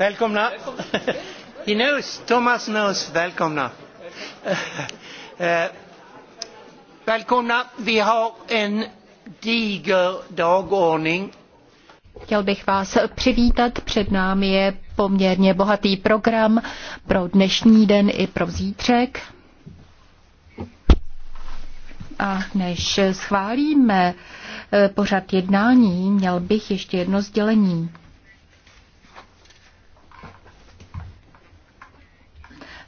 Välkomna. He knows, Thomas knows. Välkomna. Eh, eh, välkomna. Vi har en diger dagordning. Chtěl bych vás přivítat. Před námi je poměrně bohatý program pro dnešní den i pro zítřek. A než schválíme eh, pořad jednání, měl bych ještě jedno sdělení.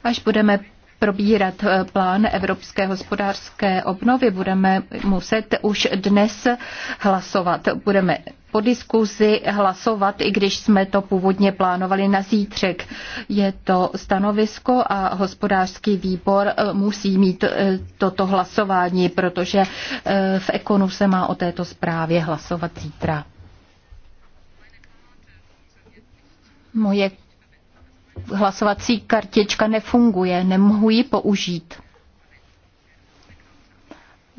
Až budeme probírat eh, plán Evropské hospodářské obnovy, budeme muset už dnes hlasovat. Budeme po diskuzi hlasovat, i když jsme to původně plánovali na zítřek. Je to stanovisko a hospodářský výbor eh, musí mít eh, toto hlasování, protože v Ekonu se má o této zprávě hlasovat zítra. Moje hlasovací kartička nefunguje, nemohu ji použít.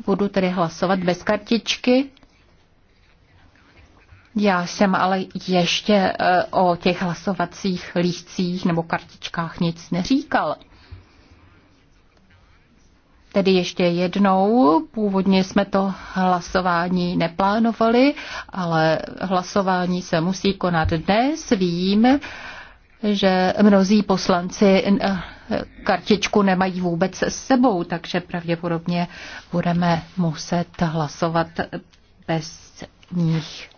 Budu tedy hlasovat bez kartičky. Já jsem ale ještě eh, o těch hlasovacích lístcích nebo kartičkách nic neříkal. Tedy ještě jednou, původně jsme to hlasování neplánovali, ale hlasování se musí konat dnes, vím, že mnozí poslanci eh, kartičku nemají vůbec s sebou, takže pravděpodobně budeme muset hlasovat bez nich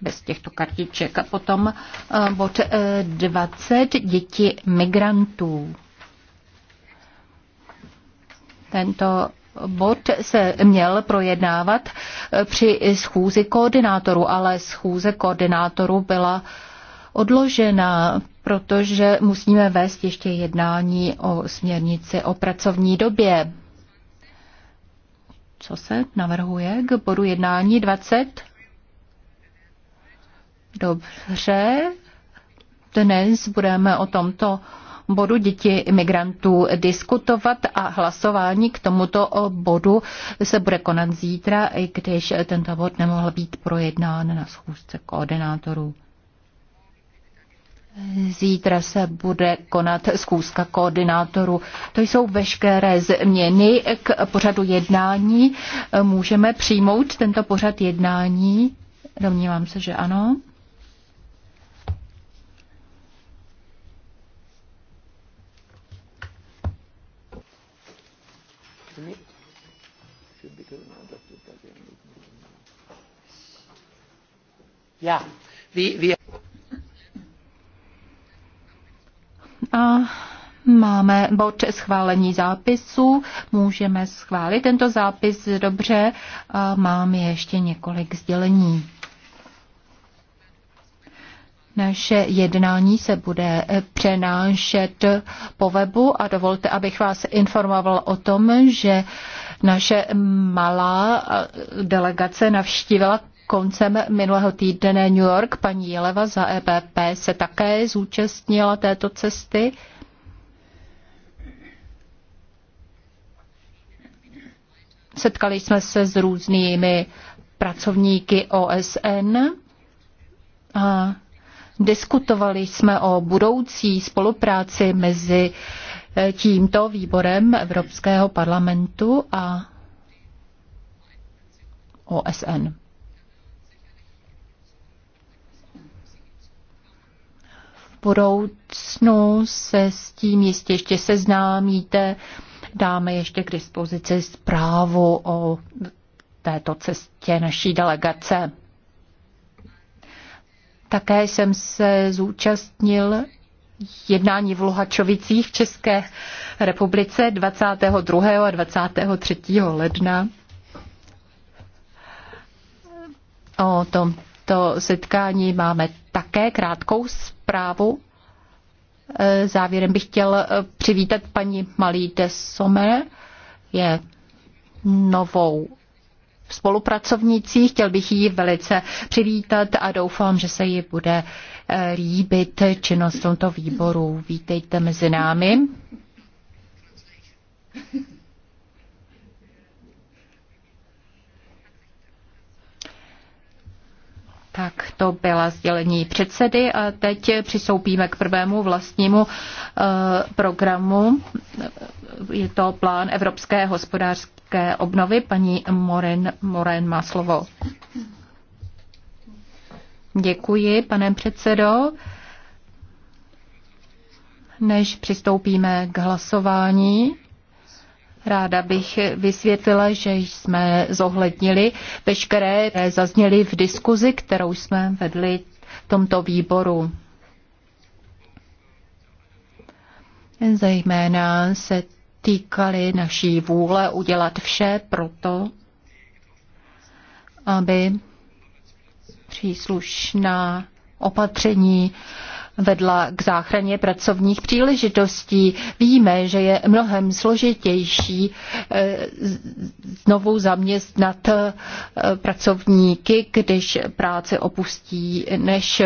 bez těchto kartiček. A potom eh, bod 20 eh, děti migrantů. Tento bod se měl projednávat při schůzi koordinátorů, ale schůze koordinátorů byla odložena, protože musíme vést ještě jednání o směrnici o pracovní době. Co se navrhuje k bodu jednání 20? Dobře, dnes budeme o tomto bodu děti imigrantů diskutovat a hlasování k tomuto bodu se bude konat zítra, i když tento bod nemohl být projednán na schůzce koordinátorů. Zítra se bude konat zkouška koordinátorů. To jsou veškeré změny k pořadu jednání. Můžeme přijmout tento pořad jednání? Domnívám se, že ano. Já. wie, A Máme bod schválení zápisu, můžeme schválit tento zápis dobře a mám ještě několik sdělení. Naše jednání se bude přenášet po webu a dovolte, abych vás informoval o tom, že naše malá delegace navštívila Koncem minulého týdne New York paní Jeleva za EPP se také zúčastnila této cesty. Setkali jsme se s různými pracovníky OSN a diskutovali jsme o budoucí spolupráci mezi eh, tímto výborem Evropského parlamentu a OSN. budoucnu se s tím jistě ještě seznámíte. Dáme ještě k dispozici zprávu o této cestě naší delegace. Také jsem se zúčastnil jednání v Luhačovicích v České republice 22. a 23. ledna o tom tomto setkání máme také krátkou zprávu. E, závěrem bych chtěl e, přivítat paní Malí de Sommer, je novou spolupracovnicí. Chtěl bych ji velice přivítat a doufám, že se ji bude e, líbit činnost tomto výboru. Vítejte mezi námi. Tak to byla sdělení předsedy a teď přistoupíme k prvému vlastnímu eh, programu. Je to plán Evropské hospodářské obnovy. Paní Moren, Moren má slovo. Děkuji, pane předsedo. Než přistoupíme k hlasování, Ráda bych vysvětlila, že jsme zohlednili veškeré, které zazněly v diskuzi, kterou jsme vedli v tomto výboru. Zejména se týkaly naší vůle udělat vše proto, aby příslušná opatření vedla k záchraně pracovních příležitostí. Víme, že je mnohem složitější eh, znovu zaměstnat eh, pracovníky, když práce opustí, než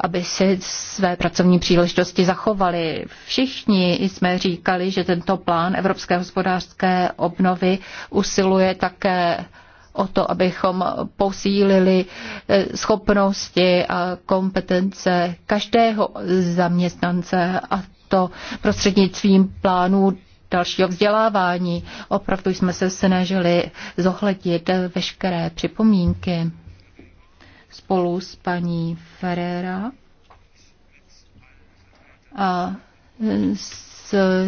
aby si své pracovní příležitosti zachovali. Všichni jsme říkali, že tento plán Evropské hospodářské obnovy usiluje také o to, abychom posílili eh, schopnosti a kompetence každého zaměstnance a to prostřednictvím plánů dalšího vzdělávání. Opravdu jsme se snažili zohlednit veškeré připomínky spolu s paní Ferrera a eh, s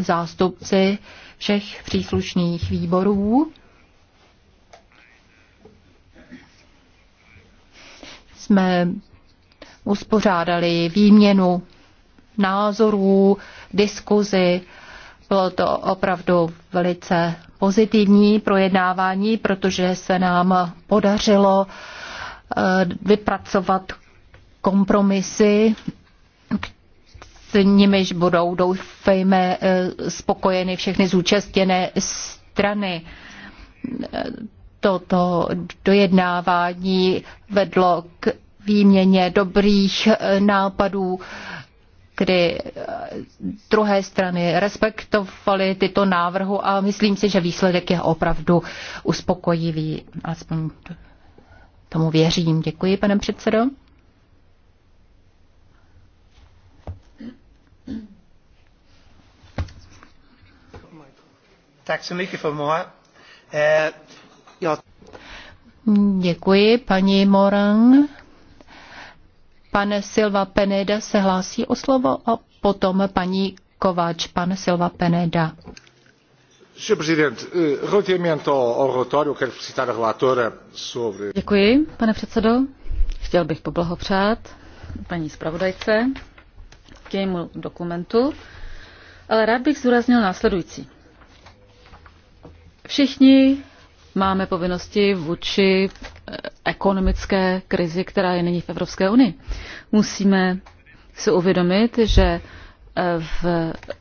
zástupci všech příslušných výborů. jsme uspořádali výměnu názorů, diskuzi. Bylo to opravdu velice pozitivní projednávání, protože se nám podařilo eh, vypracovat kompromisy, s nimiž budou, doufejme, eh, spokojeny všechny zúčastněné strany toto dojednávání vedlo k výměně dobrých nápadů, kdy eh, druhé strany respektovaly tyto návrhu a myslím si, že výsledek je opravdu uspokojivý. Aspoň tomu věřím. Děkuji, pane předsedo. Tack så mycket för mig. Děkuji, paní Morang. Pane Silva Peneda se hlásí o slovo a potom paní Kováč, pan Silva Peneda. Eh, Děkuji, pane předsedo. Chtěl bych poblahopřát paní zpravodajce k jejímu dokumentu, ale rád bych zúraznil následující. Všichni máme povinnosti vůči eh, ekonomické krizi, která je nyní v Evropské unii. Musíme si uvědomit, že eh, v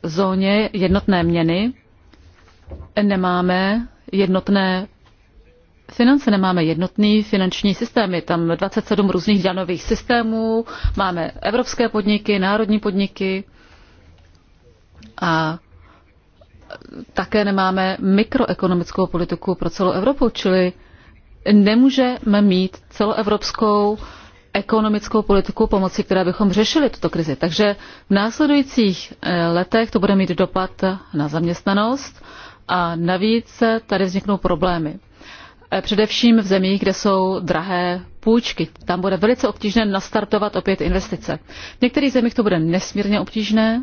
zóně jednotné měny nemáme jednotné finance, nemáme jednotný finanční systém. Je tam 27 různých danových systémů, máme evropské podniky, národní podniky a také nemáme mikroekonomickou politiku pro celou Evropu, čili nemůžeme mít celoevropskou ekonomickou politiku pomoci, která bychom řešili tuto krizi. Takže v následujících eh, letech to bude mít dopad na zaměstnanost a navíc tady vzniknou problémy. Eh, především v zemích, kde jsou drahé půjčky. Tam bude velice obtížné nastartovat opět investice. V některých zemích to bude nesmírně obtížné,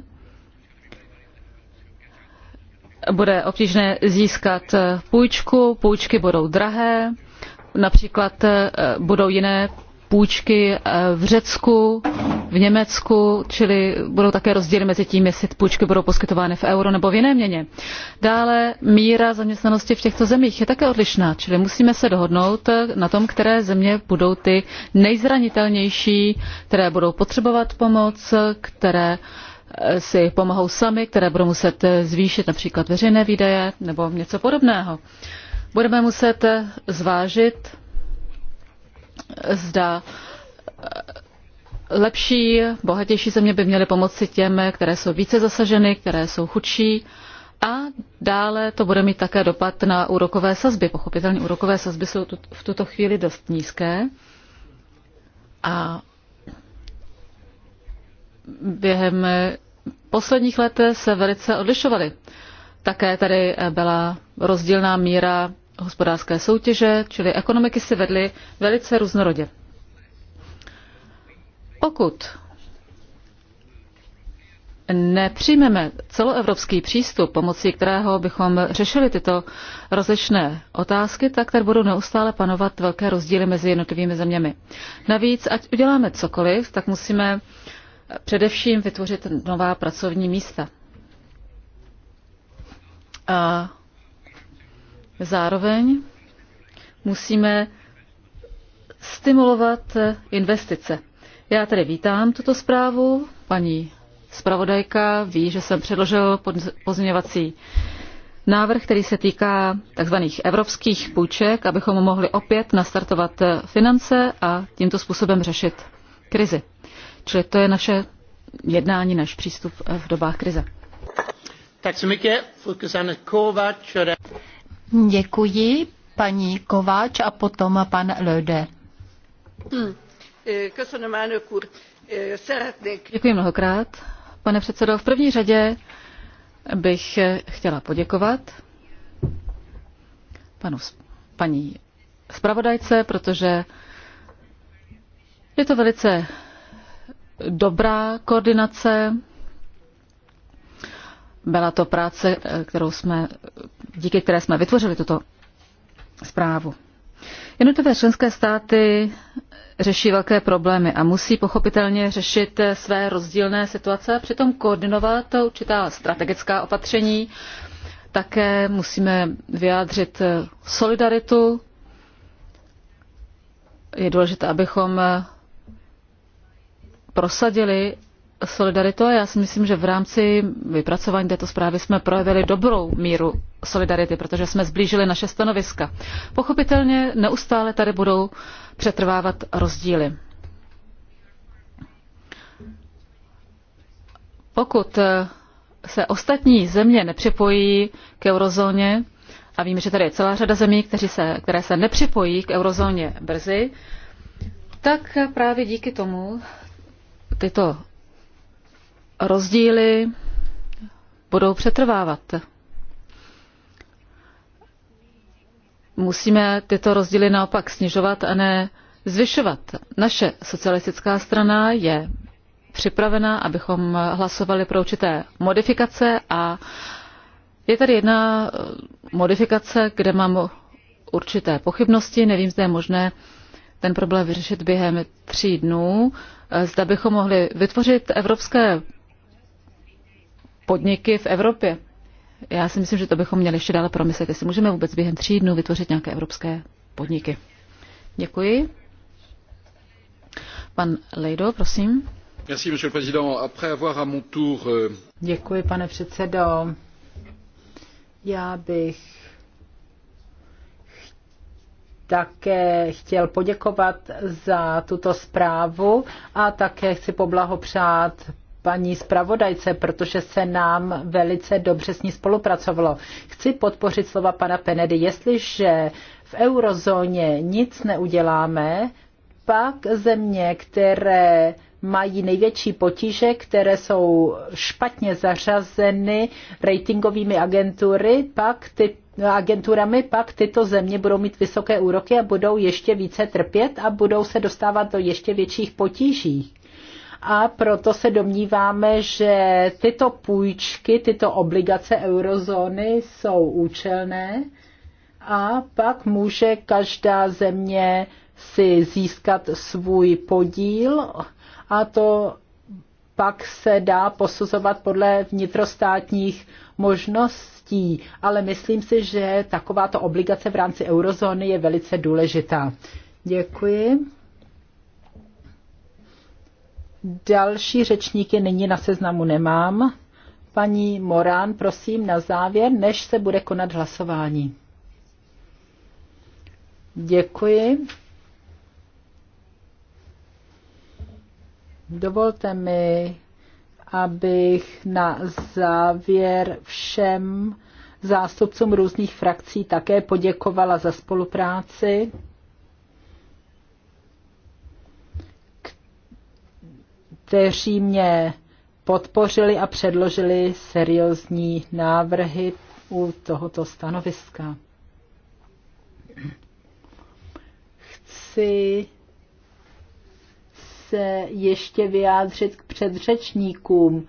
bude obtížné získat eh, půjčku, půjčky budou drahé, například eh, budou jiné půjčky eh, v Řecku, v Německu, čili budou také rozdíly mezi tím, jestli půjčky budou poskytovány v euro nebo v jiné měně. Dále míra zaměstnanosti v těchto zemích je také odlišná, čili musíme se dohodnout na tom, které země budou ty nejzranitelnější, které budou potřebovat pomoc, které uh, si pomohou sami, které budou muset eh, zvýšit například veřejné výdaje nebo něco podobného. Budeme muset eh, zvážit, zda eh, lepší, bohatější země by měly pomoci těm, které jsou více zasaženy, které jsou chudší. A dále to bude mít také dopad na úrokové sazby. Pochopitelně úrokové sazby jsou v tuto chvíli dost nízké. A během posledních let se velice odlišovaly. Také tady byla rozdílná míra hospodářské soutěže, čili ekonomiky si vedly velice různorodě. Pokud nepřijmeme celoevropský přístup, pomocí kterého bychom řešili tyto rozličné otázky, tak tady budou neustále panovat velké rozdíly mezi jednotlivými zeměmi. Navíc, ať uděláme cokoliv, tak musíme především vytvořit nová pracovní místa. A zároveň musíme stimulovat investice. Já tedy vítám tuto zprávu. Paní zpravodajka ví, že jsem předložil pozměňovací návrh, který se týká tzv. evropských půjček, abychom mohli opět nastartovat finance a tímto způsobem řešit krizi. Čili to je naše jednání, náš přístup eh, v dobách krize. Děkuji, paní Kováč a potom pan Löde. Hmm. Eh, eh, Děkuji mnohokrát. Pane předsedo, v první řadě bych chtěla poděkovat panu, paní zpravodajce, protože je to velice dobrá koordinace. Byla to práce, kterou jsme, díky které jsme vytvořili tuto zprávu. Jednotlivé členské státy řeší velké problémy a musí pochopitelně řešit své rozdílné situace a přitom koordinovat určitá strategická opatření. Také musíme vyjádřit solidaritu. Je důležité, abychom prosadili solidaritu a já si myslím, že v rámci vypracování této zprávy jsme projevili dobrou míru solidarity, protože jsme zblížili naše stanoviska. Pochopitelně neustále tady budou přetrvávat rozdíly. Pokud se ostatní země nepřipojí k eurozóně, a víme, že tady je celá řada zemí, kteří se, které se nepřipojí k eurozóně brzy, tak právě díky tomu tyto rozdíly budou přetrvávat. Musíme tyto rozdíly naopak snižovat a ne zvyšovat. Naše socialistická strana je připravena, abychom hlasovali pro určité modifikace a je tady jedna modifikace, kde mám určité pochybnosti. Nevím, zda je možné ten problém vyřešit během tří dnů zda bychom mohli vytvořit evropské podniky v Evropě. Já si myslím, že to bychom měli ještě dále promyslet, jestli můžeme vůbec během tří dnů vytvořit nějaké evropské podniky. Děkuji. Pan Lejdo, prosím. Euh, Děkuji, pane předsedo. Já bych také chtěl poděkovat za tuto zprávu a také chci poblahopřát paní zpravodajce, protože se nám velice dobře s ní spolupracovalo. Chci podpořit slova pana Penedy. Jestliže v eurozóně nic neuděláme, pak země, které mají největší potíže, které jsou špatně zařazeny ratingovými agentury, pak ty agenturami, pak tyto země budou mít vysoké úroky a budou ještě více trpět a budou se dostávat do ještě větších potíží. A proto se domníváme, že tyto půjčky, tyto obligace eurozóny jsou účelné a pak může každá země si získat svůj podíl a to pak se dá posuzovat podle vnitrostátních možností nutí, ale myslím si, že takováto obligace v rámci eurozóny je velice důležitá. Děkuji. Další řečníky nyní na seznamu nemám. Paní Morán, prosím, na závěr, než se bude konat hlasování. Děkuji. Dovolte mi abych na závěr všem zástupcům různých frakcí také poděkovala za spolupráci. kteří mě podpořili a předložili seriózní návrhy u tohoto stanoviska. Chci se ještě vyjádřit k předřečníkům.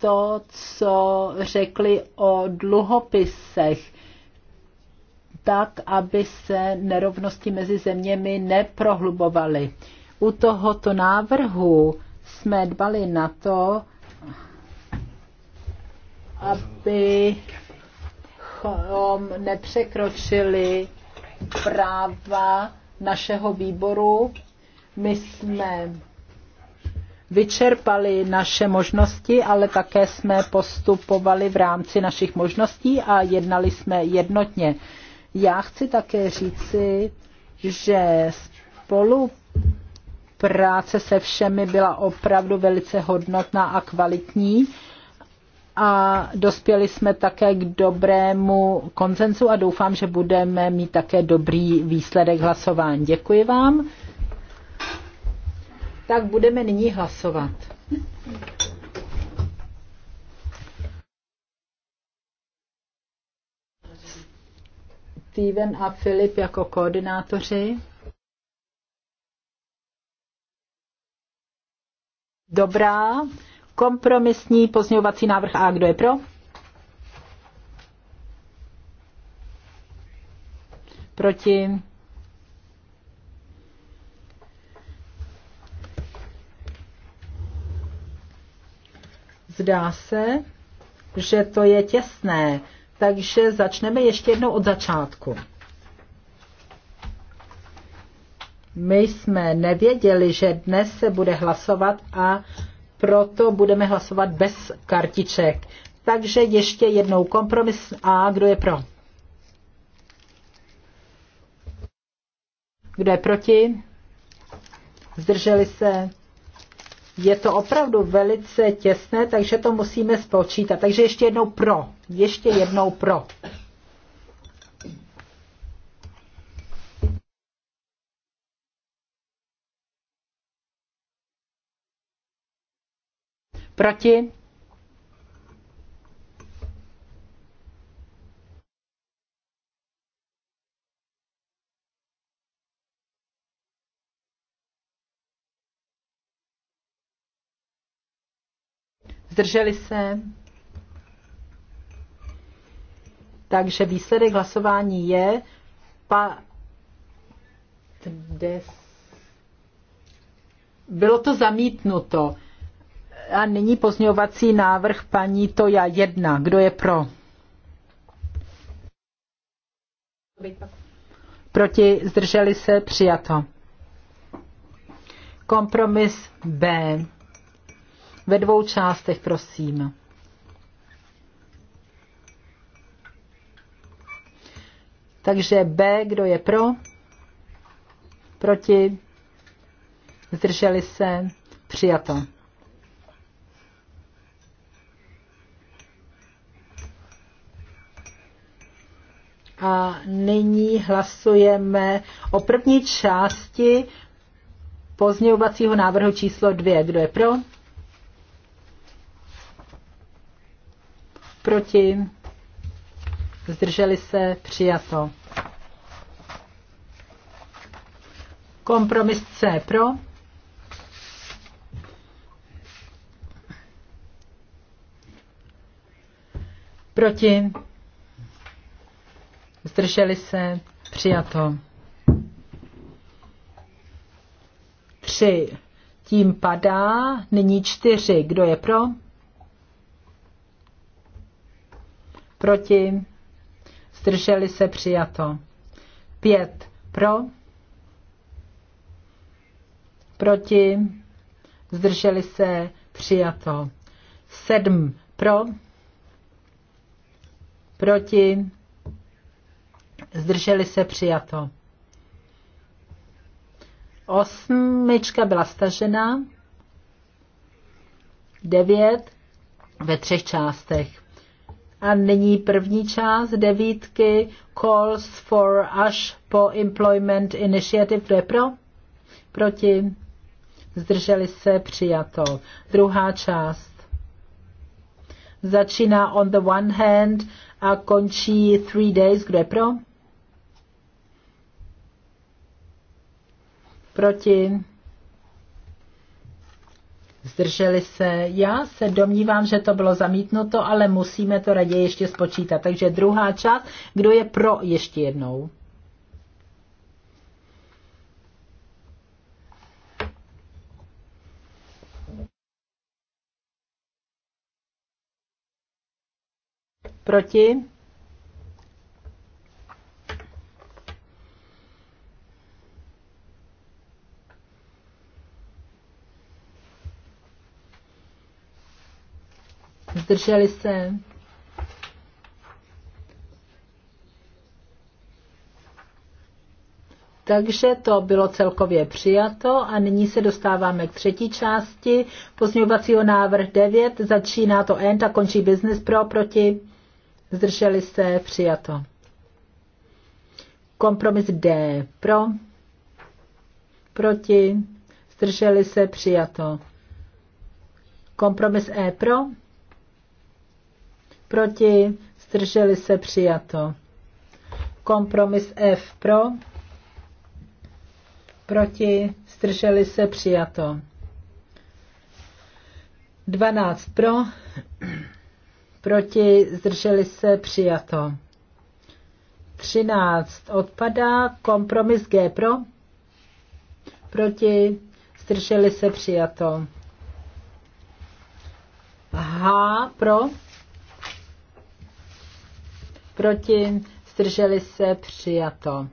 To, co řekli o dluhopisech, tak, aby se nerovnosti mezi zeměmi neprohlubovaly. U tohoto návrhu jsme dbali na to, abychom nepřekročili práva našeho výboru my jsme vyčerpali naše možnosti, ale také jsme postupovali v rámci našich možností a jednali jsme jednotně. Já chci také říci, že spolupráce se všemi byla opravdu velice hodnotná a kvalitní a dospěli jsme také k dobrému konsenzu a doufám, že budeme mít také dobrý výsledek hlasování. Děkuji vám tak budeme nyní hlasovat. Steven a Filip jako koordinátoři. Dobrá. Kompromisní pozměňovací návrh A. Kdo je pro? Proti? Zdá se, že to je těsné, takže začneme ještě jednou od začátku. My jsme nevěděli, že dnes se bude hlasovat a proto budeme hlasovat bez kartiček. Takže ještě jednou kompromis A, kdo je pro? Kdo je proti? Zdrželi se? je to opravdu velice těsné, takže to musíme spočítat. Takže ještě jednou pro. Ještě jednou pro. Proti? zdrželi se. Takže výsledek hlasování je Des. Bylo to zamítnuto. A nyní pozňovací návrh paní Toja 1. Kdo je pro? Proti zdrželi se přijato. Kompromis B. Ve dvou částech, prosím. Takže B, kdo je pro? Proti? Zdrželi se? Přijato. A nyní hlasujeme o první části pozměňovacího návrhu číslo 2. Kdo je pro? Proti? Zdrželi se? Přijato. Kompromis C pro. Proti? Zdrželi se? Přijato. Tři. Tím padá. Nyní čtyři. Kdo je pro? proti, zdrželi se přijato. Pět pro, proti, zdrželi se přijato. Sedm pro, proti, zdrželi se přijato. Osmička byla stažena, devět ve třech částech. A nyní první část devítky Calls for až po Employment Initiative. Kdo je pro? Proti? Zdrželi se přijato. Druhá část. Začíná on the one hand a končí three days. Kdo je pro? Proti? zdrželi se. Já se domnívám, že to bylo zamítnuto, ale musíme to raději ještě spočítat. Takže druhá část, kdo je pro ještě jednou? Proti? zdrželi se. Takže to bylo celkově přijato a nyní se dostáváme k třetí části pozměňovacího návrh 9. Začíná to end a končí business pro proti. Zdrželi se přijato. Kompromis D pro proti. Zdrželi se přijato. Kompromis E pro proti, zdrželi se přijato. Kompromis F pro, proti, zdrželi se přijato. 12 pro, proti, zdrželi se přijato. 13 odpadá, kompromis G pro, proti, zdrželi se přijato. H pro, proti, zdrželi se, přijato.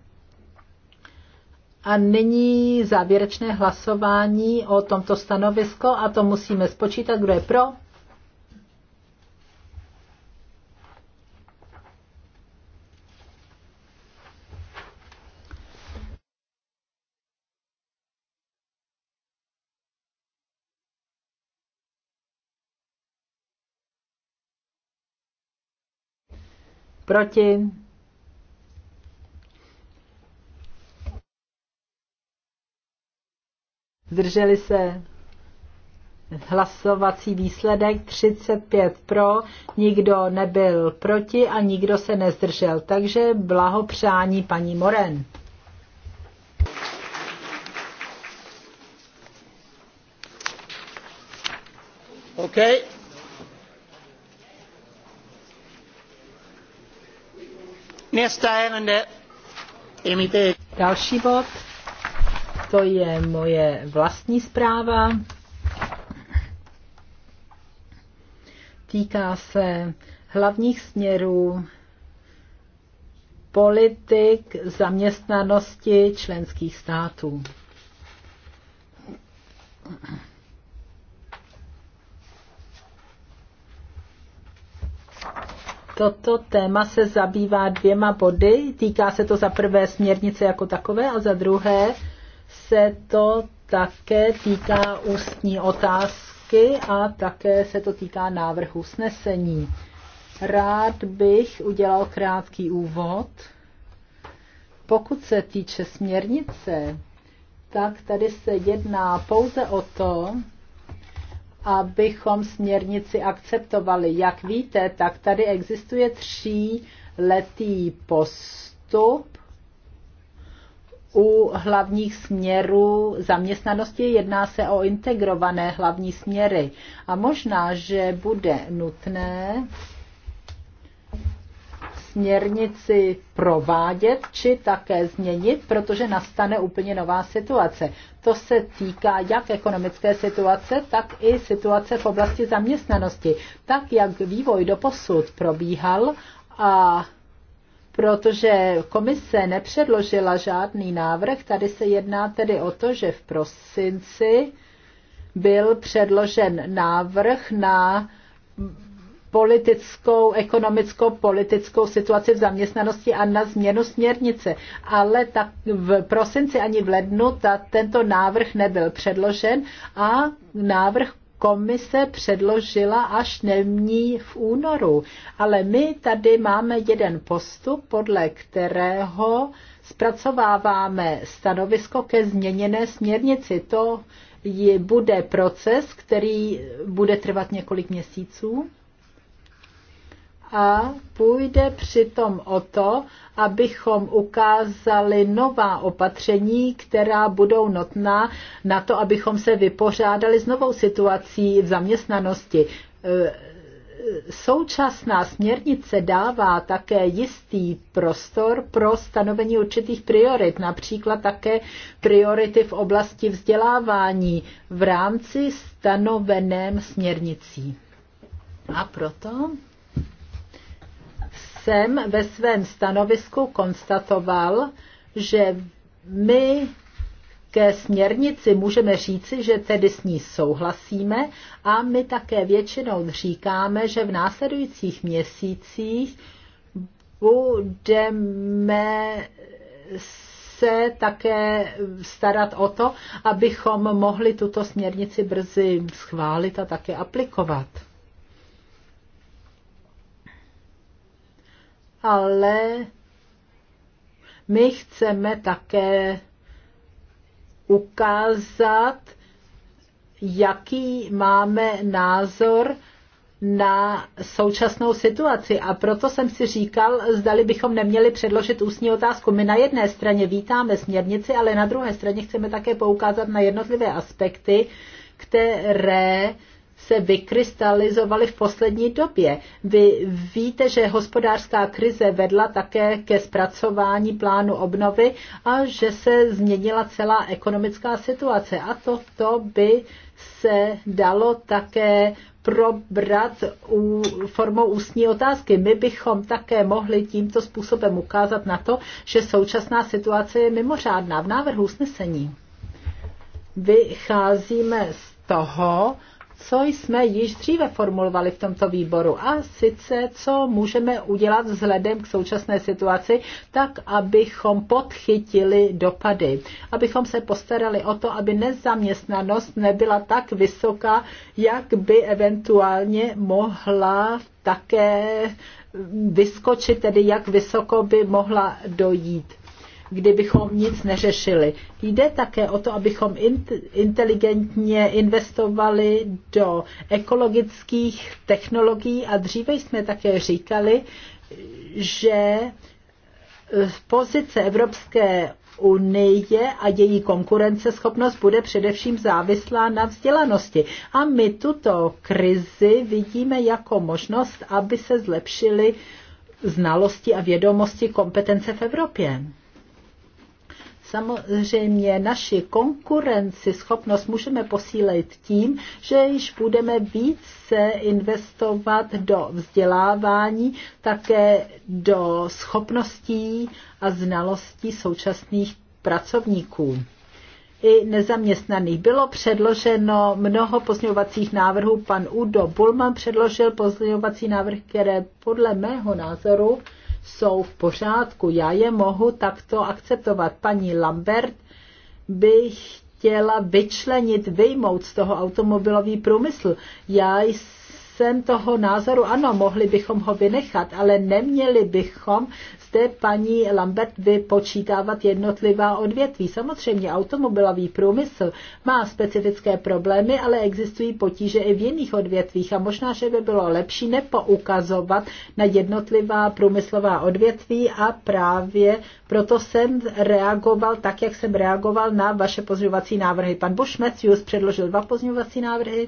A nyní závěrečné hlasování o tomto stanovisko a to musíme spočítat, kdo je pro, Proti? Zdrželi se? Hlasovací výsledek 35 pro, nikdo nebyl proti a nikdo se nezdržel. Takže blahopřání paní Moren. Okay. Další bod, to je moje vlastní zpráva. Týká se hlavních směrů politik zaměstnanosti členských států. Toto téma se zabývá dvěma body. Týká se to za prvé směrnice jako takové a za druhé se to také týká ústní otázky a také se to týká návrhu snesení. Rád bych udělal krátký úvod. Pokud se týče směrnice, tak tady se jedná pouze o to, abychom směrnici akceptovali. Jak víte, tak tady existuje tří letý postup u hlavních směrů zaměstnanosti. Jedná se o integrované hlavní směry. A možná, že bude nutné směrnici provádět či také změnit, protože nastane úplně nová situace. To se týká jak ekonomické situace, tak i situace v oblasti zaměstnanosti. Tak, jak vývoj do posud probíhal a protože komise nepředložila žádný návrh, tady se jedná tedy o to, že v prosinci byl předložen návrh na politickou, ekonomickou, politickou situaci v zaměstnanosti a na změnu směrnice. Ale tak v prosinci ani v lednu ta, tento návrh nebyl předložen a návrh komise předložila až nemní v únoru. Ale my tady máme jeden postup, podle kterého zpracováváme stanovisko ke změněné směrnici. To je, bude proces, který bude trvat několik měsíců a půjde přitom o to, abychom ukázali nová opatření, která budou notná na to, abychom se vypořádali s novou situací v zaměstnanosti. E, současná směrnice dává také jistý prostor pro stanovení určitých priorit, například také priority v oblasti vzdělávání v rámci stanoveném směrnicí. A proto jsem ve svém stanovisku konstatoval, že my ke směrnici můžeme říci, že tedy s ní souhlasíme a my také většinou říkáme, že v následujících měsících budeme se také starat o to, abychom mohli tuto směrnici brzy schválit a také aplikovat. ale my chceme také ukázat, jaký máme názor na současnou situaci. A proto jsem si říkal, zdali bychom neměli předložit ústní otázku. My na jedné straně vítáme směrnici, ale na druhé straně chceme také poukázat na jednotlivé aspekty, které se vykrystalizovaly v poslední době. Vy víte, že hospodářská krize vedla také ke zpracování plánu obnovy a že se změnila celá ekonomická situace. A to, to by se dalo také probrat u, formou ústní otázky. My bychom také mohli tímto způsobem ukázat na to, že současná situace je mimořádná. V návrhu usnesení vycházíme z toho, co jsme již dříve formulovali v tomto výboru a sice, co můžeme udělat vzhledem k současné situaci, tak abychom podchytili dopady, abychom se postarali o to, aby nezaměstnanost nebyla tak vysoká, jak by eventuálně mohla také vyskočit, tedy jak vysoko by mohla dojít kdybychom nic neřešili. Jde také o to, abychom inteligentně investovali do ekologických technologií a dříve jsme také říkali, že e, pozice Evropské unie a její konkurenceschopnost bude především závislá na vzdělanosti. A my tuto krizi vidíme jako možnost, aby se zlepšily znalosti a vědomosti kompetence v Evropě. Samozřejmě naši schopnost můžeme posílit tím, že již budeme více investovat do vzdělávání, také do schopností a znalostí současných pracovníků i nezaměstnaných. Bylo předloženo mnoho pozměňovacích návrhů. Pan Udo Bulman předložil pozměňovací návrh, které podle mého názoru jsou v pořádku. Já je mohu takto akceptovat. Paní Lambert by chtěla vyčlenit, vyjmout z toho automobilový průmysl. Já jsem jsem toho názoru, ano, mohli bychom ho vynechat, ale neměli bychom zde paní Lambert vypočítávat jednotlivá odvětví. Samozřejmě automobilový průmysl má specifické problémy, ale existují potíže i v jiných odvětvích a možná, že by bylo lepší nepoukazovat na jednotlivá průmyslová odvětví a právě proto jsem reagoval tak, jak jsem reagoval na vaše pozměňovací návrhy. Pan Bush Matthews předložil dva pozměňovací návrhy.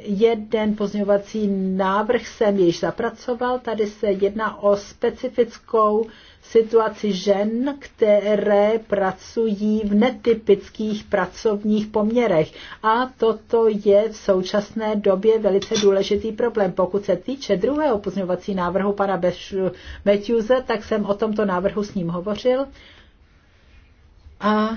Jeden pozměňovací návrh jsem již zapracoval. Tady se jedná o specifickou situaci žen, které pracují v netypických pracovních poměrech. A toto je v současné době velice důležitý problém. Pokud se týče druhého pozměňovací návrhu pana Matthewse, tak jsem o tomto návrhu s ním hovořil. A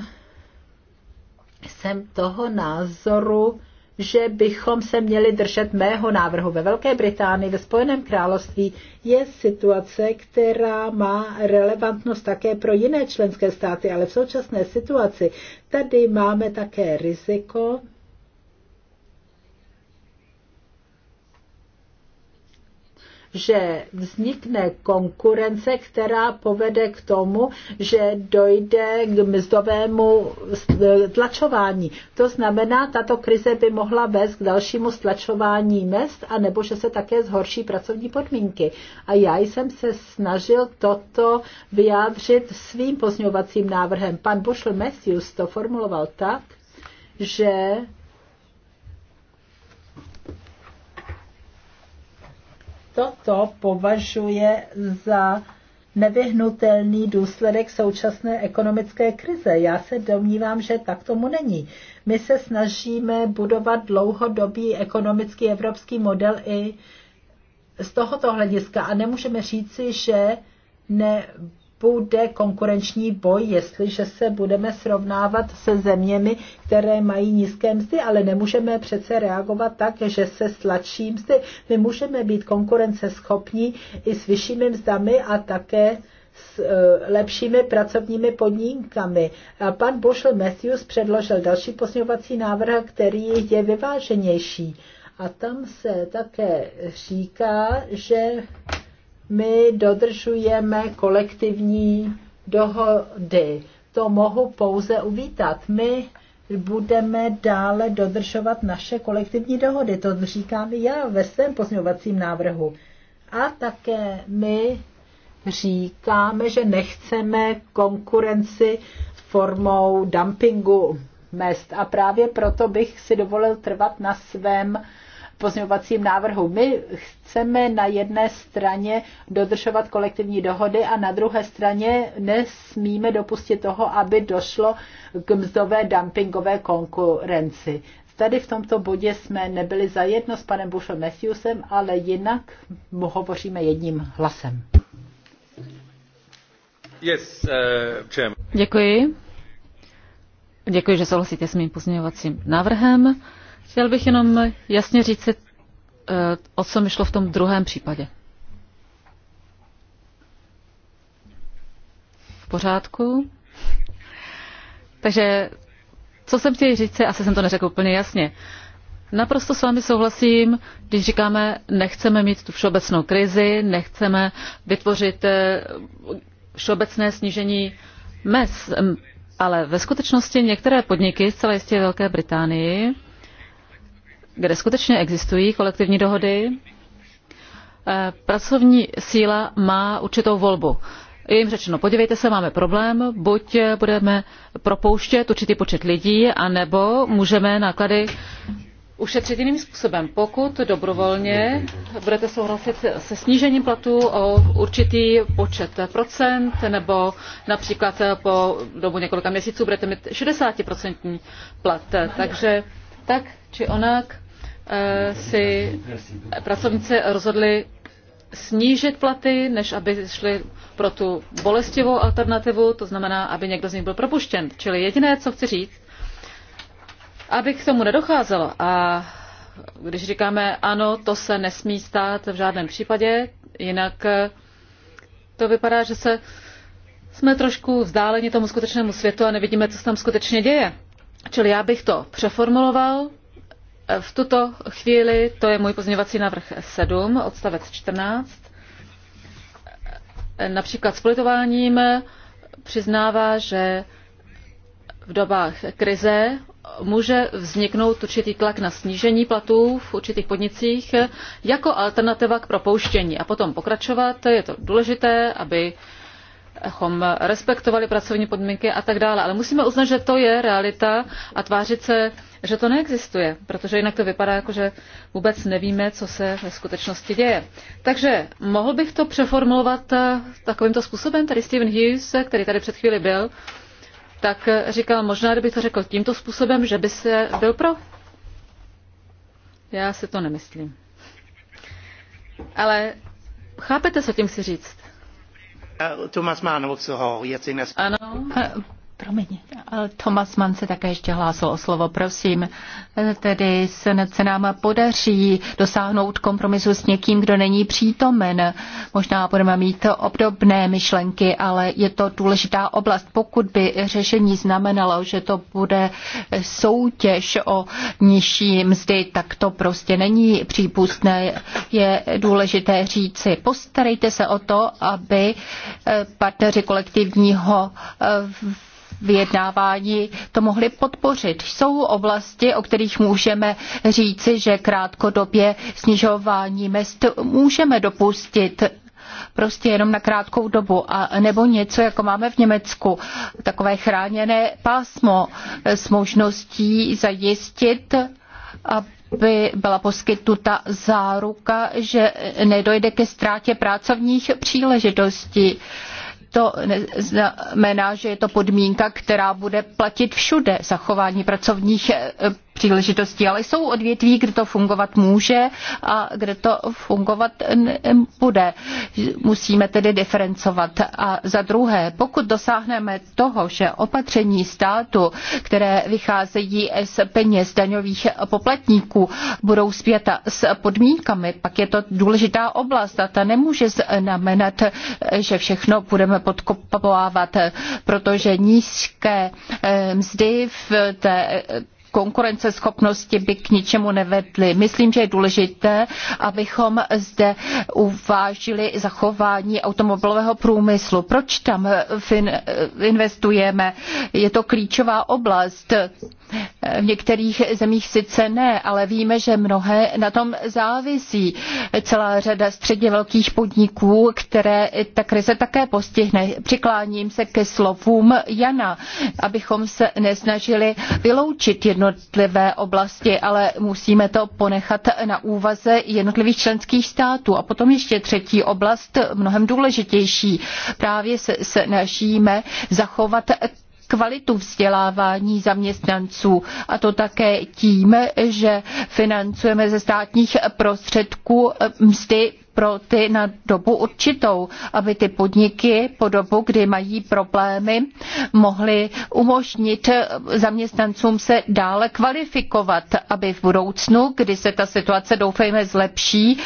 jsem toho názoru, že bychom se měli držet mého návrhu. Ve Velké Británii, ve Spojeném království je situace, která má relevantnost také pro jiné členské státy, ale v současné situaci tady máme také riziko, že vznikne konkurence, která povede k tomu, že dojde k mzdovému tlačování. To znamená, tato krize by mohla vést k dalšímu stlačování mest, anebo že se také zhorší pracovní podmínky. A já jsem se snažil toto vyjádřit svým pozňovacím návrhem. Pan Bushel Matthews to formuloval tak, že toto považuje za nevyhnutelný důsledek současné ekonomické krize. Já se domnívám, že tak tomu není. My se snažíme budovat dlouhodobý ekonomický evropský model i z tohoto hlediska a nemůžeme říci, že ne bude konkurenční boj, jestliže se budeme srovnávat se zeměmi, které mají nízké mzdy, ale nemůžeme přece reagovat tak, že se slačí mzdy. My můžeme být konkurenceschopní i s vyššími mzdami a také s e, lepšími pracovními podmínkami. Pan Bošel Matthews předložil další posměvací návrh, který je vyváženější. A tam se také říká, že my dodržujeme kolektivní dohody. To mohu pouze uvítat. My budeme dále dodržovat naše kolektivní dohody. To říkám já ve svém pozměňovacím návrhu. A také my říkáme, že nechceme konkurenci formou dumpingu mest. A právě proto bych si dovolil trvat na svém pozměňovacím návrhu. My chceme na jedné straně dodržovat kolektivní dohody a na druhé straně nesmíme dopustit toho, aby došlo k mzdové dumpingové konkurenci. Tady v tomto bodě jsme nebyli zajedno s panem Bushem Matthewsem, ale jinak mu hovoříme jedním hlasem. Yes, uh, Děkuji. Děkuji, že souhlasíte s mým pozměňovacím návrhem. Chtěl bych jenom jasně říct, eh, o co mi šlo v tom druhém případě. V pořádku. Takže co jsem chtěl říct, asi jsem to neřekl úplně jasně. Naprosto s vámi souhlasím, když říkáme, nechceme mít tu všeobecnou krizi, nechceme vytvořit eh, všeobecné snížení mez, ale ve skutečnosti některé podniky, zcela jistě Velké Británii, kde skutečně existují kolektivní dohody, eh, pracovní síla má určitou volbu. Je jim řečeno, podívejte se, máme problém, buď budeme propouštět určitý počet lidí, anebo můžeme náklady ušetřit jiným způsobem. Pokud dobrovolně budete souhlasit se snížením platů o určitý počet procent, nebo například po dobu několika měsíců budete mít 60% plat. Takže tak či onak eh, si pracovníci rozhodli snížit platy, než aby šli pro tu bolestivou alternativu, to znamená, aby někdo z nich byl propuštěn. Čili jediné, co chci říct, aby k tomu nedocházelo a když říkáme ano, to se nesmí stát v žádném případě, jinak eh, to vypadá, že se jsme trošku vzdáleni tomu skutečnému světu a nevidíme, co se tam skutečně děje. Čili já bych to přeformuloval. V tuto chvíli to je můj pozměňovací návrh 7, odstavec 14. Například s politováním přiznává, že v dobách krize může vzniknout určitý tlak na snížení platů v určitých podnicích jako alternativa k propouštění. A potom pokračovat, je to důležité, aby abychom respektovali pracovní podmínky a tak dále. Ale musíme uznat, že to je realita a tvářit se, že to neexistuje, protože jinak to vypadá jako, že vůbec nevíme, co se ve skutečnosti děje. Takže mohl bych to přeformulovat eh, takovýmto způsobem, tady Stephen Hughes, eh, který tady před chvíli byl, tak eh, říkal, možná kdybych to řekl tímto způsobem, že by se byl pro. Já si to nemyslím. Ale chápete, co tím chci říct? Thomas Mann också har gett sina... Ano, Promiň, ale Thomas Mann se také ještě hlásil o slovo, prosím. Tedy se, se nám podaří dosáhnout kompromisu s někým, kdo není přítomen. Možná budeme mít obdobné myšlenky, ale je to důležitá oblast. Pokud by řešení znamenalo, že to bude soutěž o nižší mzdy, tak to prostě není přípustné. Je důležité říci, postarejte se o to, aby partneři kolektivního vyjednávání to mohli podpořit. Jsou oblasti, o kterých můžeme říci, že krátkodobě snižování mest můžeme dopustit prostě jenom na krátkou dobu, a nebo něco, jako máme v Německu, takové chráněné pásmo s možností zajistit, aby byla poskytnuta záruka, že nedojde ke ztrátě pracovních příležitostí to neznamená, že je to podmínka, která bude platit všude zachování pracovních eh, příležitostí, ale jsou odvětví, kde to fungovat může a kde to fungovat bude. Musíme tedy diferencovat. A za druhé, pokud dosáhneme toho, že opatření státu, které vycházejí z peněz daňových poplatníků, budou zpěta s podmínkami, pak je to důležitá oblast a ta nemůže znamenat, že všechno budeme podkopávat, protože nízké eh, mzdy v té konkurenceschopnosti by k ničemu nevedly. Myslím, že je důležité, abychom zde uvážili zachování automobilového průmyslu. Proč tam eh, eh, investujeme? Je to klíčová oblast. V některých zemích sice ne, ale víme, že mnohé na tom závisí. Celá řada středně velkých podniků, které ta krize také postihne. Přikláním se ke slovům Jana, abychom se nesnažili vyloučit jednu jednotlivé oblasti, ale musíme to ponechat na úvaze jednotlivých členských států. A potom ještě třetí oblast, mnohem důležitější. Právě se snažíme zachovat kvalitu vzdělávání zaměstnanců a to také tím, že financujeme ze státních prostředků mzdy pro ty na dobu určitou, aby ty podniky po dobu, kdy mají problémy, mohly umožnit zaměstnancům se dále kvalifikovat, aby v budoucnu, kdy se ta situace doufejme zlepší,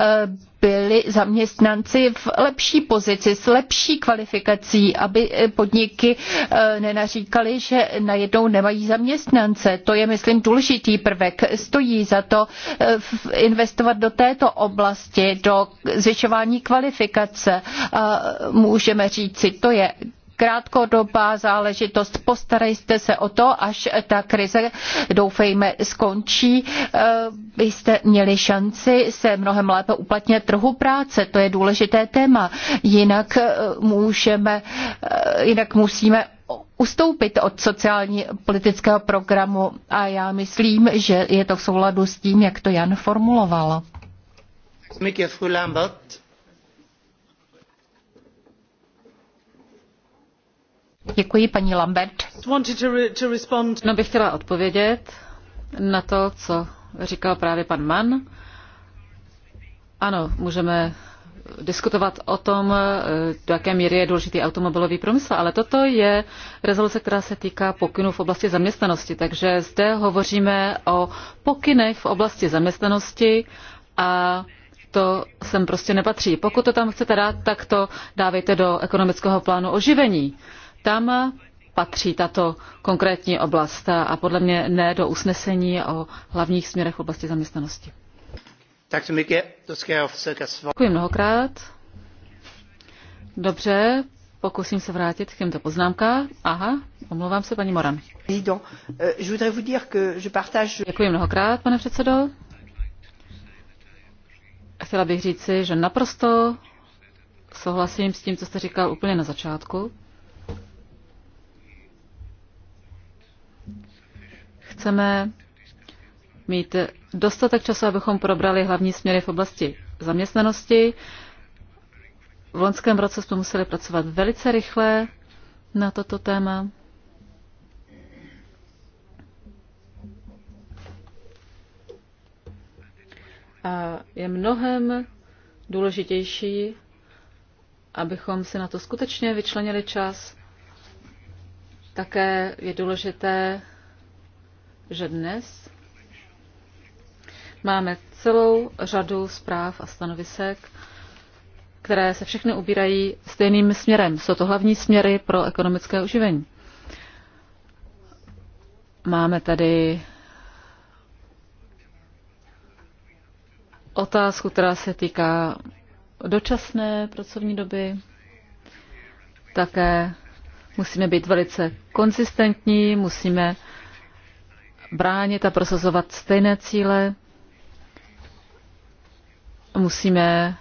eh, byli zaměstnanci v lepší pozici, s lepší kvalifikací, aby eh, podniky eh, nenaříkali, že najednou nemají zaměstnance. To je, myslím, důležitý prvek. Stojí za to eh, investovat do této oblasti, do zvyšování kvalifikace. A můžeme říci, to je krátkodobá záležitost. Postarejte se o to, až ta krize, doufejme, skončí. Byste eh, měli šanci se mnohem lépe uplatnit trhu práce. To je důležité téma. Jinak eh, můžeme, eh, jinak musíme ustoupit od sociální politického programu a já myslím, že je to v souladu s tím, jak to Jan formuloval. Mycket, fru Děkuji, paní Lambert. No bych chtěla odpovědět na to, co říkal právě pan Mann. Ano, můžeme diskutovat o tom, e, do jaké míry je důležitý automobilový průmysl, ale toto je rezoluce, která se týká pokynů v oblasti zaměstnanosti. Takže zde hovoříme o pokynech v oblasti zaměstnanosti a to sem prostě nepatří. Pokud to tam chcete dát, tak to dávejte do ekonomického plánu oživení. Tam patří tato konkrétní oblast a podle mě ne do usnesení o hlavních směrech v oblasti zaměstnanosti. Děkuji mnohokrát. Dobře, pokusím se vrátit k těmto poznámkám. Aha, omlouvám se, paní Moran. Euh, Děkuji mnohokrát, pane předsedo. Chtěla bych říci, že naprosto souhlasím s tím, co jste říkal úplně na začátku. chceme mít dostatek času, abychom probrali hlavní směry v oblasti zaměstnanosti. V loňském roce jsme museli pracovat velice rychle na toto téma. A je mnohem důležitější, abychom si na to skutečně vyčlenili čas. Také je důležité že dnes máme celou řadu zpráv a stanovisek, které se všechny ubírají stejným směrem. Jsou to hlavní směry pro ekonomické uživení. Máme tady otázku, která se týká dočasné pracovní doby. Také musíme být velice konsistentní, musíme bránit a prosazovat stejné cíle. Musíme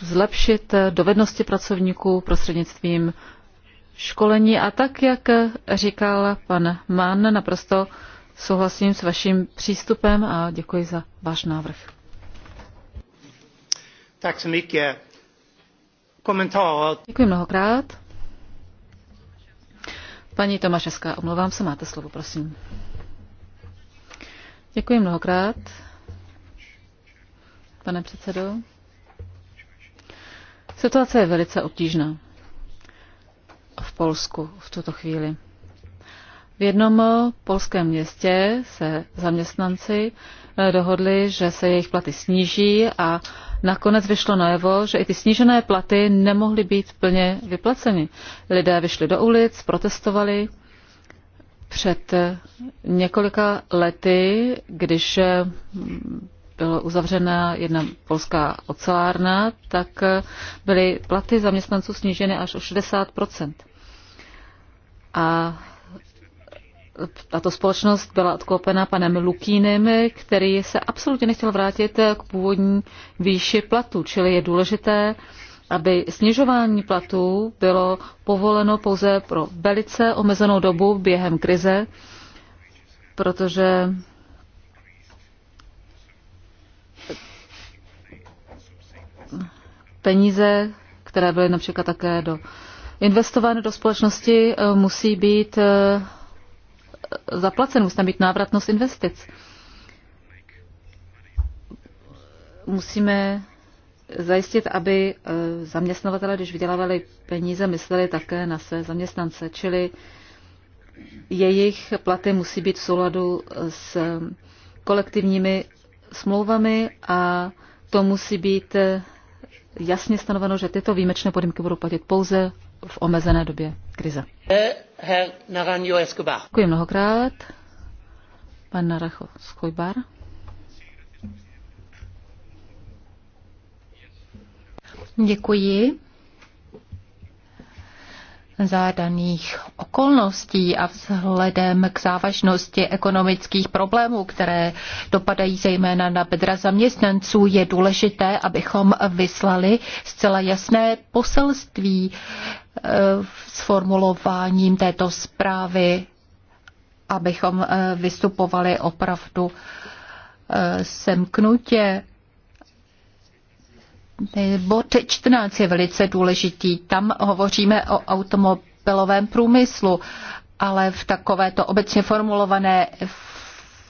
zlepšit dovednosti pracovníků prostřednictvím školení a tak, jak říkal pan Mann, naprosto souhlasím s vaším přístupem a děkuji za váš návrh. Tak se Děkuji mnohokrát. Paní Tomaševská, omlouvám se, máte slovo, prosím. Děkuji mnohokrát, pane předsedo. Situace je velice obtížná v Polsku v tuto chvíli. V jednom polském městě se zaměstnanci eh, dohodli, že se jejich platy sníží a nakonec vyšlo najevo, že i ty snížené platy nemohly být plně vyplaceny. Lidé vyšli do ulic, protestovali před eh, několika lety, když eh, byla uzavřena jedna polská ocelárna, tak eh, byly platy zaměstnanců sníženy až o 60 A tato společnost byla odkoupena panem Lukínem, který se absolutně nechtěl vrátit k původní výši platu, čili je důležité, aby snižování platů bylo povoleno pouze pro velice omezenou dobu během krize, protože peníze, které byly například také do investovány do společnosti, eh, musí být eh, zaplacen, musí tam být návratnost investic. Musíme zajistit, aby e, zaměstnavatele, když vydělávali peníze, mysleli také na své zaměstnance, čili jejich platy musí být v souladu s kolektivními smlouvami a to musí být jasně stanoveno, že tyto výjimečné podmínky budou platit pouze v omezené době krize. Eh, Děkuji mnohokrát. Pan Naracho Skojbar. Děkuji za daných okolností a vzhledem k závažnosti ekonomických problémů, které dopadají zejména na bedra zaměstnanců, je důležité, abychom vyslali zcela jasné poselství eh, s formulováním této zprávy, abychom eh, vystupovali opravdu eh, semknutě Bod 14 je velice důležitý. Tam hovoříme o automobilovém průmyslu, ale v takovéto obecně formulované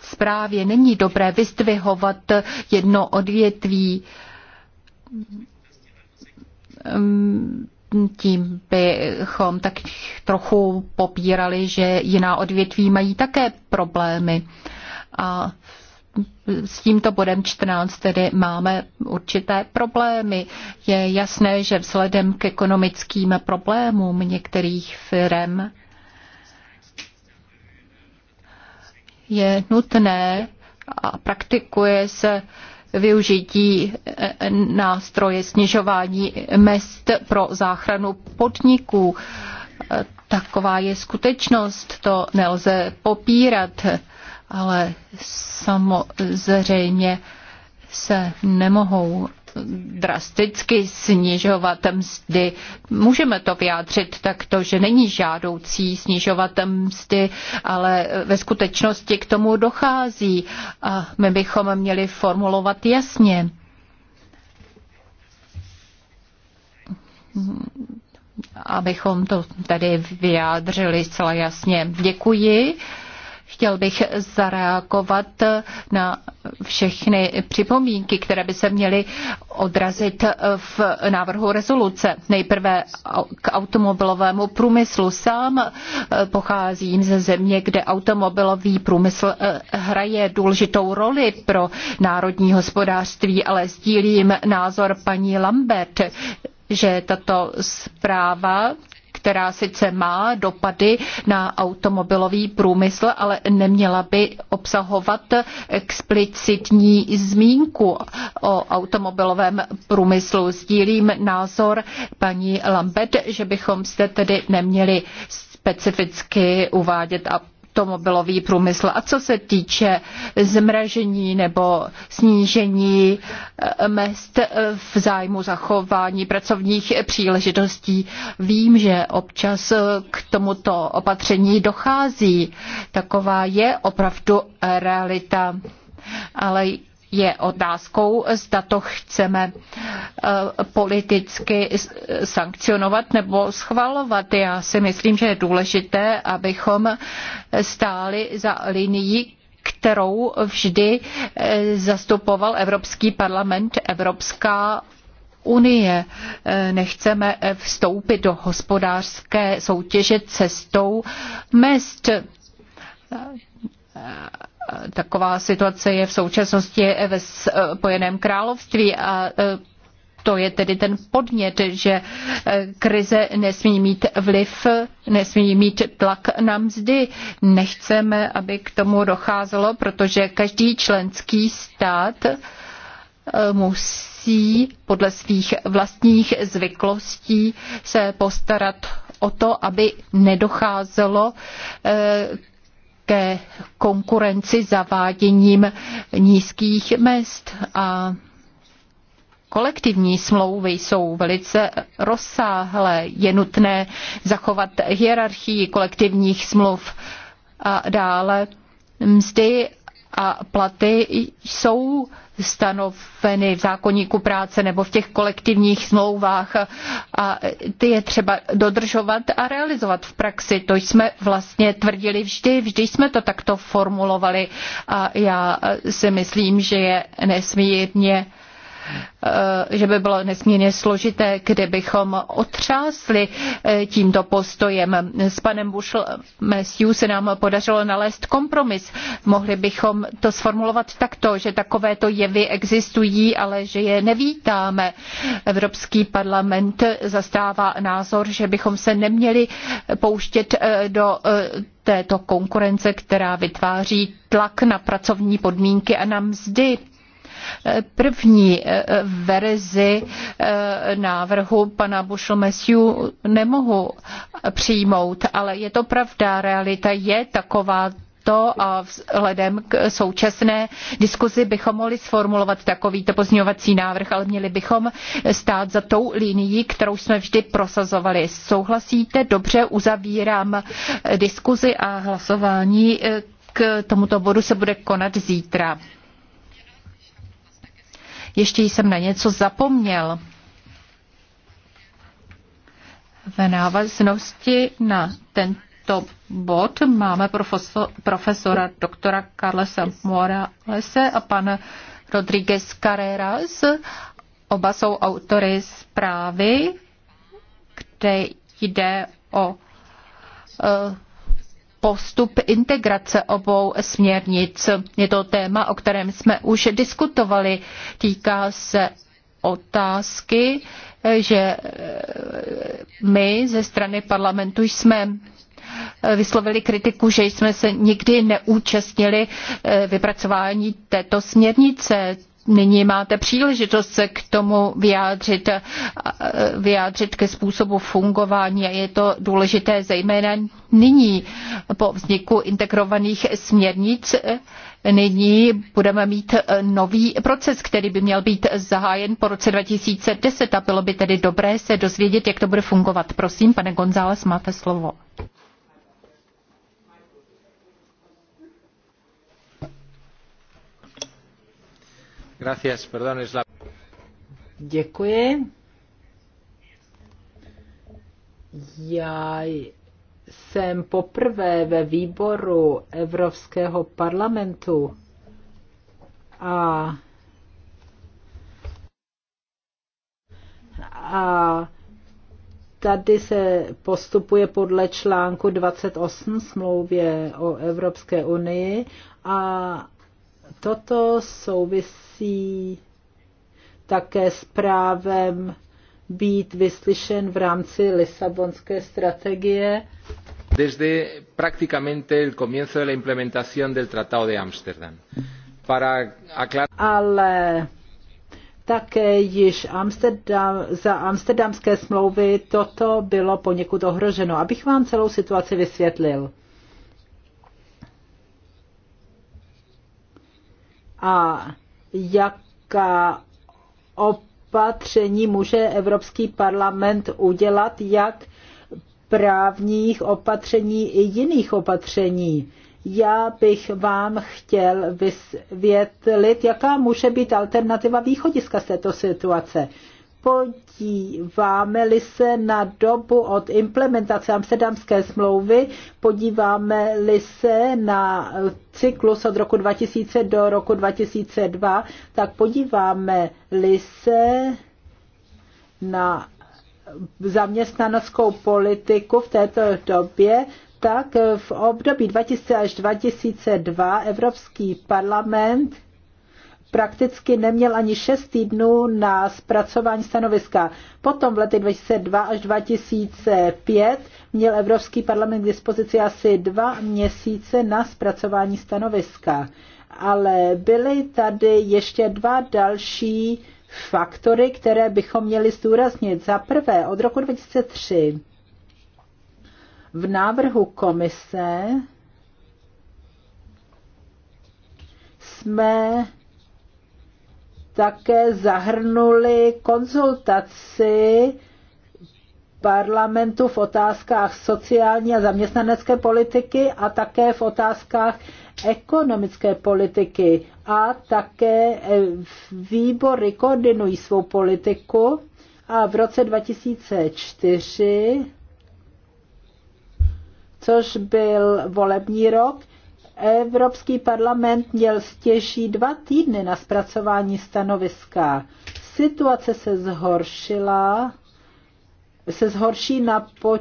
zprávě není dobré vyzdvihovat jedno odvětví. Ehm, tím bychom tak trochu popírali, že jiná odvětví mají také problémy. A s tímto bodem 14 tedy máme určité problémy. Je jasné, že vzhledem k ekonomickým problémům některých firm je nutné a praktikuje se využití eh, nástroje snižování mest pro záchranu podniků. Eh, taková je skutečnost, to nelze popírat ale samozřejmě se nemohou drasticky snižovat mzdy. Můžeme to vyjádřit takto, že není žádoucí snižovat mzdy, ale ve skutečnosti k tomu dochází a my bychom měli formulovat jasně. Abychom to tady vyjádřili zcela jasně. Děkuji. Chtěl bych zareagovat na všechny připomínky, které by se měly odrazit v návrhu rezoluce. Nejprve k automobilovému průmyslu. Sám pocházím ze země, kde automobilový průmysl eh, hraje důležitou roli pro národní hospodářství, ale sdílím názor paní Lambert, že tato zpráva, která sice má dopady na automobilový průmysl, ale neměla by obsahovat explicitní zmínku o automobilovém průmyslu. Sdílím názor paní Lambert, že bychom se tedy neměli specificky uvádět a automobilový průmysl. A co se týče zmražení nebo snížení eh, mest eh, v zájmu zachování pracovních příležitostí, vím, že občas eh, k tomuto opatření dochází. Taková je opravdu realita. Ale je otázkou, zda to chceme eh, politicky sankcionovat nebo schvalovat. Já si myslím, že je důležité, abychom stáli za linií, kterou vždy eh, zastupoval Evropský parlament, Evropská unie. Eh, nechceme vstoupit do hospodářské soutěže cestou mest Taková situace je v současnosti ve Spojeném království a e, to je tedy ten podnět, že e, krize nesmí mít vliv, nesmí mít tlak na mzdy. Nechceme, aby k tomu docházelo, protože každý členský stát e, musí podle svých vlastních zvyklostí se postarat o to, aby nedocházelo ke konkurenci zaváděním nízkých mest a kolektivní smlouvy jsou velice rozsáhlé. Je nutné zachovat hierarchii kolektivních smluv a dále mzdy a platy jsou stanoveny v zákonníku práce nebo v těch kolektivních smlouvách a ty je třeba dodržovat a realizovat v praxi. To jsme vlastně tvrdili vždy, vždy jsme to takto formulovali a já si myslím, že je nesmírně Eh, že by bylo nesmírně složité, kdybychom otřásli eh, tímto postojem. S panem Bushel Matthew se nám podařilo nalézt kompromis. Mohli bychom to sformulovat takto, že takovéto jevy existují, ale že je nevítáme. Evropský parlament zastává názor, že bychom se neměli pouštět eh, do této konkurence, která vytváří tlak na pracovní podmínky a na mzdy první eh, verzi eh, návrhu pana Bushomesiu nemohu přijmout, ale je to pravda, realita je taková to a vzhledem k současné diskuzi bychom mohli sformulovat takovýto pozměňovací návrh, ale měli bychom stát za tou linií, kterou jsme vždy prosazovali. Souhlasíte? Dobře, uzavírám diskuzi a hlasování eh, k tomuto bodu se bude konat zítra. Ještě jsem na něco zapomněl. V návaznosti na tento bod máme profesor, profesora doktora Carlesa Moralese a pan Rodriguez Carreras. Oba jsou autory zprávy, kde jde o eh, postup integrace obou směrnic. Je to téma, o kterém jsme už diskutovali. Týká se otázky, že eh, my ze strany parlamentu jsme eh, vyslovili kritiku, že jsme se nikdy neúčastnili eh, vypracování této směrnice, nyní máte příležitost se k tomu vyjádřit, vyjádřit ke způsobu fungování a je to důležité zejména nyní po vzniku integrovaných směrnic. Nyní budeme mít nový proces, který by měl být zahájen po roce 2010 a bylo by tedy dobré se dozvědět, jak to bude fungovat. Prosím, pane González, máte slovo. Děkuji. Já jsem poprvé ve výboru Evropského parlamentu a, a tady se postupuje podle článku 28 smlouvě o Evropské unii a toto souvisí věcí, také s právem být vyslyšen v rámci Lisabonské strategie. Desde prácticamente el comienzo de la implementación del Tratado de Ámsterdam. Para aclarar... Ale také již Amsterdam, za amsterdamské smlouvy toto bylo poněkud ohroženo. Abych vám celou situaci vysvětlil. A jaká opatření může Evropský parlament udělat, jak právních opatření i jiných opatření. Já bych vám chtěl vysvětlit, jaká může být alternativa východiska z této situace podíváme-li se na dobu od implementace Amsterdamské smlouvy, podíváme-li se na cyklus od roku 2000 do roku 2002, tak podíváme-li se na zaměstnaneckou politiku v této době, tak v období 2000 až 2002 Evropský parlament prakticky neměl ani 6 týdnů na zpracování stanoviska. Potom v letech 2002 až 2005 měl Evropský parlament k dispozici asi dva měsíce na zpracování stanoviska. Ale byly tady ještě dva další faktory, které bychom měli zdůraznit. Za prvé, od roku 2003 v návrhu komise jsme také zahrnuli konzultaci parlamentu v otázkách sociální a zaměstnanecké politiky a také v otázkách ekonomické politiky. A také eh, výbory koordinují svou politiku a v roce 2004, což byl volební rok, Evropský parlament měl stěží dva týdny na zpracování stanoviska. Situace se zhoršila, se zhorší na po,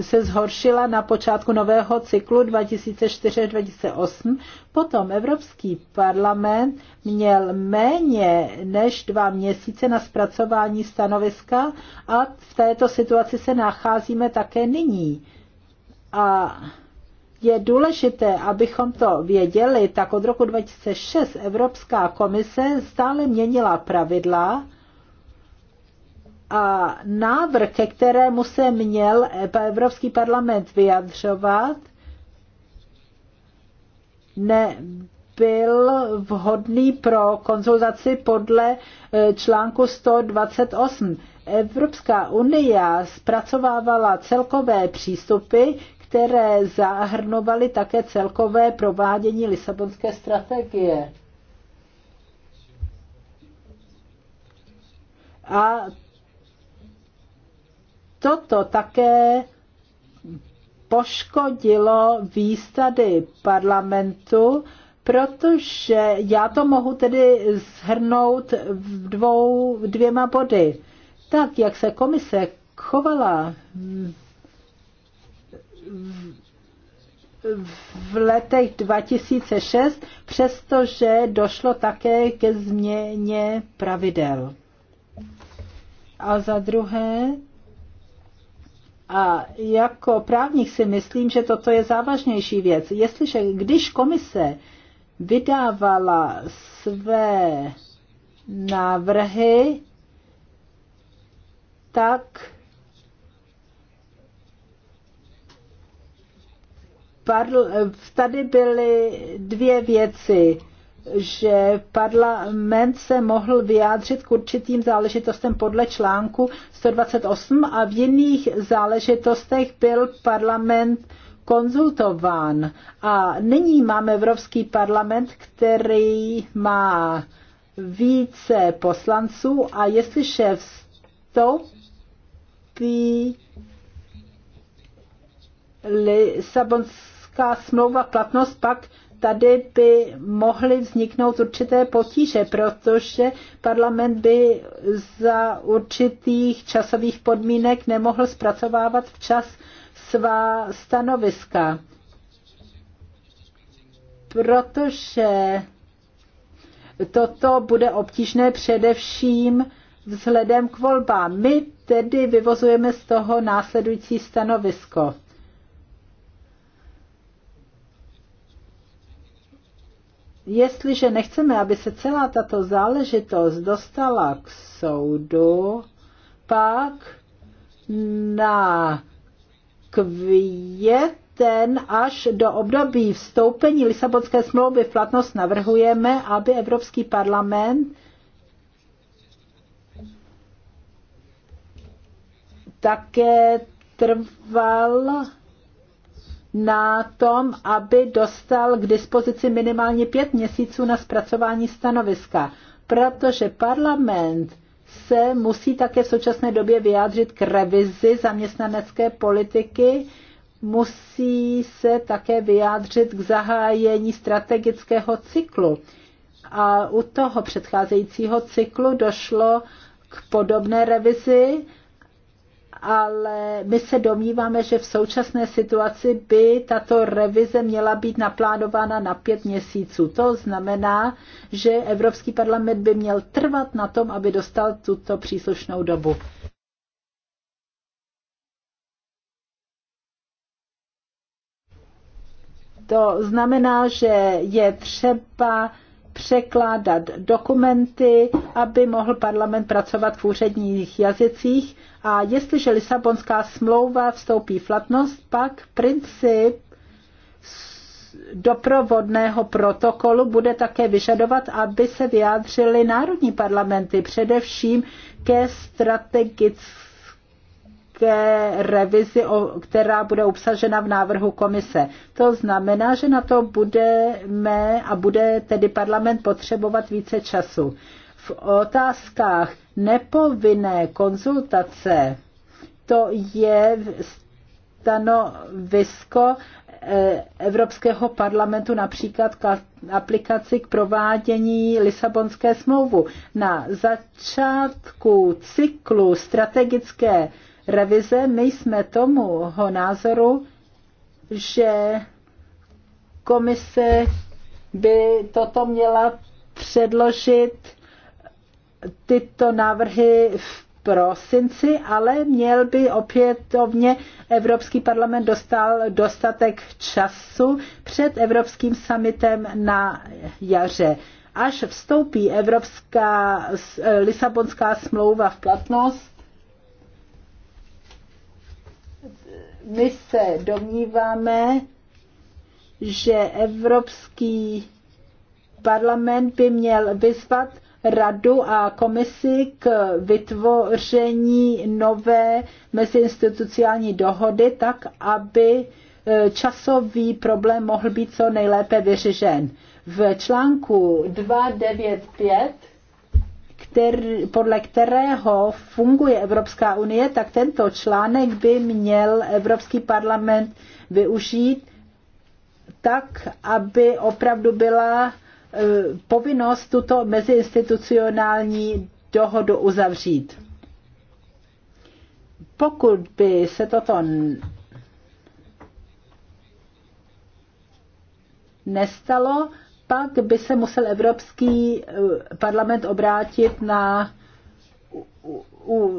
se zhoršila na počátku nového cyklu 2004-2008. Potom Evropský parlament měl méně než dva měsíce na zpracování stanoviska a v této situaci se nacházíme také nyní. A je důležité, abychom to věděli, tak od roku 2006 Evropská komise stále měnila pravidla a návrh, ke kterému se měl Evropský parlament vyjadřovat, nebyl vhodný pro konzultaci podle e, článku 128. Evropská unie zpracovávala celkové přístupy, které zahrnovaly také celkové provádění Lisabonské strategie. A toto také poškodilo výstady parlamentu, protože já to mohu tedy zhrnout v dvou, dvěma body. Tak, jak se komise chovala v letech 2006, přestože došlo také ke změně pravidel. A za druhé, a jako právník si myslím, že toto je závažnější věc. Jestliže když komise vydávala své návrhy, tak tady byly dvě věci že parlament se mohl vyjádřit k určitým záležitostem podle článku 128 a v jiných záležitostech byl parlament konzultován. A nyní máme Evropský parlament, který má více poslanců a jestli šéf vstoupí Lisabonský Lisabonská smlouva platnost, pak tady by mohly vzniknout určité potíže, protože parlament by za určitých časových podmínek nemohl zpracovávat včas svá stanoviska. Protože toto bude obtížné především vzhledem k volbám. My tedy vyvozujeme z toho následující stanovisko. Jestliže nechceme, aby se celá tato záležitost dostala k soudu, pak na květen až do období vstoupení Lisabonské smlouvy v platnost navrhujeme, aby Evropský parlament také trval na tom, aby dostal k dispozici minimálně pět měsíců na zpracování stanoviska, protože parlament se musí také v současné době vyjádřit k revizi zaměstnanecké politiky, musí se také vyjádřit k zahájení strategického cyklu. A u toho předcházejícího cyklu došlo k podobné revizi ale my se domníváme, že v současné situaci by tato revize měla být naplánována na pět měsíců. To znamená, že Evropský parlament by měl trvat na tom, aby dostal tuto příslušnou dobu. To znamená, že je třeba překládat dokumenty, aby mohl parlament pracovat v úředních jazycích a jestliže Lisabonská smlouva vstoupí v platnost, pak princip doprovodného protokolu bude také vyžadovat, aby se vyjádřily národní parlamenty, především ke strategické revizi, která bude obsažena v návrhu komise. To znamená, že na to budeme a bude tedy parlament potřebovat více času v otázkách nepovinné konzultace, to je stanovisko eh, Evropského parlamentu například k aplikaci k provádění Lisabonské smlouvu. Na začátku cyklu strategické revize my jsme tomu názoru, že komise by toto měla předložit tyto návrhy v prosinci, ale měl by opětovně Evropský parlament dostal dostatek času před Evropským summitem na jaře. Až vstoupí Evropská eh, Lisabonská smlouva v platnost, my se domníváme, že Evropský parlament by měl vyzvat radu a komisi k vytvoření nové meziinstitucionální dohody tak, aby e, časový problém mohl být co nejlépe vyřešen. V článku 295 který, podle kterého funguje Evropská unie, tak tento článek by měl Evropský parlament využít tak, aby opravdu byla Eh, povinnost tuto meziinstitucionální dohodu uzavřít. Pokud by se toto nestalo, pak by se musel Evropský eh, parlament obrátit na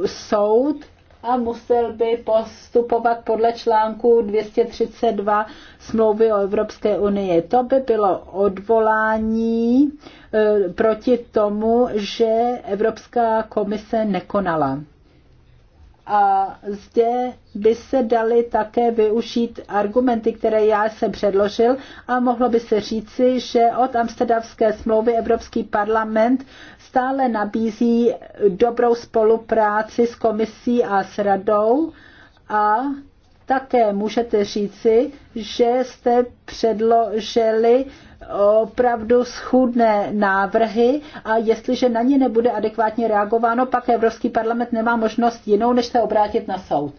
soud a musel by postupovat podle článku 232 smlouvy o Evropské unii. To by bylo odvolání e, proti tomu, že Evropská komise nekonala. A zde by se daly také využít argumenty, které já jsem předložil a mohlo by se říci, že od amsterdamské smlouvy Evropský parlament stále nabízí dobrou spolupráci s komisí a s radou a také můžete říci, že jste předložili opravdu schůdné návrhy a jestliže na ně nebude adekvátně reagováno, pak Evropský parlament nemá možnost jinou, než se obrátit na soud.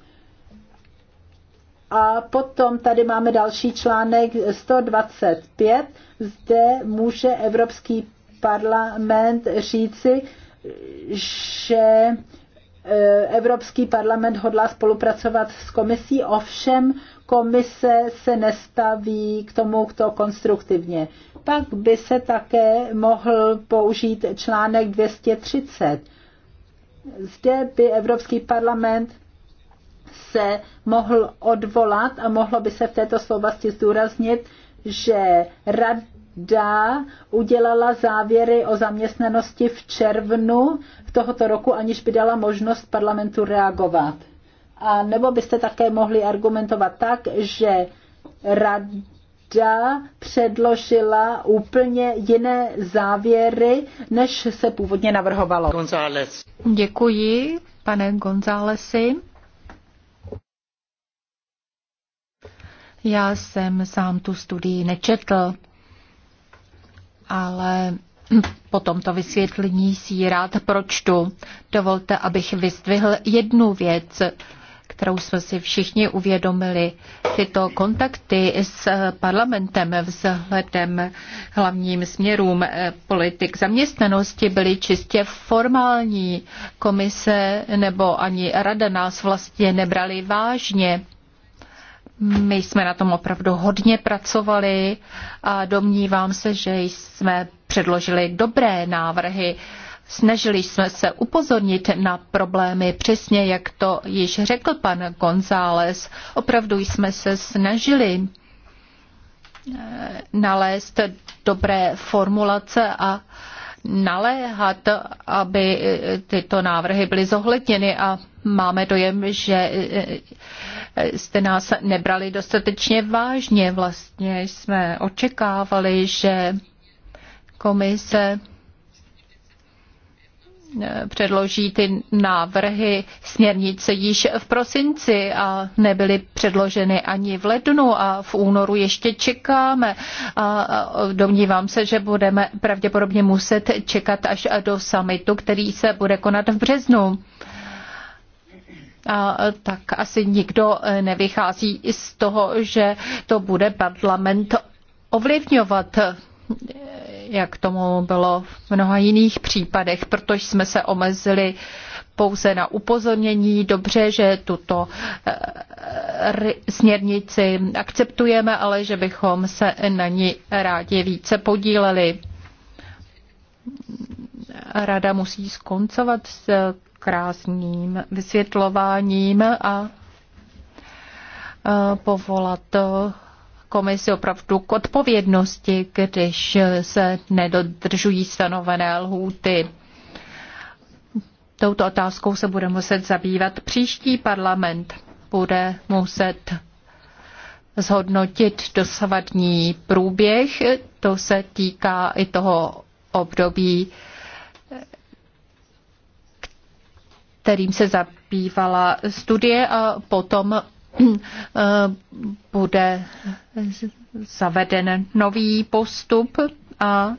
A potom tady máme další článek 125. Zde může Evropský parlament říci, že e, Evropský parlament hodlá spolupracovat s komisí, ovšem komise se nestaví k tomu kdo konstruktivně. Pak by se také mohl použít článek 230. Zde by Evropský parlament se mohl odvolat a mohlo by se v této slovosti zdůraznit, že rad, rada udělala závěry o zaměstnanosti v červnu tohoto roku, aniž by dala možnost parlamentu reagovat. A nebo byste také mohli argumentovat tak, že rada předložila úplně jiné závěry, než se původně navrhovalo. González. Děkuji, pane Gonzálesi. Já jsem sám tu studii nečetl, ale po tomto vysvětlení si rád pročtu. Dovolte, abych vyzdvihl jednu věc, kterou jsme si všichni uvědomili. Tyto kontakty s parlamentem vzhledem hlavním směrům eh, politik zaměstnanosti byly čistě formální. Komise nebo ani rada nás vlastně nebrali vážně my jsme na tom opravdu hodně pracovali a domnívám se, že jsme předložili dobré návrhy. Snažili jsme se upozornit na problémy, přesně jak to již řekl pan González. Opravdu jsme se snažili eh, nalézt dobré formulace a naléhat, aby tyto návrhy byly zohledněny a máme dojem, že jste nás nebrali dostatečně vážně. Vlastně jsme očekávali, že komise předloží ty návrhy směrnice již v prosinci a nebyly předloženy ani v lednu a v únoru ještě čekáme. A domnívám se, že budeme pravděpodobně muset čekat až do samitu, který se bude konat v březnu. A tak asi nikdo nevychází z toho, že to bude parlament ovlivňovat jak tomu bylo v mnoha jiných případech, protože jsme se omezili pouze na upozornění. Dobře, že tuto eh, směrnici akceptujeme, ale že bychom se na ní rádi více podíleli. Rada musí skoncovat s krásným vysvětlováním a eh, povolat komisi opravdu k odpovědnosti, když se nedodržují stanovené lhůty. Touto otázkou se bude muset zabývat příští parlament. Bude muset zhodnotit dosavadní průběh. To se týká i toho období, kterým se zabývala studie a potom Eh, bude zaveden nový postup a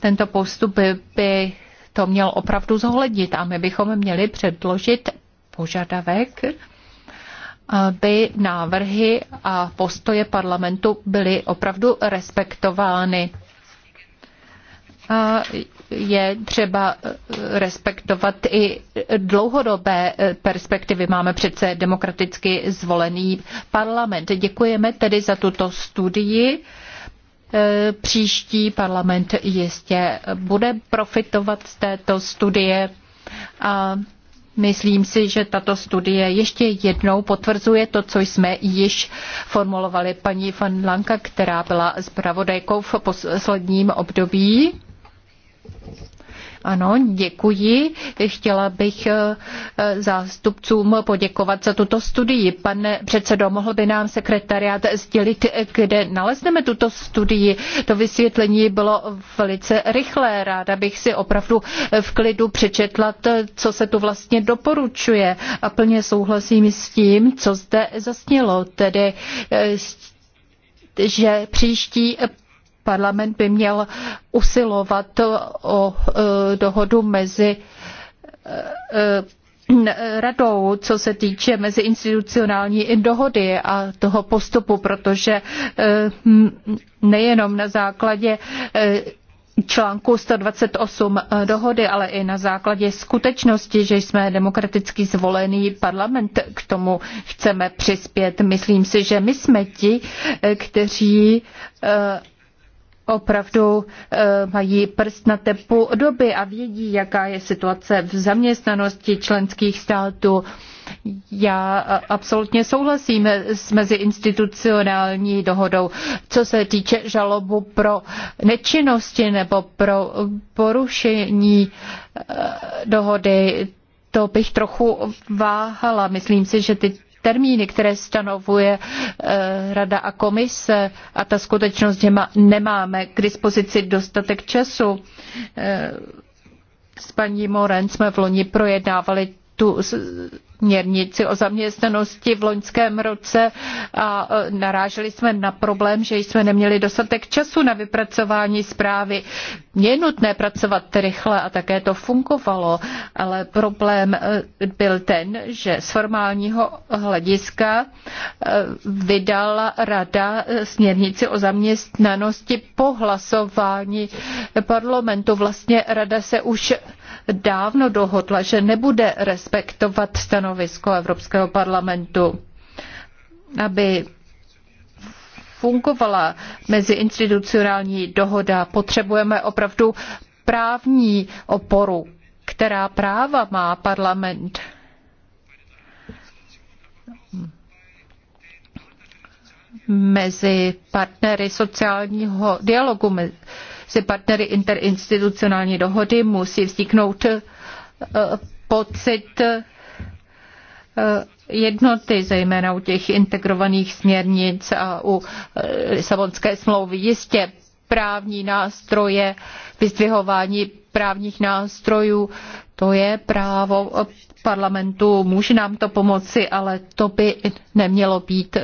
tento postup by to měl opravdu zohlednit a my bychom měli předložit požadavek, aby návrhy a postoje parlamentu byly opravdu respektovány. A eh, je třeba eh, respektovat i dlouhodobé eh, perspektivy. Máme přece demokraticky zvolený parlament. Děkujeme tedy za tuto studii. Eh, příští parlament jistě bude profitovat z této studie a Myslím si, že tato studie ještě jednou potvrzuje to, co jsme již formulovali paní van Lanka, která byla zpravodajkou v posledním období. Ano, děkuji. Chtěla bych eh, zástupcům poděkovat za tuto studii. Pane předsedo, mohl by nám sekretariát sdělit, kde nalezneme tuto studii? To vysvětlení bylo velice rychlé. Ráda bych si opravdu v klidu přečetla, co se tu vlastně doporučuje. A plně souhlasím s tím, co zde zasnělo, tedy eh, že příští Parlament by měl usilovat o eh, dohodu mezi eh, eh, radou, co se týče meziinstitucionální dohody a toho postupu, protože nejenom na základě článku 128 dohody, ale i na základě skutečnosti, že jsme demokraticky zvolený parlament, k tomu chceme přispět. Myslím si, že my jsme ti, kteří opravdu eh, mají prst na tepu doby a vědí, jaká je situace v zaměstnanosti členských států. Já eh, absolutně souhlasím s meziinstitucionální dohodou, co se týče žalobu pro nečinnosti nebo pro porušení eh, dohody. To bych trochu váhala. Myslím si, že ty termíny, které stanovuje eh, Rada a komise a ta skutečnost, že nemáme k dispozici dostatek času. Eh, s paní Moren jsme v loni projednávali tu směrnici o zaměstnanosti v loňském roce a e, naráželi jsme na problém, že jsme neměli dostatek času na vypracování zprávy. Je nutné pracovat rychle a také to fungovalo, ale problém e, byl ten, že z formálního hlediska e, vydala rada směrnici o zaměstnanosti po hlasování parlamentu. Vlastně rada se už dávno dohodla, že nebude respektovat stanovisko Evropského parlamentu, aby fungovala meziinstitucionální dohoda. Potřebujeme opravdu právní oporu, která práva má parlament. mezi partnery sociálního dialogu, se partnery interinstitucionální dohody musí vzniknout eh, pocit eh, jednoty, zejména u těch integrovaných směrnic a u eh, Lisabonské smlouvy. Jistě právní nástroje, vyzdvihování právních nástrojů, to je právo parlamentu, může nám to pomoci, ale to by nemělo být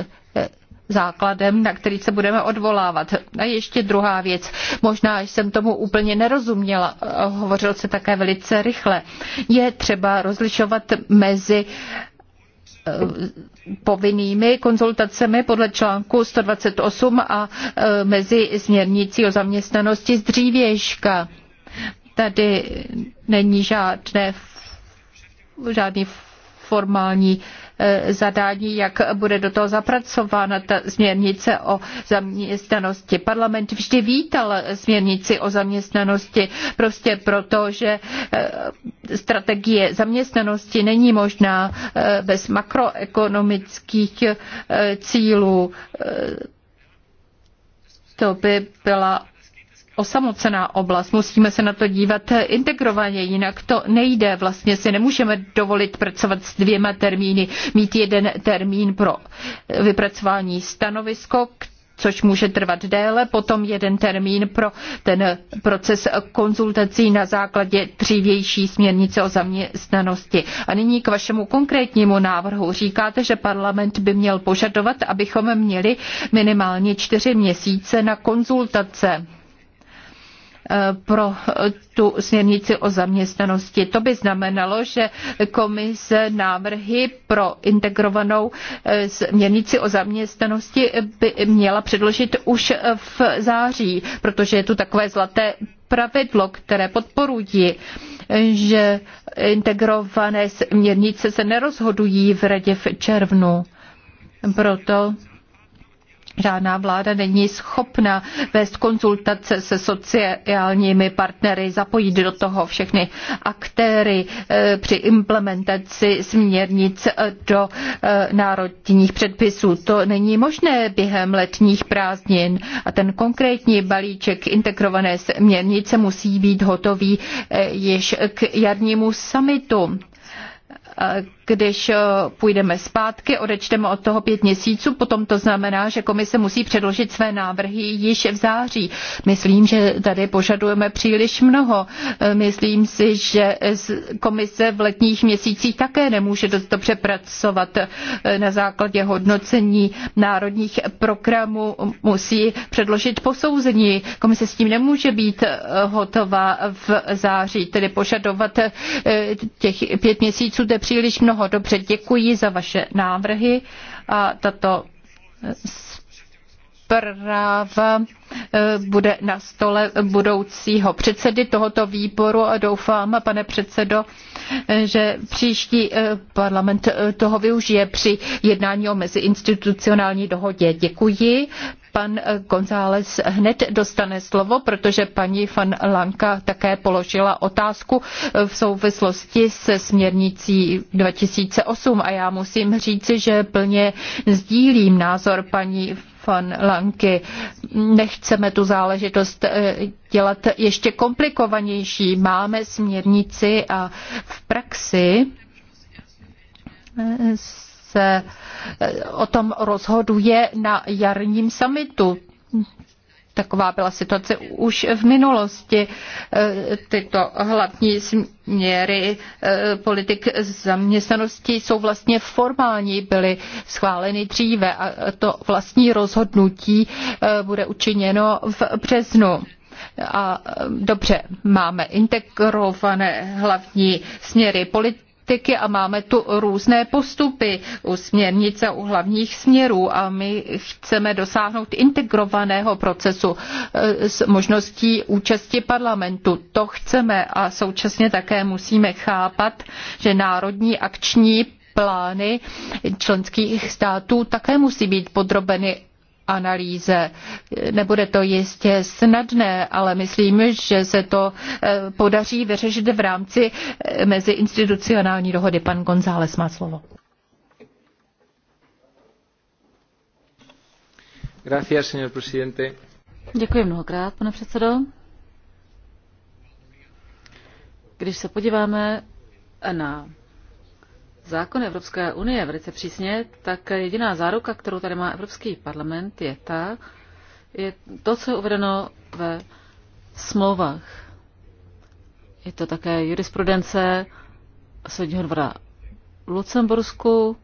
základem, na který se budeme odvolávat. A ještě druhá věc, možná jsem tomu úplně nerozuměla, hovořil se také velice rychle. Je třeba rozlišovat mezi eh, povinnými konzultacemi podle článku 128 a eh, mezi směrnicí o zaměstnanosti z dřívěžka. Tady není žádné, žádný formální Eh, zadání, jak bude do toho zapracována ta směrnice o zaměstnanosti. Parlament vždy vítal směrnici o zaměstnanosti prostě proto, že eh, strategie zaměstnanosti není možná eh, bez makroekonomických cílů. To by byla osamocená oblast. Musíme se na to dívat integrovaně, jinak to nejde. Vlastně si nemůžeme dovolit pracovat s dvěma termíny, mít jeden termín pro eh, vypracování stanovisko, což může trvat déle, potom jeden termín pro ten proces konzultací na základě dřívější směrnice o zaměstnanosti. A nyní k vašemu konkrétnímu návrhu. Říkáte, že parlament by měl požadovat, abychom měli minimálně čtyři měsíce na konzultace Eh, pro tu směrnici o zaměstnanosti. To by znamenalo, že komise návrhy pro integrovanou eh, směrnici o zaměstnanosti by měla předložit už v září, protože je tu takové zlaté pravidlo, které podporují, že integrované směrnice se nerozhodují v radě v červnu. Proto Žádná vláda není schopna vést konzultace se sociálními partnery, zapojit do toho všechny aktéry eh, při implementaci směrnic eh, do eh, národních předpisů. To není možné během letních prázdnin a ten konkrétní balíček integrované směrnice musí být hotový již k jarnímu summitu když eh, půjdeme zpátky, odečteme od toho pět měsíců, potom to znamená, že komise musí předložit své návrhy již v září. Myslím, že tady požadujeme příliš mnoho. Eh, myslím si, že komise v letních měsících také nemůže dost dobře pracovat eh, na základě hodnocení národních programů. Musí předložit posouzení. Komise s tím nemůže být hotová v září, tedy požadovat těch pět měsíců, to je příliš mnoho toho. Dobře, děkuji za vaše návrhy a tato eh, zpráva eh, bude na stole budoucího předsedy tohoto výboru a doufám, pane předsedo, eh, že příští parlament toho využije při jednání o meziinstitucionální dohodě. Děkuji. Pan eh, González hned dostane slovo, protože paní van Lanka také položila otázku eh, v souvislosti se směrnicí 2008 a já musím říci, že plně sdílím názor paní van Lanky. Nechceme tu záležitost eh, dělat ještě komplikovanější. Máme směrnici a v praxi se eh, o tom rozhoduje na jarním samitu. Taková byla situace už v minulosti. Eh, tyto hlavní směry eh, politik zaměstnanosti jsou vlastně formální, byly schváleny dříve a to vlastní rozhodnutí bude učiněno v březnu. A dobře, máme integrované hlavní směry politik politiky a máme tu různé postupy u směrnice u hlavních směrů a my chceme dosáhnout integrovaného procesu eh, s možností účasti parlamentu. To chceme a současně také musíme chápat, že národní akční plány členských států také musí být podrobeny analýze. Nebude to jistě snadné, ale myslím, že se to eh, podaří vyřešit v rámci eh, meziinstitucionální dohody. Pan González má slovo. Gracias, señor presidente. Děkuji mnohokrát, pane předsedo. Když se podíváme na zákon Evropské unie velice přísně, tak jediná záruka, kterou tady má Evropský parlament, je ta, je to, co je uvedeno ve smlouvách. Je to také jurisprudence soudního dvora v Lucembursku.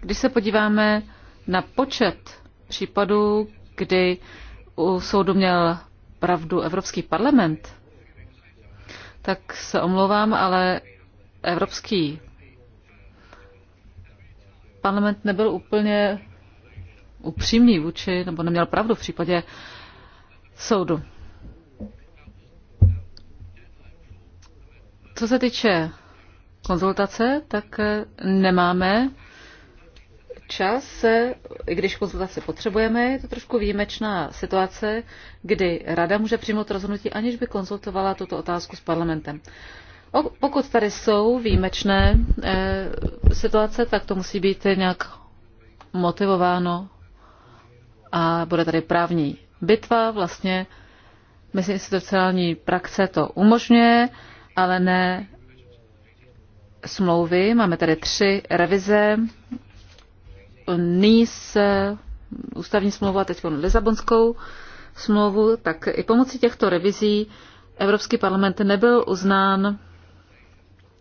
Když se podíváme na počet případů, kdy u soudu měl pravdu Evropský parlament, tak se omlouvám, ale Evropský parlament nebyl úplně upřímný vůči, nebo neměl pravdu v případě soudu. Co se týče konzultace, tak nemáme čas, i když konzultace potřebujeme, je to trošku výjimečná situace, kdy rada může přijmout rozhodnutí, aniž by konzultovala tuto otázku s parlamentem. Pokud tady jsou výjimečné eh, situace, tak to musí být nějak motivováno a bude tady právní bitva. Vlastně institucionální praxe to umožňuje, ale ne smlouvy. Máme tady tři revize. NIS, ústavní smlouvu a teď Lisabonskou smlouvu, tak i pomocí těchto revizí Evropský parlament nebyl uznán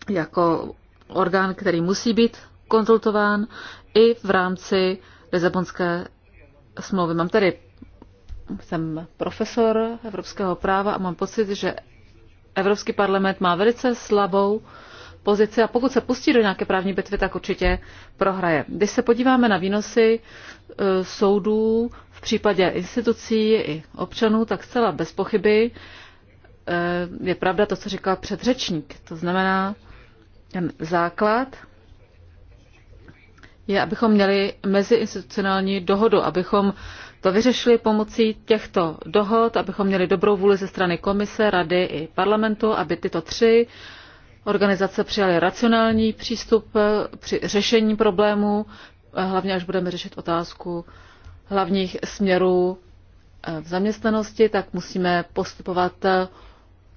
jako orgán, který musí být konzultován i v rámci Lisabonské smlouvy. Mám tady, jsem profesor evropského práva a mám pocit, že Evropský parlament má velice slabou pozici a pokud se pustí do nějaké právní bitvy, tak určitě prohraje. Když se podíváme na výnosy e, soudů v případě institucí i občanů, tak zcela bez pochyby e, je pravda to, co říkal předřečník. To znamená, ten základ je, abychom měli meziinstitucionální dohodu, abychom to vyřešili pomocí těchto dohod, abychom měli dobrou vůli ze strany komise, rady i parlamentu, aby tyto tři organizace přijaly racionální přístup eh, při řešení problémů, eh, hlavně až budeme řešit otázku hlavních směrů eh, v zaměstnanosti, tak musíme postupovat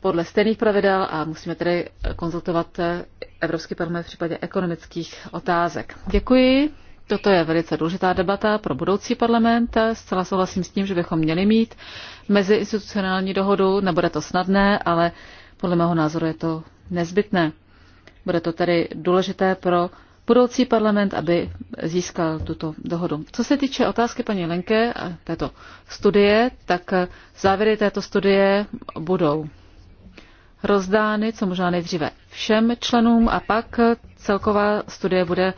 podle stejných pravidel a musíme tedy konzultovat Evropský parlament v případě ekonomických otázek. Děkuji. Toto je velice důležitá debata pro budoucí parlament. Zcela souhlasím s tím, že bychom měli mít meziinstitucionální dohodu. Nebude to snadné, ale podle mého názoru je to nezbytné. Bude to tedy důležité pro budoucí parlament, aby získal tuto dohodu. Co se týče otázky paní Lenke a této studie, tak závěry této studie budou rozdány co možná nejdříve všem členům a pak celková studie bude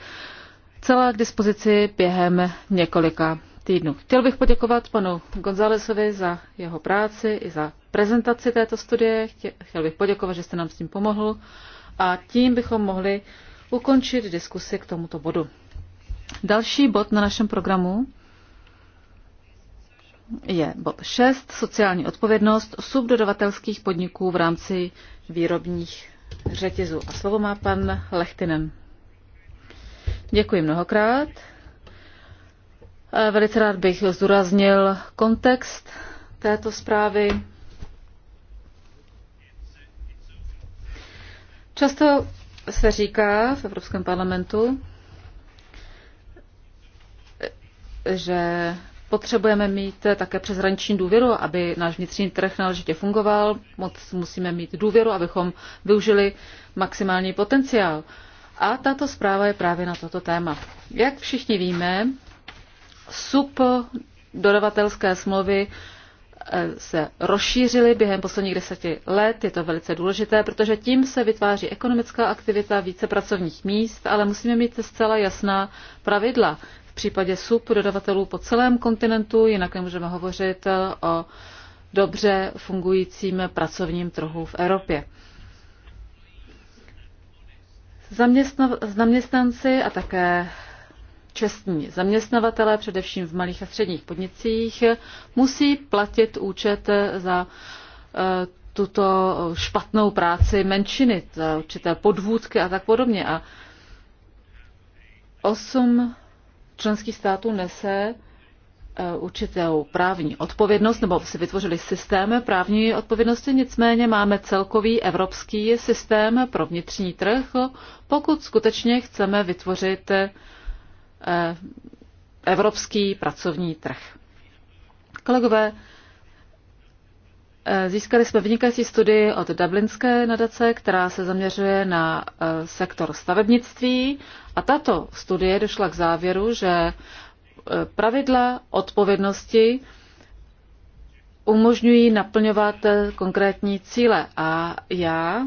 celá k dispozici během několika týdnů. Chtěl bych poděkovat panu Gonzálesovi za jeho práci i za prezentaci této studie. Chtěl bych poděkovat, že jste nám s tím pomohl a tím bychom mohli ukončit diskusi k tomuto bodu. Další bod na našem programu je bod 6, sociální odpovědnost subdodavatelských podniků v rámci výrobních řetězů. A slovo má pan Lechtinen. Děkuji mnohokrát. Eh, velice rád bych zdůraznil kontext této zprávy. Často se říká v Evropském parlamentu, že Potřebujeme mít také přeshraniční důvěru, aby náš vnitřní trh náležitě fungoval. Moc musíme mít důvěru, abychom využili maximální potenciál. A tato zpráva je právě na toto téma. Jak všichni víme, sub dodavatelské smlouvy eh, se rozšířily během posledních deseti let. Je to velice důležité, protože tím se vytváří ekonomická aktivita, více pracovních míst, ale musíme mít zcela jasná pravidla případě SUP dodavatelů po celém kontinentu, jinak můžeme hovořit eh, o dobře fungujícím pracovním trhu v Evropě. Zaměstnanci a také čestní zaměstnavatelé, především v malých a středních podnicích, musí platit účet eh, za eh, tuto špatnou práci menšiny, za určité podvůdky a tak podobně. A 8 členských států nese eh, určitou právní odpovědnost, nebo si vytvořili systém právní odpovědnosti, nicméně máme celkový evropský systém pro vnitřní trh, pokud skutečně chceme vytvořit eh, evropský pracovní trh. Kolegové, Eh, získali jsme vynikající studii od Dublinské nadace, která se zaměřuje na eh, sektor stavebnictví a tato studie došla k závěru, že eh, pravidla odpovědnosti umožňují naplňovat konkrétní cíle a já,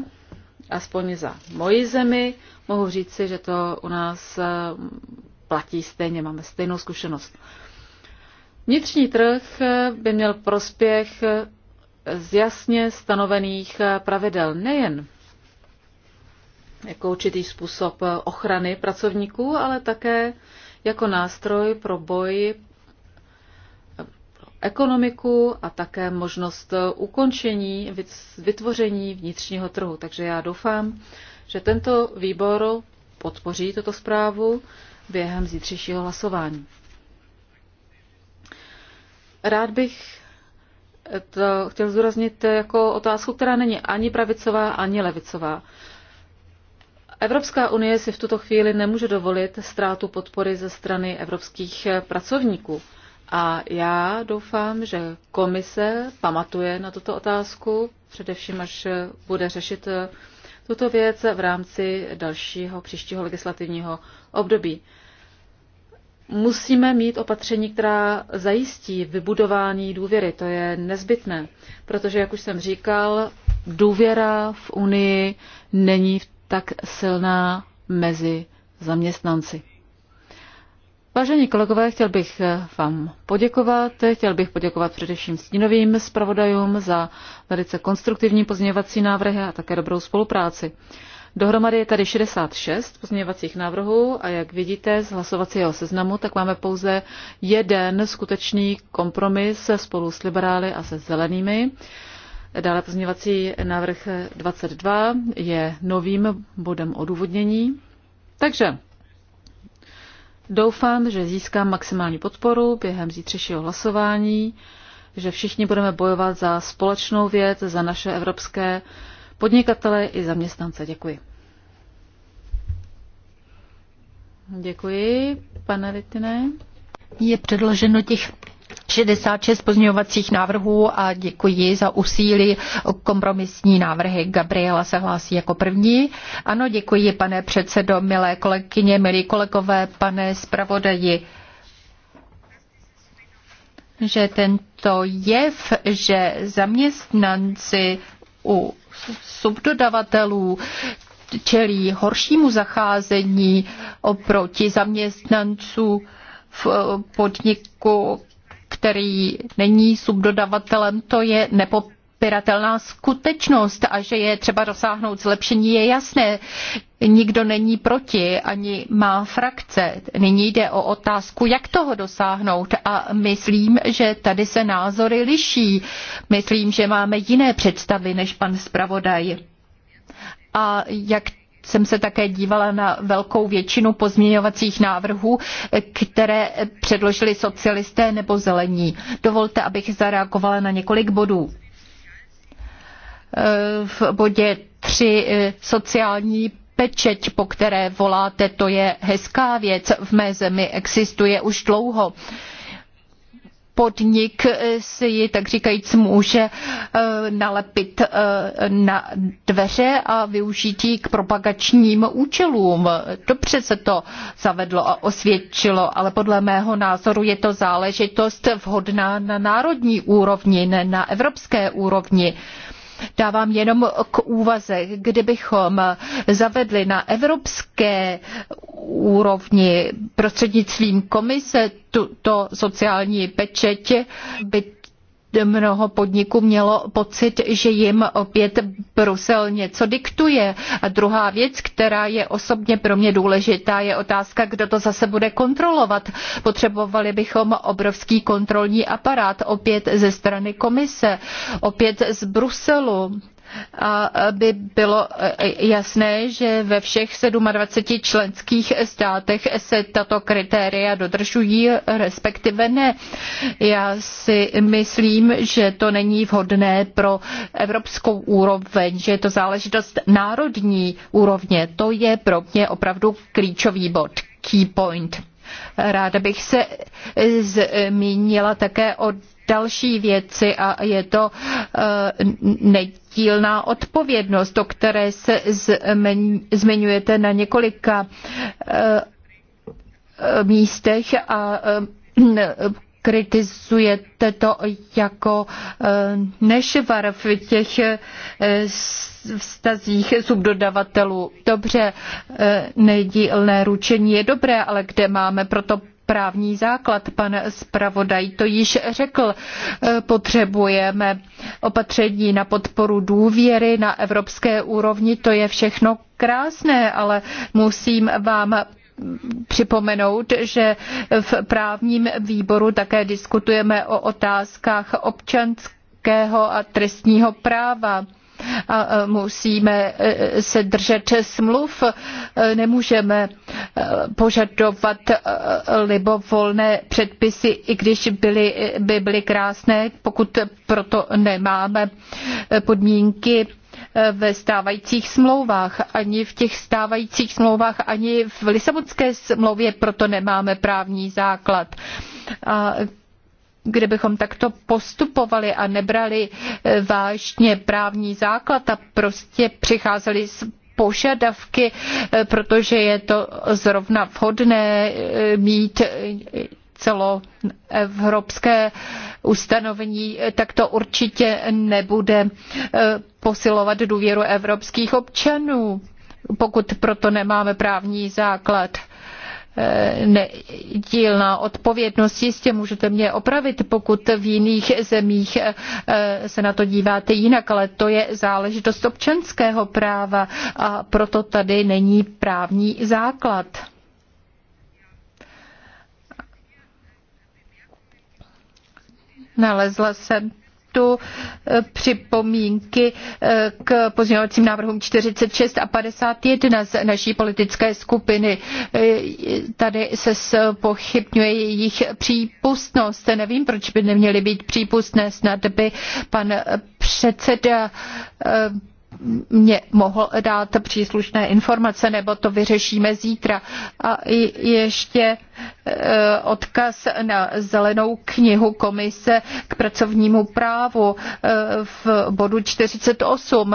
aspoň za moji zemi, mohu říci, že to u nás platí stejně, máme stejnou zkušenost. Vnitřní trh by měl prospěch z jasně stanovených eh, pravidel nejen jako určitý způsob eh, ochrany pracovníků, ale také jako nástroj pro boj eh, pro ekonomiku a také možnost ukončení, vytvoření vnitřního trhu. Takže já doufám, že tento výbor podpoří tuto zprávu během zítřejšího hlasování. Rád bych to chtěl zdůraznit jako otázku, která není ani pravicová, ani levicová. Evropská unie si v tuto chvíli nemůže dovolit ztrátu podpory ze strany evropských pracovníků. A já doufám, že komise pamatuje na tuto otázku, především až bude řešit tuto věc v rámci dalšího příštího legislativního období. Musíme mít opatření, která zajistí vybudování důvěry. To je nezbytné, protože, jak už jsem říkal, důvěra v Unii není tak silná mezi zaměstnanci. Vážení kolegové, chtěl bych vám poděkovat. Chtěl bych poděkovat především stínovým zpravodajům za velice konstruktivní pozměňovací návrhy a také dobrou spolupráci. Dohromady je tady 66 pozměňovacích návrhů a jak vidíte z hlasovacího seznamu, tak máme pouze jeden skutečný kompromis spolu s liberály a se zelenými. Dále pozměňovací návrh 22 je novým bodem odůvodnění. Takže doufám, že získám maximální podporu během zítřejšího hlasování, že všichni budeme bojovat za společnou věc, za naše evropské podnikatele i zaměstnance. Děkuji. Děkuji, pane Litine. Je předloženo těch 66 pozměňovacích návrhů a děkuji za úsilí kompromisní návrhy. Gabriela se hlásí jako první. Ano, děkuji, pane předsedo, milé kolegyně, milí kolegové, pane zpravodaji že tento jev, že zaměstnanci u subdodavatelů čelí horšímu zacházení oproti zaměstnanců v eh, podniku, který není subdodavatelem, to je nepopiratelné nepopiratelná skutečnost a že je třeba dosáhnout zlepšení, je jasné. Nikdo není proti, ani má frakce. Nyní jde o otázku, jak toho dosáhnout a myslím, že tady se názory liší. Myslím, že máme jiné představy než pan zpravodaj. A jak jsem se také dívala na velkou většinu pozměňovacích návrhů, které předložili socialisté nebo zelení. Dovolte, abych zareagovala na několik bodů. Eh, v bodě 3 eh, sociální pečeť, po které voláte, to je hezká věc. V mé zemi existuje už dlouho podnik eh, si ji, tak říkajíc, může nalepit na dveře a využít ji k propagačním účelům. Dobře se to zavedlo a osvědčilo, ale podle mého názoru je to záležitost vhodná na národní úrovni, ne na evropské úrovni dávám jenom k úvaze, kdybychom zavedli na evropské úrovni prostřednictvím komise tuto sociální pečeť, by mnoho podniků mělo pocit, že jim opět Brusel něco diktuje. A druhá věc, která je osobně pro mě důležitá, je otázka, kdo to zase bude kontrolovat. Potřebovali bychom obrovský kontrolní aparát opět ze strany komise, opět z Bruselu aby bylo e, e, jasné, že ve všech 27 členských státech se tato kritéria dodržují, respektive ne. Já si myslím, že to není vhodné pro evropskou úroveň, že je to záležitost národní úrovně. To je pro mě opravdu klíčový bod, key point. Ráda bych se zmínila také o další věci a je to eh, nedílná odpovědnost, o které se zmiňujete na několika eh, místech a eh, kritizujete to jako nešvar v těch vztazích subdodavatelů. Dobře, nedílné ručení je dobré, ale kde máme proto právní základ. Pan zpravodaj to již řekl. E, potřebujeme opatření na podporu důvěry na evropské úrovni. To je všechno krásné, ale musím vám připomenout, že v právním výboru také diskutujeme o otázkách občanského a trestního práva a musíme e, se držet smluv. E, nemůžeme e, požadovat libovolné předpisy, i když byly, by byly krásné, pokud proto nemáme podmínky ve stávajících smlouvách, ani v těch stávajících smlouvách, ani v Lisabonské smlouvě proto nemáme právní základ. A kdybychom takto postupovali a nebrali e, vážně právní základ a prostě přicházeli s požadavky, e, protože je to zrovna vhodné e, mít celoevropské ustanovení, tak to určitě nebude posilovat důvěru evropských občanů, pokud proto nemáme právní základ. Eh, nedílná odpovědnost. Jistě můžete mě opravit, pokud v jiných zemích eh, se na to díváte jinak, ale to je záležitost občanského práva a proto tady není právní základ. Nalezla jsem načtu eh, připomínky eh, k pozměňovacím návrhům 46 a 51 z naší politické skupiny. Eh, tady se pochybňuje jejich přípustnost. Nevím, proč by neměly být přípustné. Snad by pan předseda mě mohl dát příslušné informace, nebo to vyřešíme zítra. A ještě e, odkaz na zelenou knihu komise k pracovnímu právu e, v bodu 48.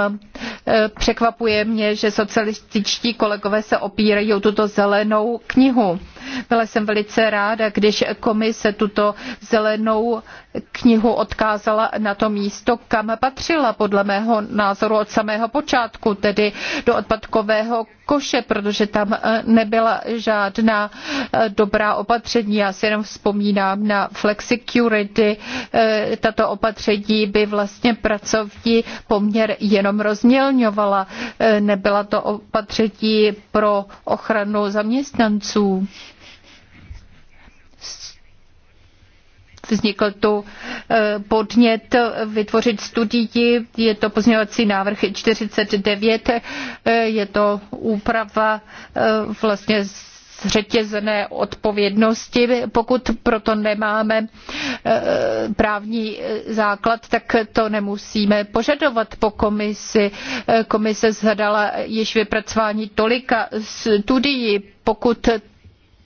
E, překvapuje mě, že socialističtí kolegové se opírají o tuto zelenou knihu. Byla jsem velice ráda, když komise tuto zelenou knihu odkázala na to místo, kam patřila podle mého názoru od samého samého počátku, tedy do odpadkového koše, protože tam eh, nebyla žádná eh, dobrá opatření. Já si jenom vzpomínám na flexicurity. Eh, tato opatření by vlastně pracovní poměr jenom rozmělňovala. Nebyla to opatření pro ochranu zaměstnanců. Vznikl tu eh, podnět vytvořit studii, je to pozměňovací návrh 49, eh, je to úprava eh, vlastně zřetězené odpovědnosti. Pokud proto nemáme právní základ, tak to nemusíme požadovat po komisi. Komise zhadala již vypracování tolika studií. Pokud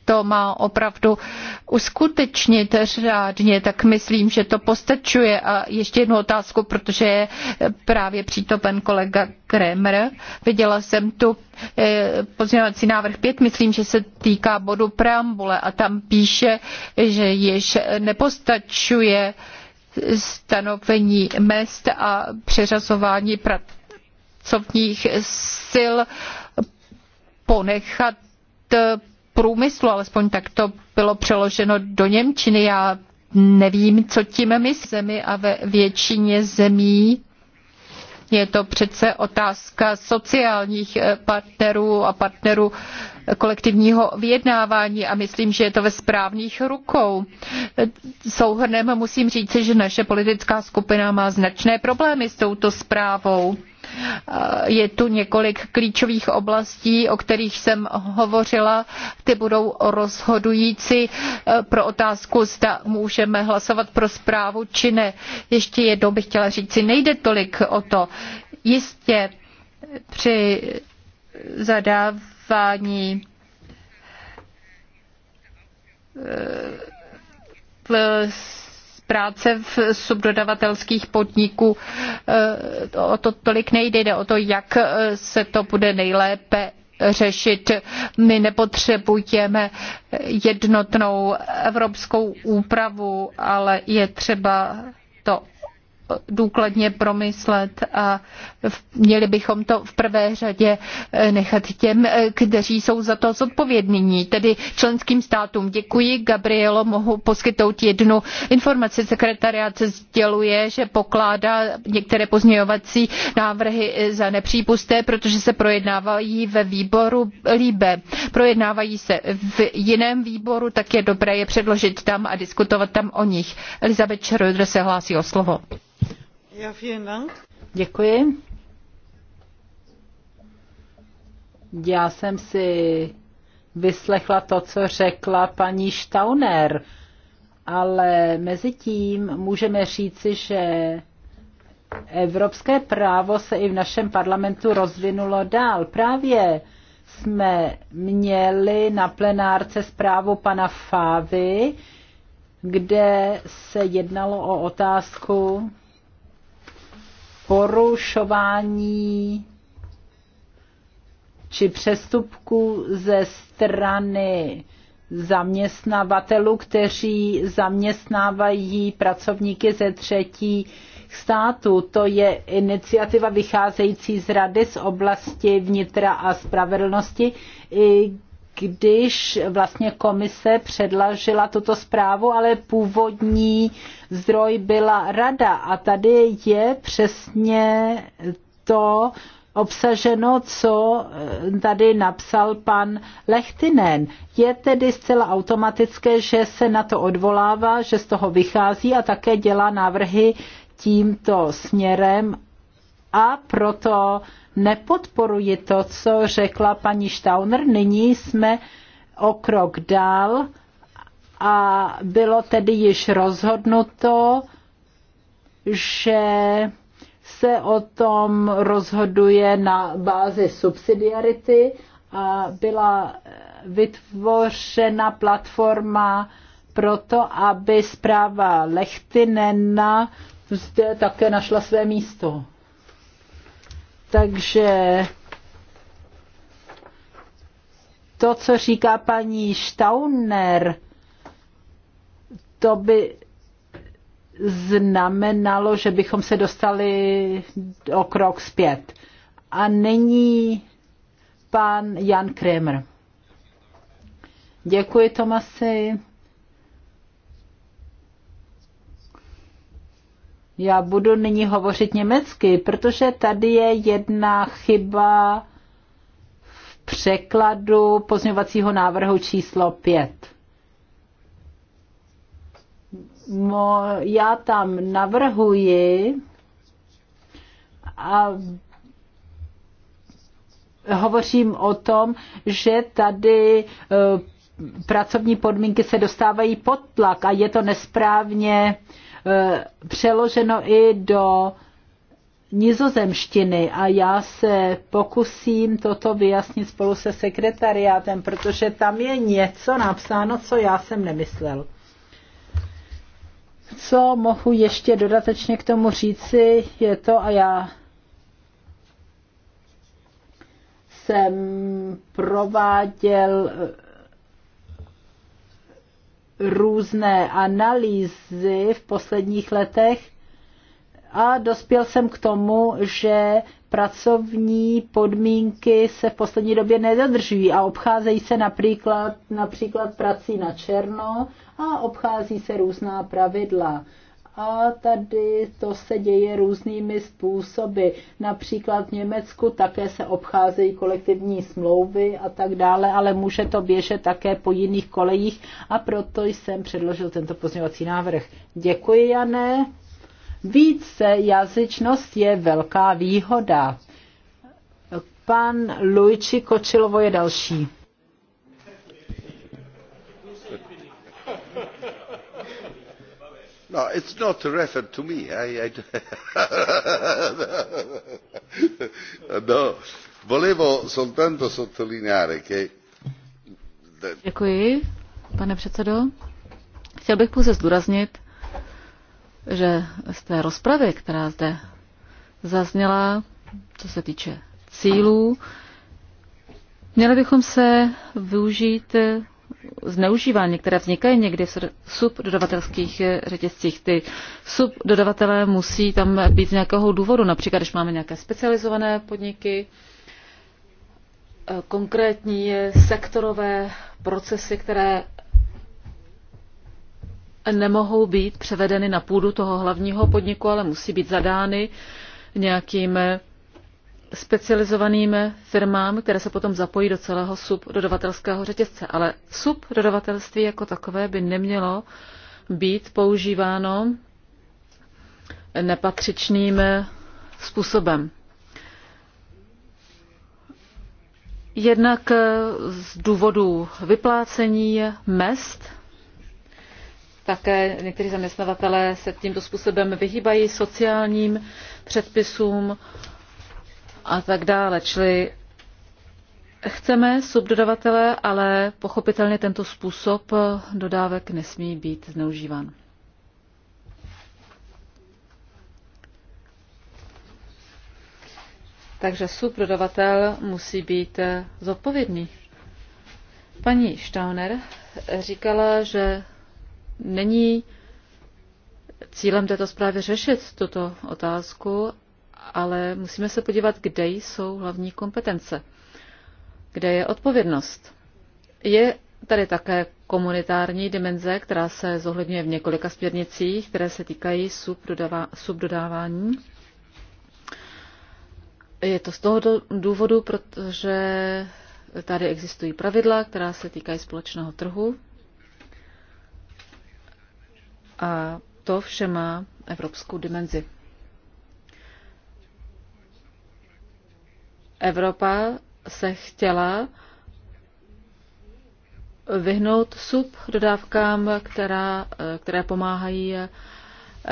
to má opravdu uskutečnit řádně, tak myslím, že to postačuje. A ještě jednu otázku, protože je právě přítopen kolega Kremer. Viděla jsem tu eh, pozměňovací návrh 5, myslím, že se týká bodu preambule a tam píše, že již nepostačuje stanovení mest a přeřazování pracovních sil ponechat průmyslu, alespoň tak to bylo přeloženo do Němčiny. Já nevím, co tím my zemi a ve většině zemí je to přece otázka sociálních eh, partnerů a partnerů kolektivního vyjednávání a myslím, že je to ve správných rukou. Souhrnem musím říci, že naše politická skupina má značné problémy s touto zprávou. Je tu několik klíčových oblastí, o kterých jsem hovořila. Ty budou rozhodující eh, pro otázku, zda můžeme hlasovat pro zprávu či ne. Ještě jednou bych chtěla říci, nejde tolik o to. Jistě při zadávání eh, plus práce v subdodavatelských podniků. Eh, o to tolik nejde, jde o to, jak eh, se to bude nejlépe řešit. My nepotřebujeme jednotnou evropskou úpravu, ale je třeba to důkladně promyslet a měli bychom to v prvé řadě eh, nechat těm, eh, kteří jsou za to zodpovědní, tedy členským státům. Děkuji, Gabrielo, mohu poskytnout jednu informaci. Sekretariat se sděluje, že pokládá některé pozměňovací návrhy eh, za nepřípustné, protože se projednávají ve výboru líbe. Projednávají se v jiném výboru, tak je dobré je předložit tam a diskutovat tam o nich. Elizabeth Schroeder se hlásí o slovo. Děkuji. Já jsem si vyslechla to, co řekla paní Štauner, ale mezi tím můžeme říci, že evropské právo se i v našem parlamentu rozvinulo dál. Právě jsme měli na plenárce zprávu pana Fávy, kde se jednalo o otázku porušování či přestupků ze strany zaměstnavatelů, kteří zaměstnávají pracovníky ze třetí států. To je iniciativa vycházející z Rady z oblasti vnitra a spravedlnosti, i když vlastně komise předlažila tuto zprávu, ale původní zdroj byla rada. A tady je přesně to obsaženo, co eh, tady napsal pan Lechtinen. Je tedy zcela automatické, že se na to odvolává, že z toho vychází a také dělá návrhy tímto směrem a proto nepodporuji to, co řekla paní Štauner. Nyní jsme o krok dál a bylo tedy již rozhodnuto, že se o tom rozhoduje na bázi subsidiarity a byla vytvořena platforma pro to, aby zpráva Lechtinena zde také našla své místo. Takže to, co říká paní Stauner, to by znamenalo, že bychom se dostali o krok zpět. A není pan Jan Kremer. Děkuji, Tomasi. Já budu nyní hovořit německy, protože tady je jedna chyba v překladu pozměňovacího návrhu číslo 5. Mo, já tam navrhuji, a hovořím o tom, že tady e, pracovní podmínky se dostávají pod tlak a je to nesprávně Eh, přeloženo i do nizozemštiny a já se pokusím toto vyjasnit spolu se sekretariátem, protože tam je něco napsáno, co já jsem nemyslel. Co mohu ještě dodatečně k tomu říci, je to a já jsem prováděl různé analýzy v posledních letech a dospěl jsem k tomu, že pracovní podmínky se v poslední době nedodržují a obcházejí se například, například prací na černo a obchází se různá pravidla a tady to se děje různými způsoby. Například v Německu také se obcházejí kolektivní smlouvy a tak dále, ale může to běžet také po jiných kolejích a proto jsem předložil tento pozměňovací návrh. Děkuji, Jané. Více jazyčnost je velká výhoda. Pan Luigi Kočilovo je další. No, it's not referred to me. I, I... no, volevo soltanto sottolineare che... Děkuji, pane předsedo. Chtěl bych pouze zdůraznit, že z té rozpravy, která zde zazněla, co se týče cílů, měli bychom se využít zneužívání, které vznikají někdy v subdodavatelských eh, řetězcích. Ty subdodavatelé musí tam být z nějakého důvodu, například když máme nějaké specializované podniky, eh, konkrétní eh, sektorové procesy, které nemohou být převedeny na půdu toho hlavního podniku, ale musí být zadány nějakým specializovaným firmám, které se potom zapojí do celého subdodavatelského řetězce. Ale subdodavatelství jako takové by nemělo být používáno nepatřičným způsobem. Jednak z důvodu vyplácení mest, také někteří zaměstnavatelé se tímto způsobem vyhýbají sociálním předpisům, a tak dále. Čili chceme subdodavatele, ale pochopitelně tento způsob dodávek nesmí být zneužíván. Takže subdodavatel musí být zodpovědný. Paní Stauner říkala, že není cílem této zprávy řešit tuto otázku, ale musíme se podívat, kde jsou hlavní kompetence, kde je odpovědnost. Je tady také komunitární dimenze, která se zohledňuje v několika směrnicích, které se týkají subdodávání. Je to z toho důvodu, protože tady existují pravidla, která se týkají společného trhu. A to vše má evropskou dimenzi. Evropa se chtěla vyhnout sub dodávkám, která, které pomáhají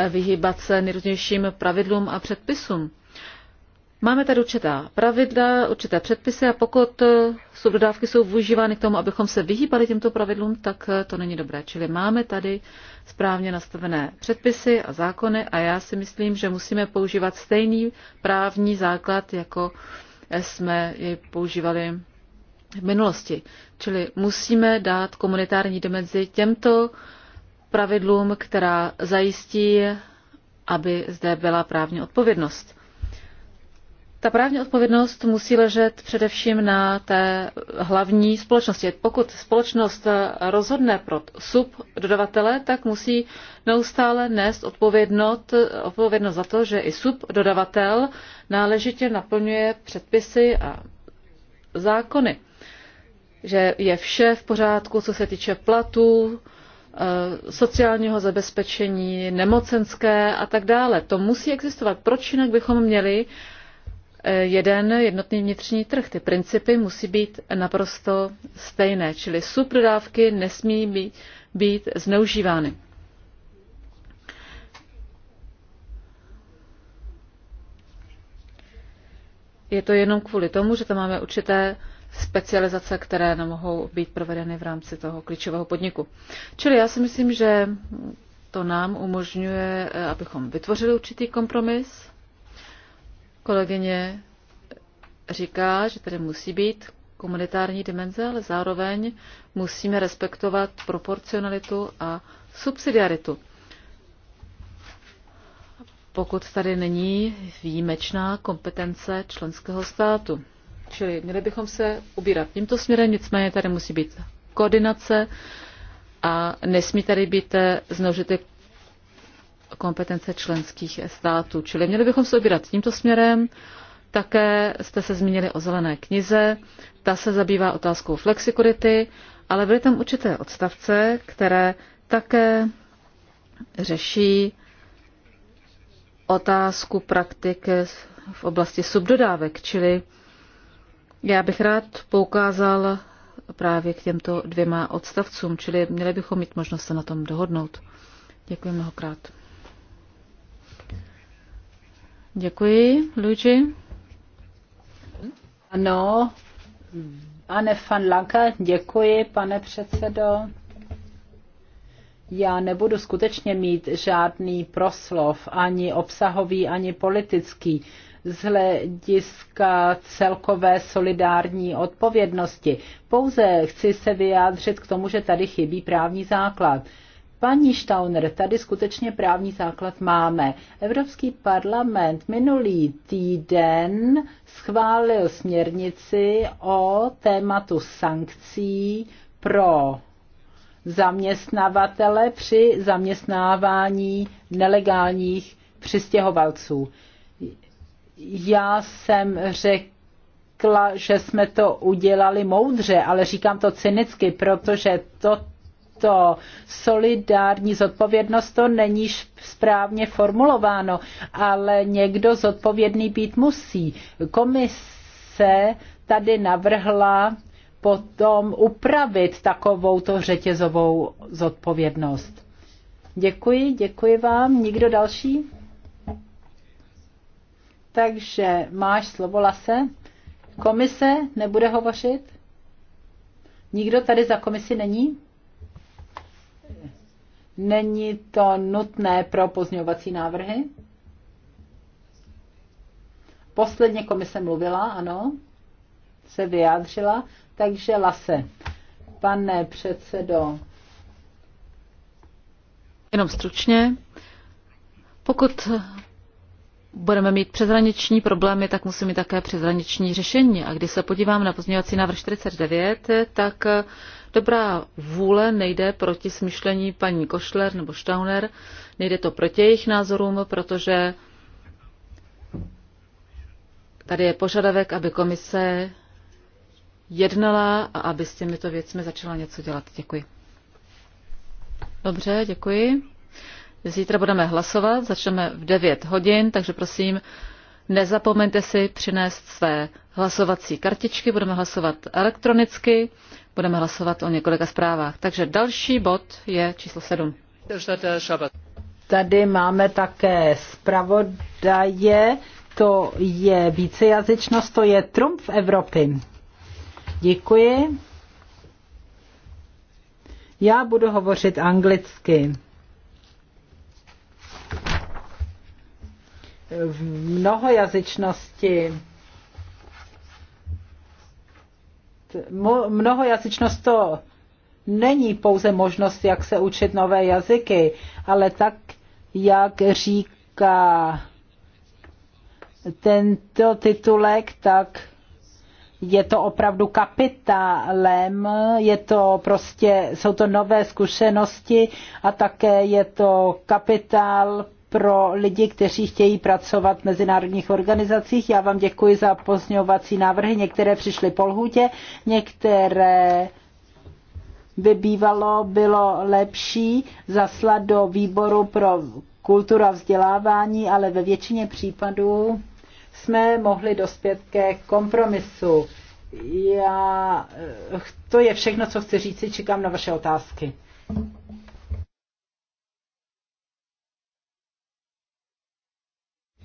vyhýbat se nejrůznějším pravidlům a předpisům. Máme tady určitá pravidla, určité předpisy a pokud subdodávky jsou využívány k tomu, abychom se vyhýbali těmto pravidlům, tak to není dobré. Čili máme tady správně nastavené předpisy a zákony a já si myslím, že musíme používat stejný právní základ jako uh, jsme jej používali v minulosti. Čili musíme dát komunitární dimenzi těmto pravidlům, která zajistí, aby zde byla právní odpovědnost. Ta právní odpovědnost musí ležet především na té hlavní společnosti. Pokud společnost rozhodne pro dodavatele, tak musí neustále nést odpovědnost, odpovědnost za to, že i dodavatel náležitě naplňuje předpisy a zákony. Že je vše v pořádku, co se týče platů, eh, sociálního zabezpečení, nemocenské a tak dále. To musí existovat. Proč jinak bychom měli uh, jeden jednotný vnitřní trh. Ty principy musí být naprosto stejné, čili subdodávky nesmí být, být zneužívány. Je to jenom kvůli tomu, že tam máme určité specializace, které nemohou být provedeny v rámci toho klíčového podniku. Čili já si myslím, že to nám umožňuje, eh, abychom vytvořili určitý kompromis, Kolegyně říká, že tady musí být komunitární dimenze, ale zároveň musíme respektovat proporcionalitu a subsidiaritu. Pokud tady není výjimečná kompetence členského státu. Čili měli bychom se ubírat tímto směrem, nicméně tady musí být koordinace a nesmí tady být eh, zneužity kompetence členských států. Čili měli bychom se obírat tímto směrem. Také jste se zmínili o zelené knize. Ta se zabývá otázkou flexikurity, ale byly tam určité odstavce, které také řeší otázku praktik v oblasti subdodávek, čili já bych rád poukázal právě k těmto dvěma odstavcům, čili měli bychom mít možnost se na tom dohodnout. Děkuji mnohokrát. Děkuji, Luigi. Ano, Pane van Lanka, děkuji, pane předsedo. Já nebudu skutečně mít žádný proslov, ani obsahový, ani politický z hlediska celkové solidární odpovědnosti. Pouze chci se vyjádřit k tomu, že tady chybí právní základ. Paní Stauner, tady skutečně právní základ máme. Evropský parlament minulý týden schválil směrnici o tématu sankcí pro zaměstnavatele při zaměstnávání nelegálních přistěhovalců. Já jsem řekl, řekla, že jsme to udělali moudře, ale říkám to cynicky, protože to to solidární zodpovědnost, to není správně formulováno, ale někdo zodpovědný být musí. Komise tady navrhla potom upravit takovou to řetězovou zodpovědnost. Děkuji, děkuji vám. Nikdo další? Takže máš slovo, Lase. Komise nebude hovořit? Nikdo tady za komisi není? Není to nutné pro pozňovací návrhy? Posledně komise mluvila, ano, se vyjádřila, takže Lase. Pane předsedo. Jenom stručně. Pokud budeme mít přezraniční problémy, tak musíme mít také přezraniční řešení. A když se podívám na pozměňovací návrh 49, tak Dobrá vůle nejde proti smyšlení paní Košler nebo Stauner, nejde to proti jejich názorům, protože tady je požadavek, aby komise jednala a aby s těmito věcmi začala něco dělat. Děkuji. Dobře, děkuji. Zítra budeme hlasovat, začneme v 9 hodin, takže prosím, nezapomeňte si přinést své hlasovací kartičky, budeme hlasovat elektronicky budeme hlasovat o několika zprávách. Takže další bod je číslo 7. Tady máme také zpravodaje, to je vícejazyčnost, to je Trump v Evropě. Děkuji. Já budu hovořit anglicky. V mnohojazyčnosti mnohojazyčnost to není pouze možnost, jak se učit nové jazyky, ale tak, jak říká tento titulek, tak je to opravdu kapitálem, je to prostě, jsou to nové zkušenosti a také je to kapitál pro lidi, kteří chtějí pracovat v mezinárodních organizacích. Já vám děkuji za pozňovací návrhy. Některé přišly po lhůtě, některé by bývalo bylo lepší zaslat do výboru pro kulturu a vzdělávání, ale ve většině případů jsme mohli dospět ke kompromisu. Já, eh, to je všechno, co chci říci, čekám na vaše otázky.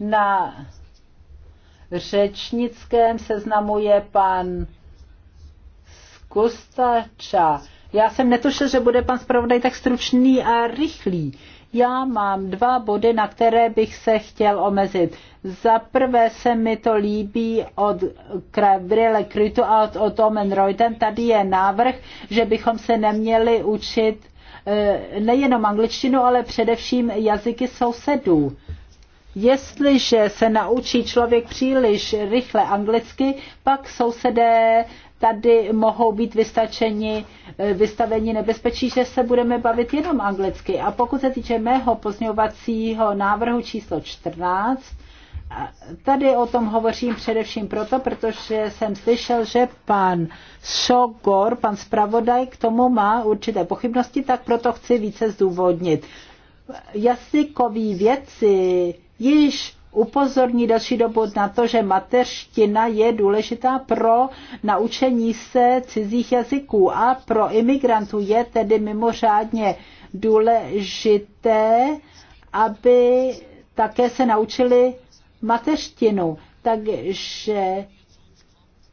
Na řečnickém seznamu je pan Skustača. Já jsem netušil, že bude pan zpravodaj tak stručný a rychlý. Já mám dva body, na které bych se chtěl omezit. Za prvé se mi to líbí od Gabriele Krytu a od, od Omen Tady je návrh, že bychom se neměli učit eh, nejenom angličtinu, ale především jazyky sousedů. Jestliže se naučí člověk příliš rychle anglicky, pak sousedé tady mohou být vystačeni, eh, vystaveni nebezpečí, že se budeme bavit jenom anglicky. A pokud se týče mého pozňovacího návrhu číslo 14, Tady o tom hovořím především proto, protože jsem slyšel, že pan Sogor, pan zpravodaj, k tomu má určité pochybnosti, tak proto chci více zdůvodnit. Jazykoví věci již upozorní další dobu na to, že mateřština je důležitá pro naučení se cizích jazyků a pro imigrantů je tedy mimořádně důležité, aby také se naučili mateřštinu. Takže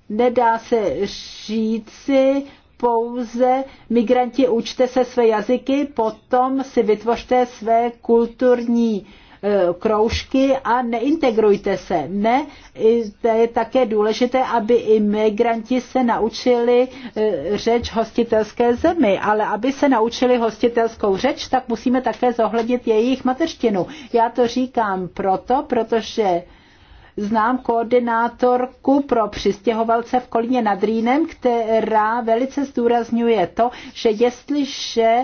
nedá se říci pouze migranti učte se své jazyky, potom si vytvořte své kulturní E, kroužky a neintegrujte se. Ne, je také důležité, aby i migranti se naučili e, řeč hostitelské zemi, ale aby se naučili hostitelskou řeč, tak musíme také zohlednit jejich mateřštinu. Já to říkám proto, protože znám koordinátorku pro přistěhovalce v Kolíně nad Rýnem, která velice zdůrazňuje to, že jestliže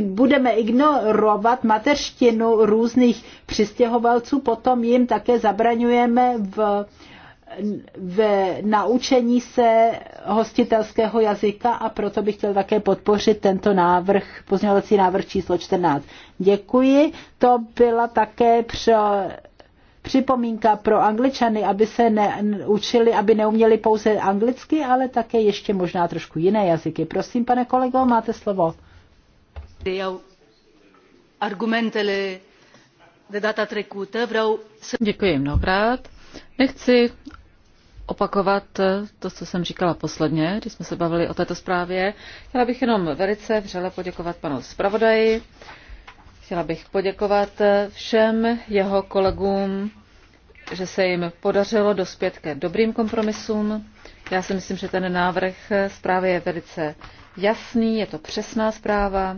budeme ignorovat mateřštinu různých přistěhovalců, potom jim také zabraňujeme v, v naučení se hostitelského jazyka a proto bych chtěl také podpořit tento návrh, pozměňovací návrh číslo 14. Děkuji. To byla také při připomínka pro angličany, aby se neučili, aby neuměli pouze anglicky, ale také ještě možná trošku jiné jazyky. Prosím, pane kolego, máte slovo de data trecută. Vreau să... Děkuji mnohokrát. Nechci opakovat to, co jsem říkala posledně, když jsme se bavili o této zprávě. Chtěla bych jenom velice vřele poděkovat panu zpravodaji. Chtěla bych poděkovat všem jeho kolegům, že se jim podařilo dospět ke dobrým kompromisům. Já si myslím, že ten návrh zprávy je velice jasný, je to přesná zpráva,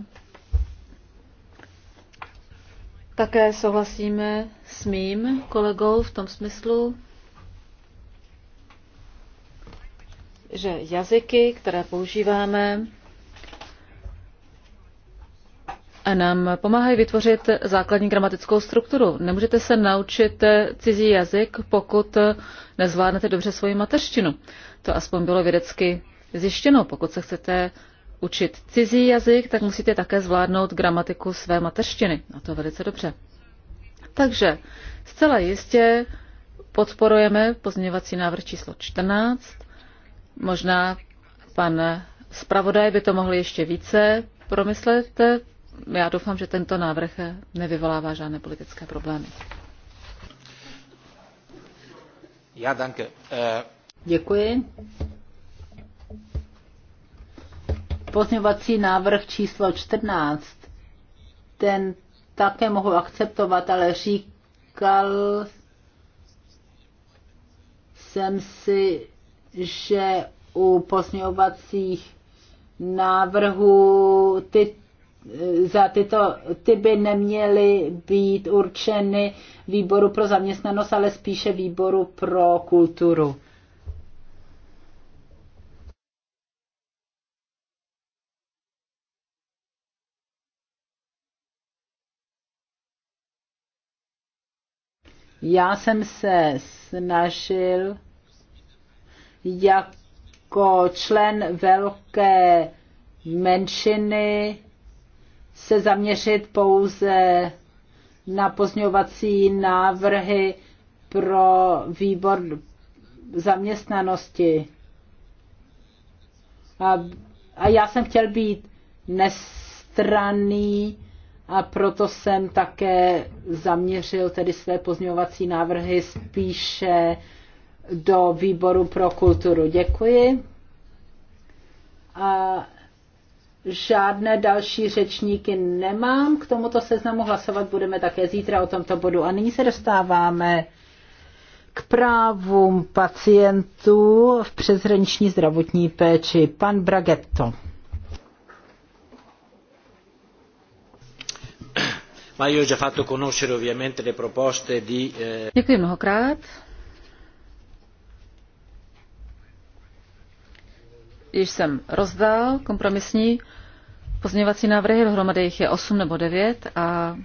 také souhlasíme s mým kolegou v tom smyslu, že jazyky, které používáme, nám pomáhají vytvořit základní gramatickou strukturu. Nemůžete se naučit cizí jazyk, pokud nezvládnete dobře svoji mateřštinu. To aspoň bylo vědecky zjištěno. Pokud se chcete učit cizí jazyk, tak musíte také zvládnout gramatiku své mateřštiny. A to velice dobře. Takže zcela jistě podporujeme pozměňovací návrh číslo 14. Možná pan zpravodaj by to mohl ještě více promyslet. Já doufám, že tento návrh nevyvolává žádné politické problémy. Já danke. Uh... Děkuji pozměňovací návrh číslo 14, ten také mohu akceptovat, ale říkal jsem si, že u pozměňovacích návrhů ty, za tyto ty by neměly být určeny výboru pro zaměstnanost, ale spíše výboru pro kulturu. Já jsem se snažil jako člen velké menšiny se zaměřit pouze na pozňovací návrhy pro výbor zaměstnanosti. A, a já jsem chtěl být nestranný a proto jsem také zaměřil tedy své pozměňovací návrhy spíše do výboru pro kulturu. Děkuji. A žádné další řečníky nemám. K tomuto seznamu hlasovat budeme také zítra o tomto bodu. A nyní se dostáváme k právům pacientů v přezhraniční zdravotní péči. Pan Bragetto. ma io ho già fatto conoscere ovviamente le proposte di... Eh, Děkuji mnohokrát. Již jsem rozdal kompromisní pozměňovací návrhy, dohromady jich je 8 nebo 9 a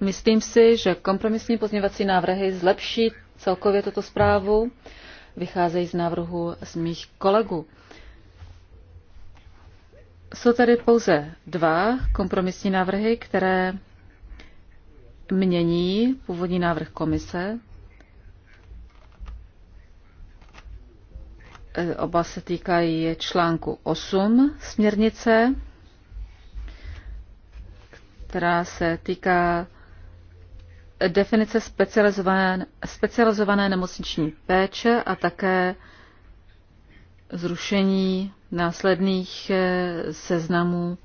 myslím si, že kompromisní pozměňovací návrhy zlepší celkově tuto zprávu, vycházejí z návrhu z mých kolegů. Jsou tady pouze dva kompromisní návrhy, které mění původní návrh komise. E, oba se týkají článku 8 směrnice, která se týká definice specializované, specializované nemocniční péče a také zrušení následných e, seznamů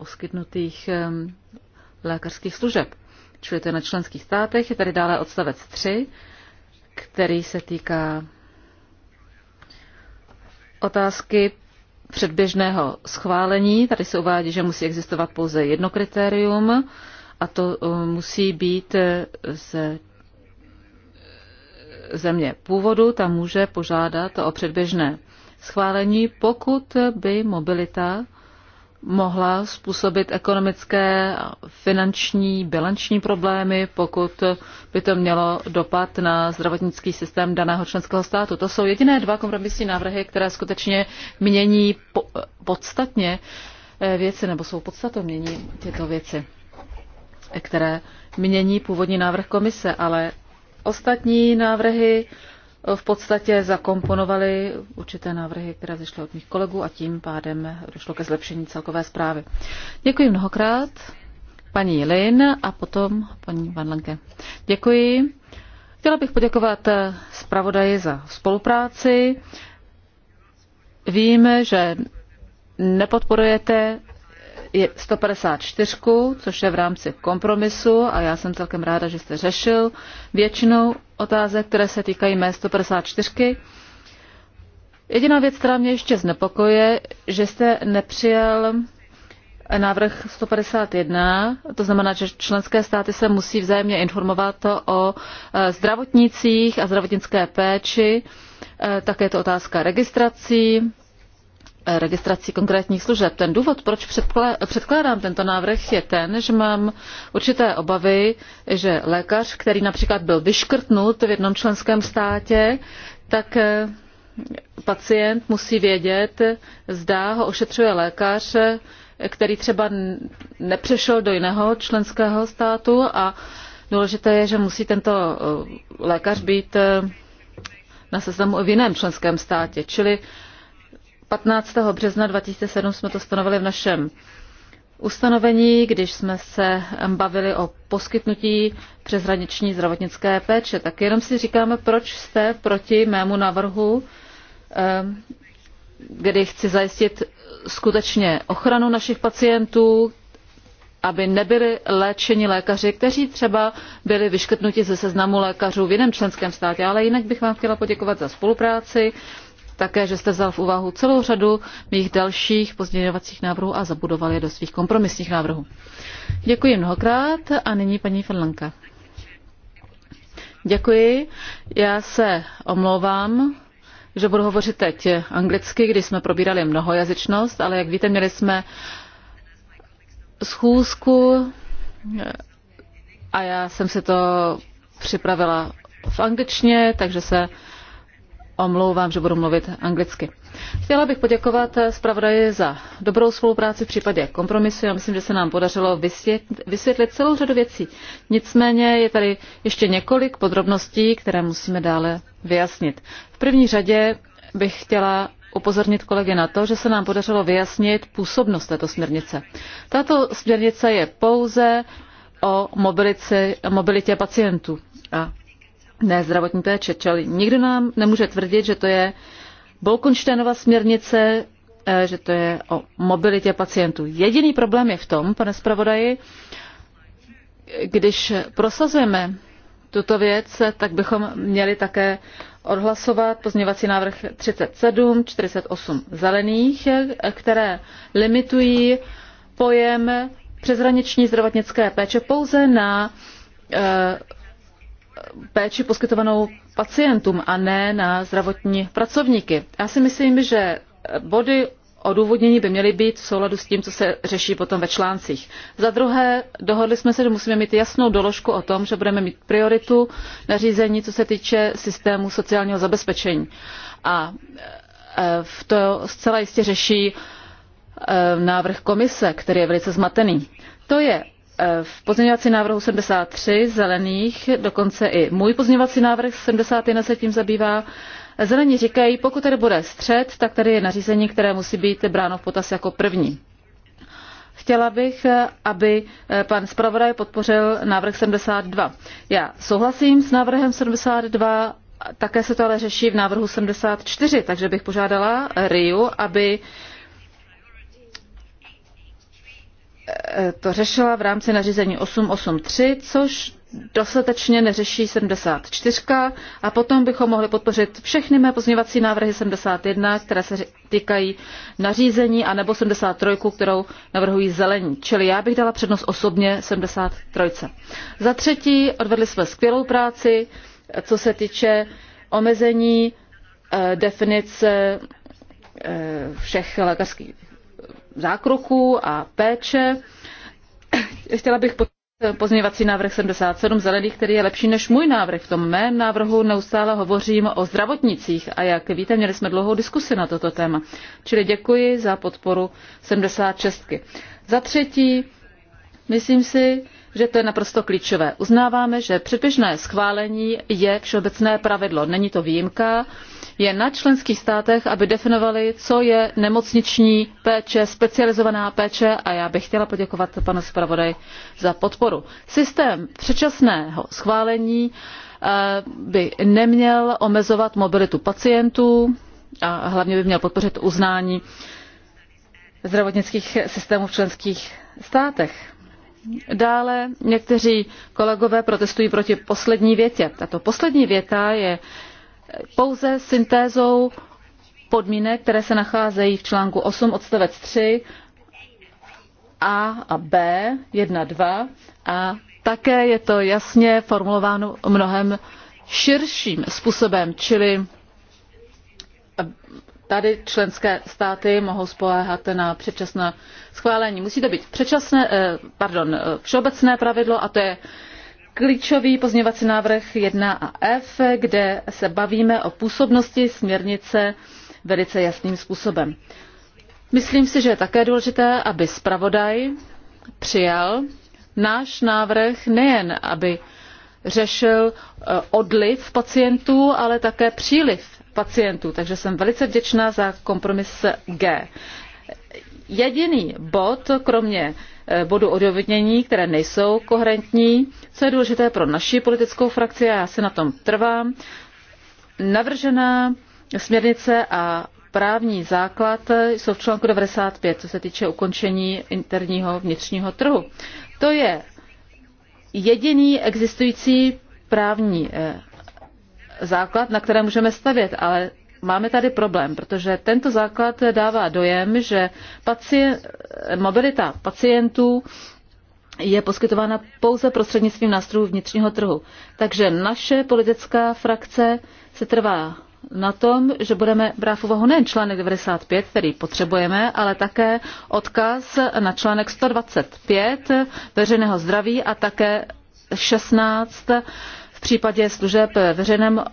poskytnutých lékařských služeb. Čili to je na členských státech. Je tady dále odstavec 3, který se týká otázky předběžného schválení. Tady se uvádí, že musí existovat pouze jedno kritérium a to musí být eh, ze země původu. Tam může požádat o předběžné schválení, pokud by mobilita mohla způsobit ekonomické, finanční, bilanční problémy, pokud by to mělo dopad na zdravotnický systém daného členského státu. To jsou jediné dva kompromisní návrhy, které skutečně mění po, podstatně eh, věci, nebo jsou podstatou mění tyto věci, které mění původní návrh komise, ale ostatní návrhy v podstatě zakomponovali určité návrhy, které zešly od mých kolegů a tím pádem došlo ke zlepšení celkové zprávy. Děkuji mnohokrát paní Lin a potom paní Van Lenke. Děkuji. Chtěla bych poděkovat zpravodaji za spolupráci. Vím, že nepodporujete 154, což je v rámci kompromisu a já jsem celkem ráda, že jste řešil většinou otázek, které se týkají mé 154. Jediná věc, která mě ještě znepokoje, že jste nepřijal návrh 151, to znamená, že členské státy se musí vzájemně informovat o e, zdravotnících a zdravotnické péči, e, také je to otázka registrací, registrací konkrétních služeb. Ten důvod, proč předkládám tento návrh, je ten, že mám určité obavy, že lékař, který například byl vyškrtnut v jednom členském státě, tak eh, pacient musí vědět, zda ho ošetřuje lékař, který třeba nepřešel do jiného členského státu a důležité je, že musí tento eh, lékař být eh, na seznamu v jiném členském státě. Čili 15. března 2007 jsme to stanovili v našem ustanovení, když jsme se bavili o poskytnutí přeshraniční zdravotnické péče. Tak jenom si říkáme, proč jste proti mému návrhu, eh, kdy chci zajistit skutečně ochranu našich pacientů, aby nebyli léčeni lékaři, kteří třeba byli vyškrtnuti ze seznamu lékařů v jiném členském státě. Ale jinak bych vám chtěla poděkovat za spolupráci, také, že jste vzal v úvahu celou řadu mých dalších pozměňovacích návrhů a zabudoval je do svých kompromisních návrhů. Děkuji mnohokrát a nyní paní Fernlanka. Děkuji. Já se omlouvám, že budu hovořit teď anglicky, když jsme probírali mnohojazyčnost, ale jak víte, měli jsme schůzku eh, a já jsem si to připravila v angličtině, takže se omlouvám, že budu mluvit anglicky. Chtěla bych poděkovat zpravodaji za dobrou spolupráci v případě kompromisu. Já myslím, že se nám podařilo vysvětlit celou řadu věcí. Nicméně je tady ještě několik podrobností, které musíme dále vyjasnit. V první řadě bych chtěla upozornit kolegy na to, že se nám podařilo vyjasnit působnost této směrnice. Tato směrnice je pouze o mobilitě pacientů a ne zdravotní péče. Čili nikdo nám nemůže tvrdit, že to je Bolkonštejnova směrnice, eh, že to je o mobilitě pacientů. Jediný problém je v tom, pane zpravodaji, když prosazujeme tuto věc, tak bychom měli také odhlasovat pozměvací návrh 37, 48 zelených, které limitují pojem přezraniční zdravotnické péče pouze na eh, péči poskytovanou pacientům a ne na zdravotní pracovníky. Já si myslím, že body odůvodnění by měly být v souladu s tím, co se řeší potom ve článcích. Za druhé, dohodli jsme se, že musíme mít jasnou doložku o tom, že budeme mít prioritu nařízení, co se týče systému sociálního zabezpečení. A e, v to zcela jistě řeší e, návrh komise, který je velice zmatený. To je Eh, v pozměňovací návrhu 73 zelených, dokonce i můj pozměňovací návrh 71 se tím zabývá, Zelení říkají, pokud tady bude střed, tak tady je nařízení, které musí být bráno v potaz jako první. Chtěla bych, eh, aby eh, pan zpravodaj podpořil návrh 72. Já souhlasím s návrhem 72, také se to ale řeší v návrhu 74, takže bych požádala Riu, aby to řešila v rámci nařízení 883, což dostatečně neřeší 74 a potom bychom mohli podpořit všechny mé pozměňovací návrhy 71, které se týkají nařízení, anebo 73, kterou navrhují zelení. Čili já bych dala přednost osobně 73. Za třetí, odvedli jsme skvělou práci, co se týče omezení eh, definice eh, všech lékařských zákroků a péče. Chtěla bych pozměňovací návrh 77 zelených, který je lepší než můj návrh. V tom mém návrhu neustále hovořím o zdravotnicích a jak víte, měli jsme dlouhou diskusi na toto téma. Čili děkuji za podporu 76. Za třetí, myslím si, že to je naprosto klíčové. Uznáváme, že předběžné schválení je všeobecné pravidlo, není to výjimka. Je na členských státech, aby definovali, co je nemocniční péče, specializovaná péče a já bych chtěla poděkovat panu zpravodaj za podporu. Systém předčasného schválení eh, by neměl omezovat mobilitu pacientů a hlavně by měl podpořit uznání zdravotnických systémů v členských státech Dále někteří kolegové protestují proti poslední větě. Tato poslední věta je pouze syntézou podmínek, které se nacházejí v článku 8 odstavec 3 A a B 1, 2 a také je to jasně formulováno mnohem širším způsobem, čili tady členské státy mohou spoléhat na předčasné schválení. Musí to být předčasné, eh, pardon, eh, všeobecné pravidlo a to je klíčový pozměvací návrh 1 a F, kde se bavíme o působnosti směrnice velice jasným způsobem. Myslím si, že je také důležité, aby zpravodaj přijal náš návrh nejen, aby řešil eh, odliv pacientů, ale také příliv pacientů. Takže jsem velice vděčná za kompromis G. Jediný bod, kromě eh, bodu odůvodnění, které nejsou koherentní, co je důležité pro naši politickou frakci, a já si na tom trvám, navržená směrnice a právní základ jsou v článku 95, co se týče ukončení interního vnitřního trhu. To je jediný existující právní eh, základ, na kterém můžeme stavět, ale máme tady problém, protože tento základ dává dojem, že pacient, mobilita pacientů je poskytována pouze prostřednictvím nástrojů vnitřního trhu. Takže naše politická frakce se trvá na tom, že budeme brát v úvahu nejen článek 95, který potřebujeme, ale také odkaz na článek 125 veřejného zdraví a také 16 případě služeb veřejném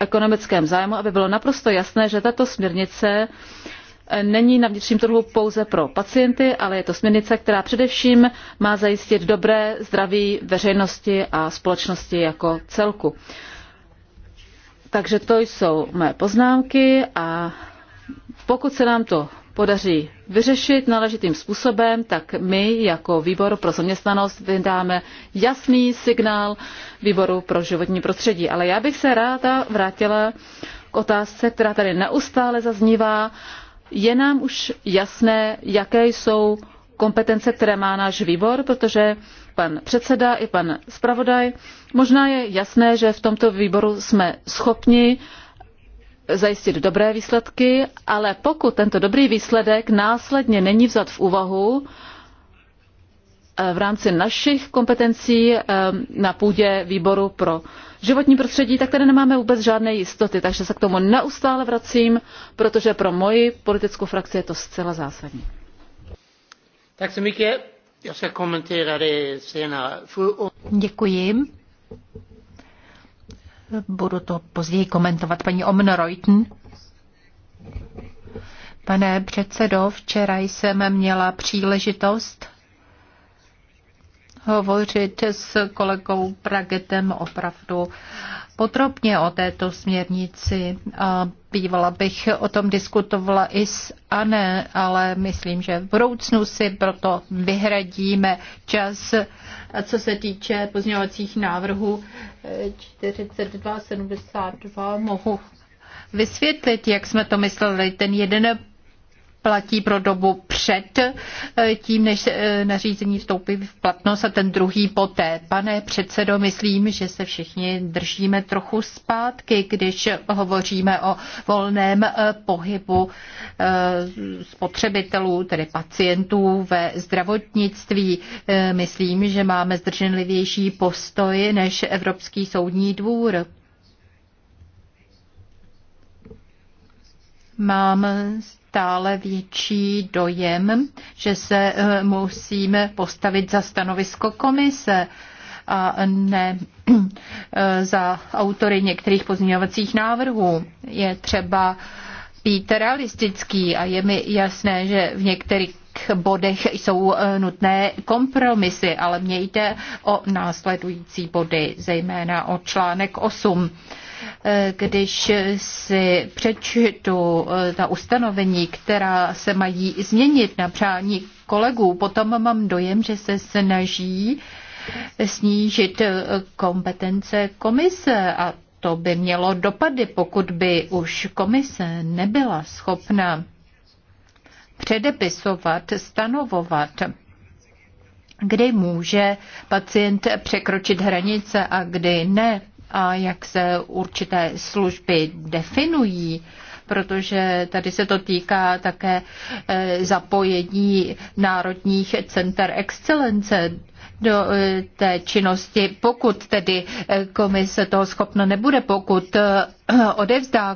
ekonomickém zájmu, aby bylo naprosto jasné, že tato směrnice není na vnitřním trhu pouze pro pacienty, ale je to směrnice, která především má zajistit dobré zdraví veřejnosti a společnosti jako celku. Takže to jsou mé poznámky a pokud se nám to podaří vyřešit náležitým způsobem, tak my jako výbor pro zaměstnanost vydáme jasný signál výboru pro životní prostředí. Ale já bych se ráda vrátila k otázce, která tady neustále zaznívá. Je nám už jasné, jaké jsou kompetence, které má náš výbor, protože pan předseda i pan zpravodaj, možná je jasné, že v tomto výboru jsme schopni uh, zajistit dobré výsledky, ale pokud tento dobrý výsledek následně není vzat v úvahu eh, v rámci našich kompetencí eh, na půdě výboru pro životní prostředí, tak tady nemáme vůbec žádné jistoty. Takže se k tomu neustále vracím, protože pro moji politickou frakci je to zcela zásadní. Tak se já se komentáře Děkuji. Budu to později komentovat. Paní Omnoroyten. Pane předsedo, včera jsem měla příležitost hovořit s kolegou Pragetem opravdu podrobně o této směrnici a bývala bych o tom diskutovala i s Anne, ale myslím, že v budoucnu si proto vyhradíme čas. A co se týče pozměňovacích návrhů 42, 72, mohu vysvětlit, jak jsme to mysleli. Ten jeden platí pro dobu před eh, tím, než eh, nařízení vstoupí v platnost a ten druhý poté. Pane předsedo, myslím, že se všichni držíme trochu zpátky, když hovoříme o volném eh, pohybu spotřebitelů, tedy pacientů ve zdravotnictví. Myslím, že máme zdrženlivější postoj než Evropský soudní dvůr. Mám stále větší dojem, že se eh, musíme postavit za stanovisko komise a ne eh, za autory některých pozměňovacích návrhů. Je třeba být realistický a je mi jasné, že v některých bodech jsou eh, nutné kompromisy, ale mějte o následující body, zejména o článek 8 když si přečtu eh, ta ustanovení, která se mají změnit na přání kolegů, potom mám dojem, že se snaží snížit eh, kompetence komise a to by mělo dopady, pokud by už komise nebyla schopna předepisovat, stanovovat, kdy může pacient překročit hranice a kdy ne a jak se určité služby definují, protože tady se to týká také e, zapojení národních center excelence do e, té činnosti, pokud tedy e, komise toho schopna nebude, pokud odevzdá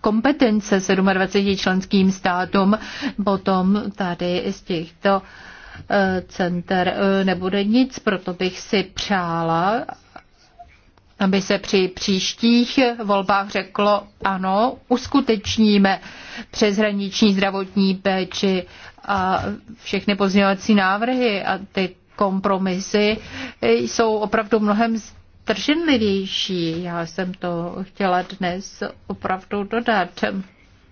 kompetence 27 členským státům, potom tady z těchto center nebude nic, proto bych si přála, aby se při příštích volbách řeklo ano, uskutečníme přeshraniční zdravotní péči a všechny pozměňovací návrhy a ty kompromisy jsou opravdu mnohem trženlivější. Já jsem to chtěla dnes opravdu dodat.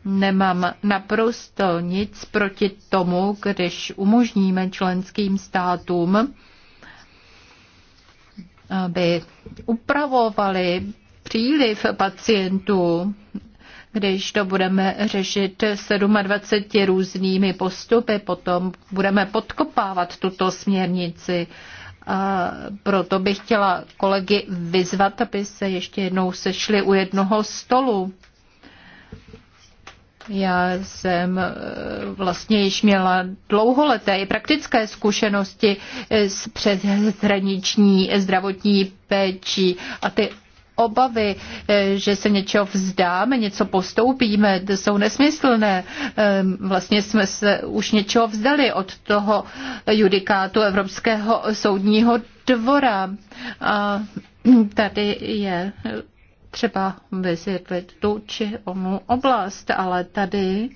Nemám naprosto nic proti tomu, když umožníme členským státům aby upravovali příliv pacientů, když to budeme řešit 27 různými postupy, potom budeme podkopávat tuto směrnici. A proto bych chtěla kolegy vyzvat, aby se ještě jednou sešli u jednoho stolu. Já jsem vlastně již měla dlouholeté i praktické zkušenosti s přeshraniční zdravotní péčí a ty obavy, eh, že se něčeho vzdáme, něco postoupíme, jsou nesmyslné. Ehm, vlastně jsme se už něčeho vzdali od toho judikátu Evropského soudního dvora. A tady je třeba vysvětlit tu či onu oblast, ale tady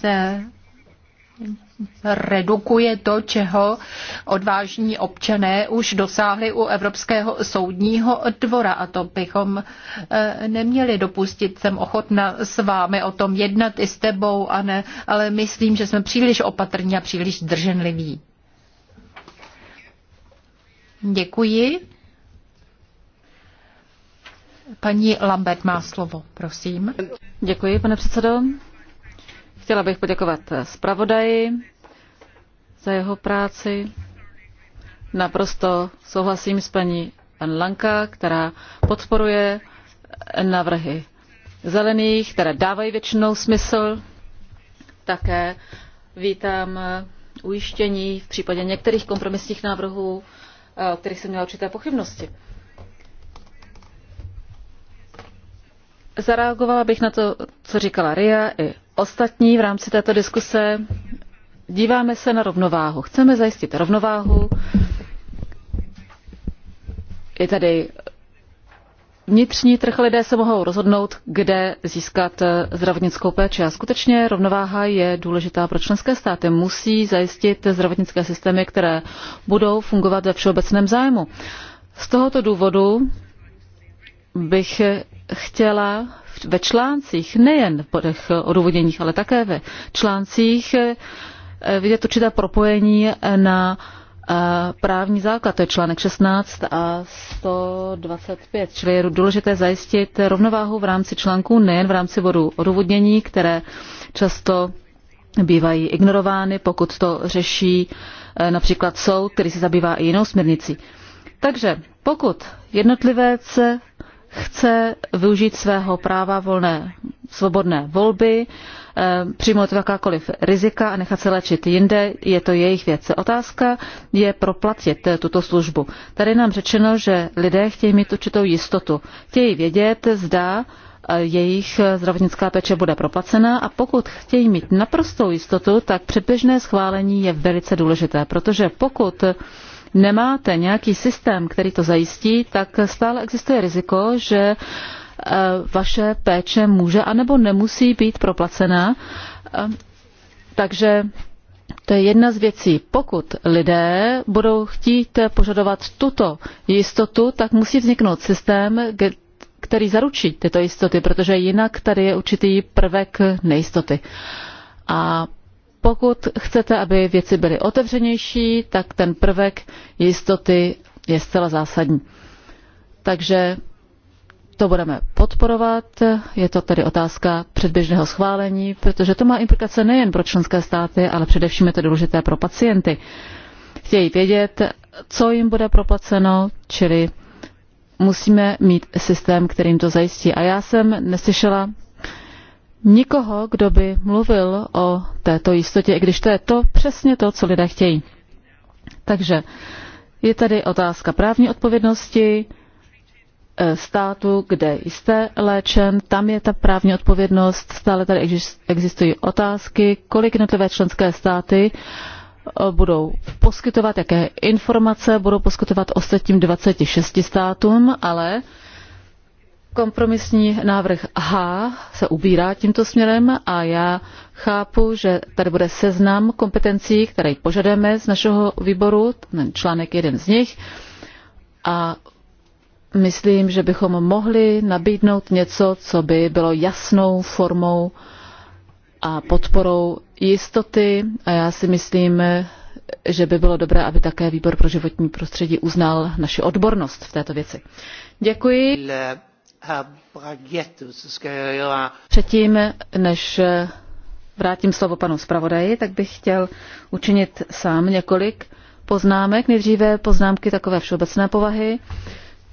se redukuje to, čeho odvážní občané už dosáhli u Evropského soudního dvora a to bychom eh, neměli dopustit. Jsem ochotna s vámi o tom jednat i s tebou, a ne, ale myslím, že jsme příliš opatrní a příliš drženliví. Děkuji. Paní Lambert má slovo, prosím. Děkuji, pane předsedo. Chtěla bych poděkovat zpravodaji za jeho práci. Naprosto souhlasím s paní Van Lanka, která podporuje návrhy zelených, které dávají většinou smysl. Také vítám ujištění v případě některých kompromisních návrhů, eh, o kterých jsem měla určité pochybnosti. Zareagovala bych na to, co říkala Ria i ostatní v rámci této diskuse, díváme se na rovnováhu. Chceme zajistit rovnováhu. Je tady vnitřní trh, lidé se mohou rozhodnout, kde získat zdravotnickou péči. A skutečně rovnováha je důležitá pro členské státy. Musí zajistit zdravotnické systémy, které budou fungovat ve všeobecném zájmu. Z tohoto důvodu bych chtěla ve článcích, nejen v bodech odůvodněních, ale také ve článcích eh, vidět určité propojení na eh, právní základ, to je článek 16 a 125, čili je důležité zajistit rovnováhu v rámci článků, nejen v rámci bodu odůvodnění, které často bývají ignorovány, pokud to řeší eh, například soud, který se zabývá i jinou směrnicí. Takže pokud jednotlivec chce využít svého práva volné, svobodné volby, eh, přijmout jakákoliv rizika a nechat se léčit jinde, je to jejich věc. Otázka je proplatit tuto službu. Tady nám řečeno, že lidé chtějí mít určitou jistotu. Chtějí vědět, zda eh, jejich zdravotnická péče bude proplacená a pokud chtějí mít naprostou jistotu, tak předběžné schválení je velice důležité, protože pokud nemáte nějaký systém, který to zajistí, tak stále existuje riziko, že eh, vaše péče může anebo nemusí být proplacená. Ehm, takže to je jedna z věcí. Pokud lidé budou chtít požadovat tuto jistotu, tak musí vzniknout systém, který zaručí tyto jistoty, protože jinak tady je určitý prvek nejistoty. A pokud chcete, aby věci byly otevřenější, tak ten prvek jistoty je zcela zásadní. Takže to budeme podporovat. Je to tedy otázka předběžného schválení, protože to má implikace nejen pro členské státy, ale především je to důležité pro pacienty. Chtějí vědět, co jim bude proplaceno, čili musíme mít systém, kterým to zajistí. A já jsem neslyšela nikoho, kdo by mluvil o této jistotě, i když to je to přesně to, co lidé chtějí. Takže je tady otázka právní odpovědnosti eh, státu, kde jste léčen, tam je ta právní odpovědnost, stále tady existují otázky, kolik jednotlivé členské státy eh, budou poskytovat, jaké informace budou poskytovat ostatním 26 státům, ale Kompromisní návrh H se ubírá tímto směrem a já chápu, že tady bude seznam kompetencí, které požadujeme z našeho výboru, ten článek jeden z nich. A myslím, že bychom mohli nabídnout něco, co by bylo jasnou formou a podporou jistoty. A já si myslím, že by bylo dobré, aby také výbor pro životní prostředí uznal naši odbornost v této věci. Děkuji. Předtím, než vrátím slovo panu zpravodaji, tak bych chtěl učinit sám několik poznámek. Nejdříve poznámky takové všeobecné povahy.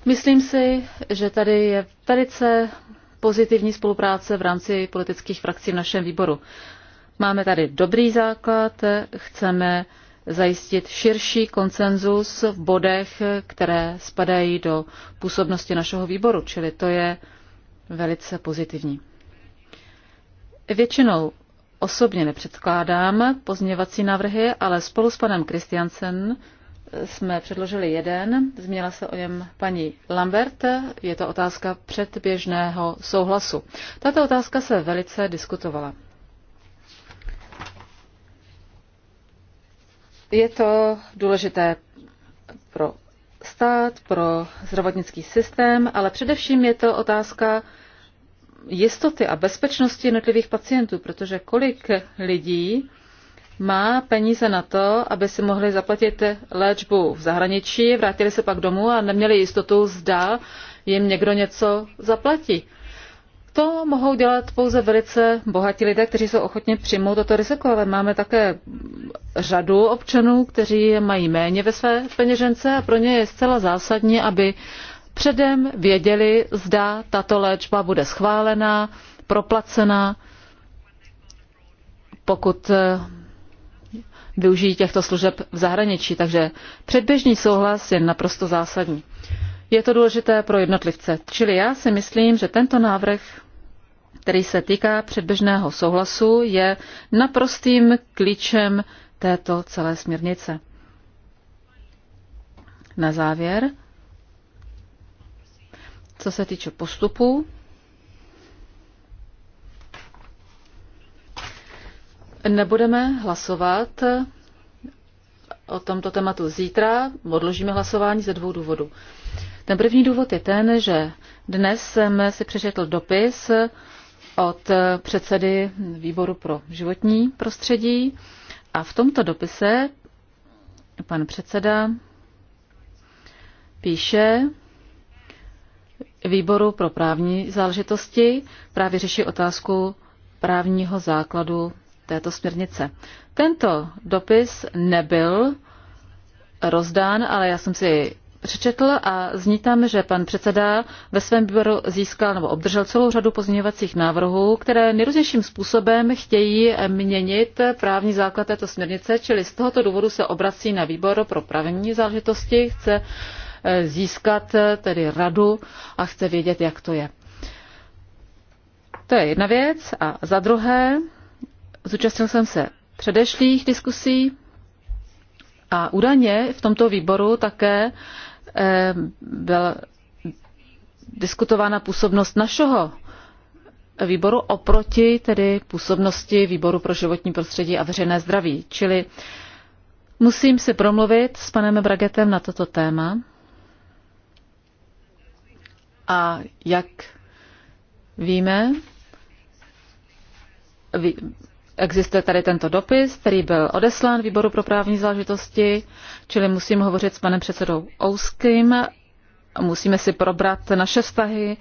Myslím si, že tady je velice pozitivní spolupráce v rámci politických frakcí v našem výboru. Máme tady dobrý základ, chceme zajistit širší konsenzus v bodech, které spadají do působnosti našeho výboru, čili to je velice pozitivní. Většinou osobně nepředkládám pozměvací návrhy, ale spolu s panem Kristiansen jsme předložili jeden, změnila se o něm paní Lambert, je to otázka předběžného souhlasu. Tato otázka se velice diskutovala. Je to důležité pro stát, pro zdravotnický systém, ale především je to otázka jistoty a bezpečnosti jednotlivých pacientů, protože kolik lidí má peníze na to, aby si mohli zaplatit léčbu v zahraničí, vrátili se pak domů a neměli jistotu, zda jim někdo něco zaplatí. To mohou dělat pouze velice bohatí lidé, kteří jsou ochotně přijmout toto riziko, ale máme také řadu občanů, kteří mají méně ve své peněžence a pro ně je zcela zásadní, aby předem věděli, zda tato léčba bude schválená, proplacená, pokud eh, využijí těchto služeb v zahraničí. Takže předběžný souhlas je naprosto zásadní. Je to důležité pro jednotlivce. Čili já si myslím, že tento návrh který se týká předběžného souhlasu, je naprostým klíčem této celé směrnice. Na závěr, co se týče postupu, nebudeme hlasovat o tomto tématu zítra, odložíme hlasování ze dvou důvodů. Ten první důvod je ten, že dnes jsem si přečetl dopis od předsedy výboru pro životní prostředí a v tomto dopise pan předseda píše výboru pro právní záležitosti, právě řeší otázku právního základu této směrnice. Tento dopis nebyl rozdán, ale já jsem si přečetl a zní tam, že pan předseda ve svém výboru získal nebo obdržel celou řadu pozměňovacích návrhů, které nejrůznějším způsobem chtějí měnit právní základ této směrnice, čili z tohoto důvodu se obrací na výbor pro právní záležitosti, chce eh, získat eh, tedy radu a chce vědět, jak to je. To je jedna věc. A za druhé, zúčastnil jsem se předešlých diskusí a údajně v tomto výboru také byla diskutována působnost našeho výboru oproti tedy působnosti výboru pro životní prostředí a veřejné zdraví. Čili musím si promluvit s panem Bragetem na toto téma a jak víme, Existuje tady tento dopis, který byl odeslán výboru pro právní záležitosti, čili musím hovořit s panem předsedou Ouským, musíme si probrat naše vztahy,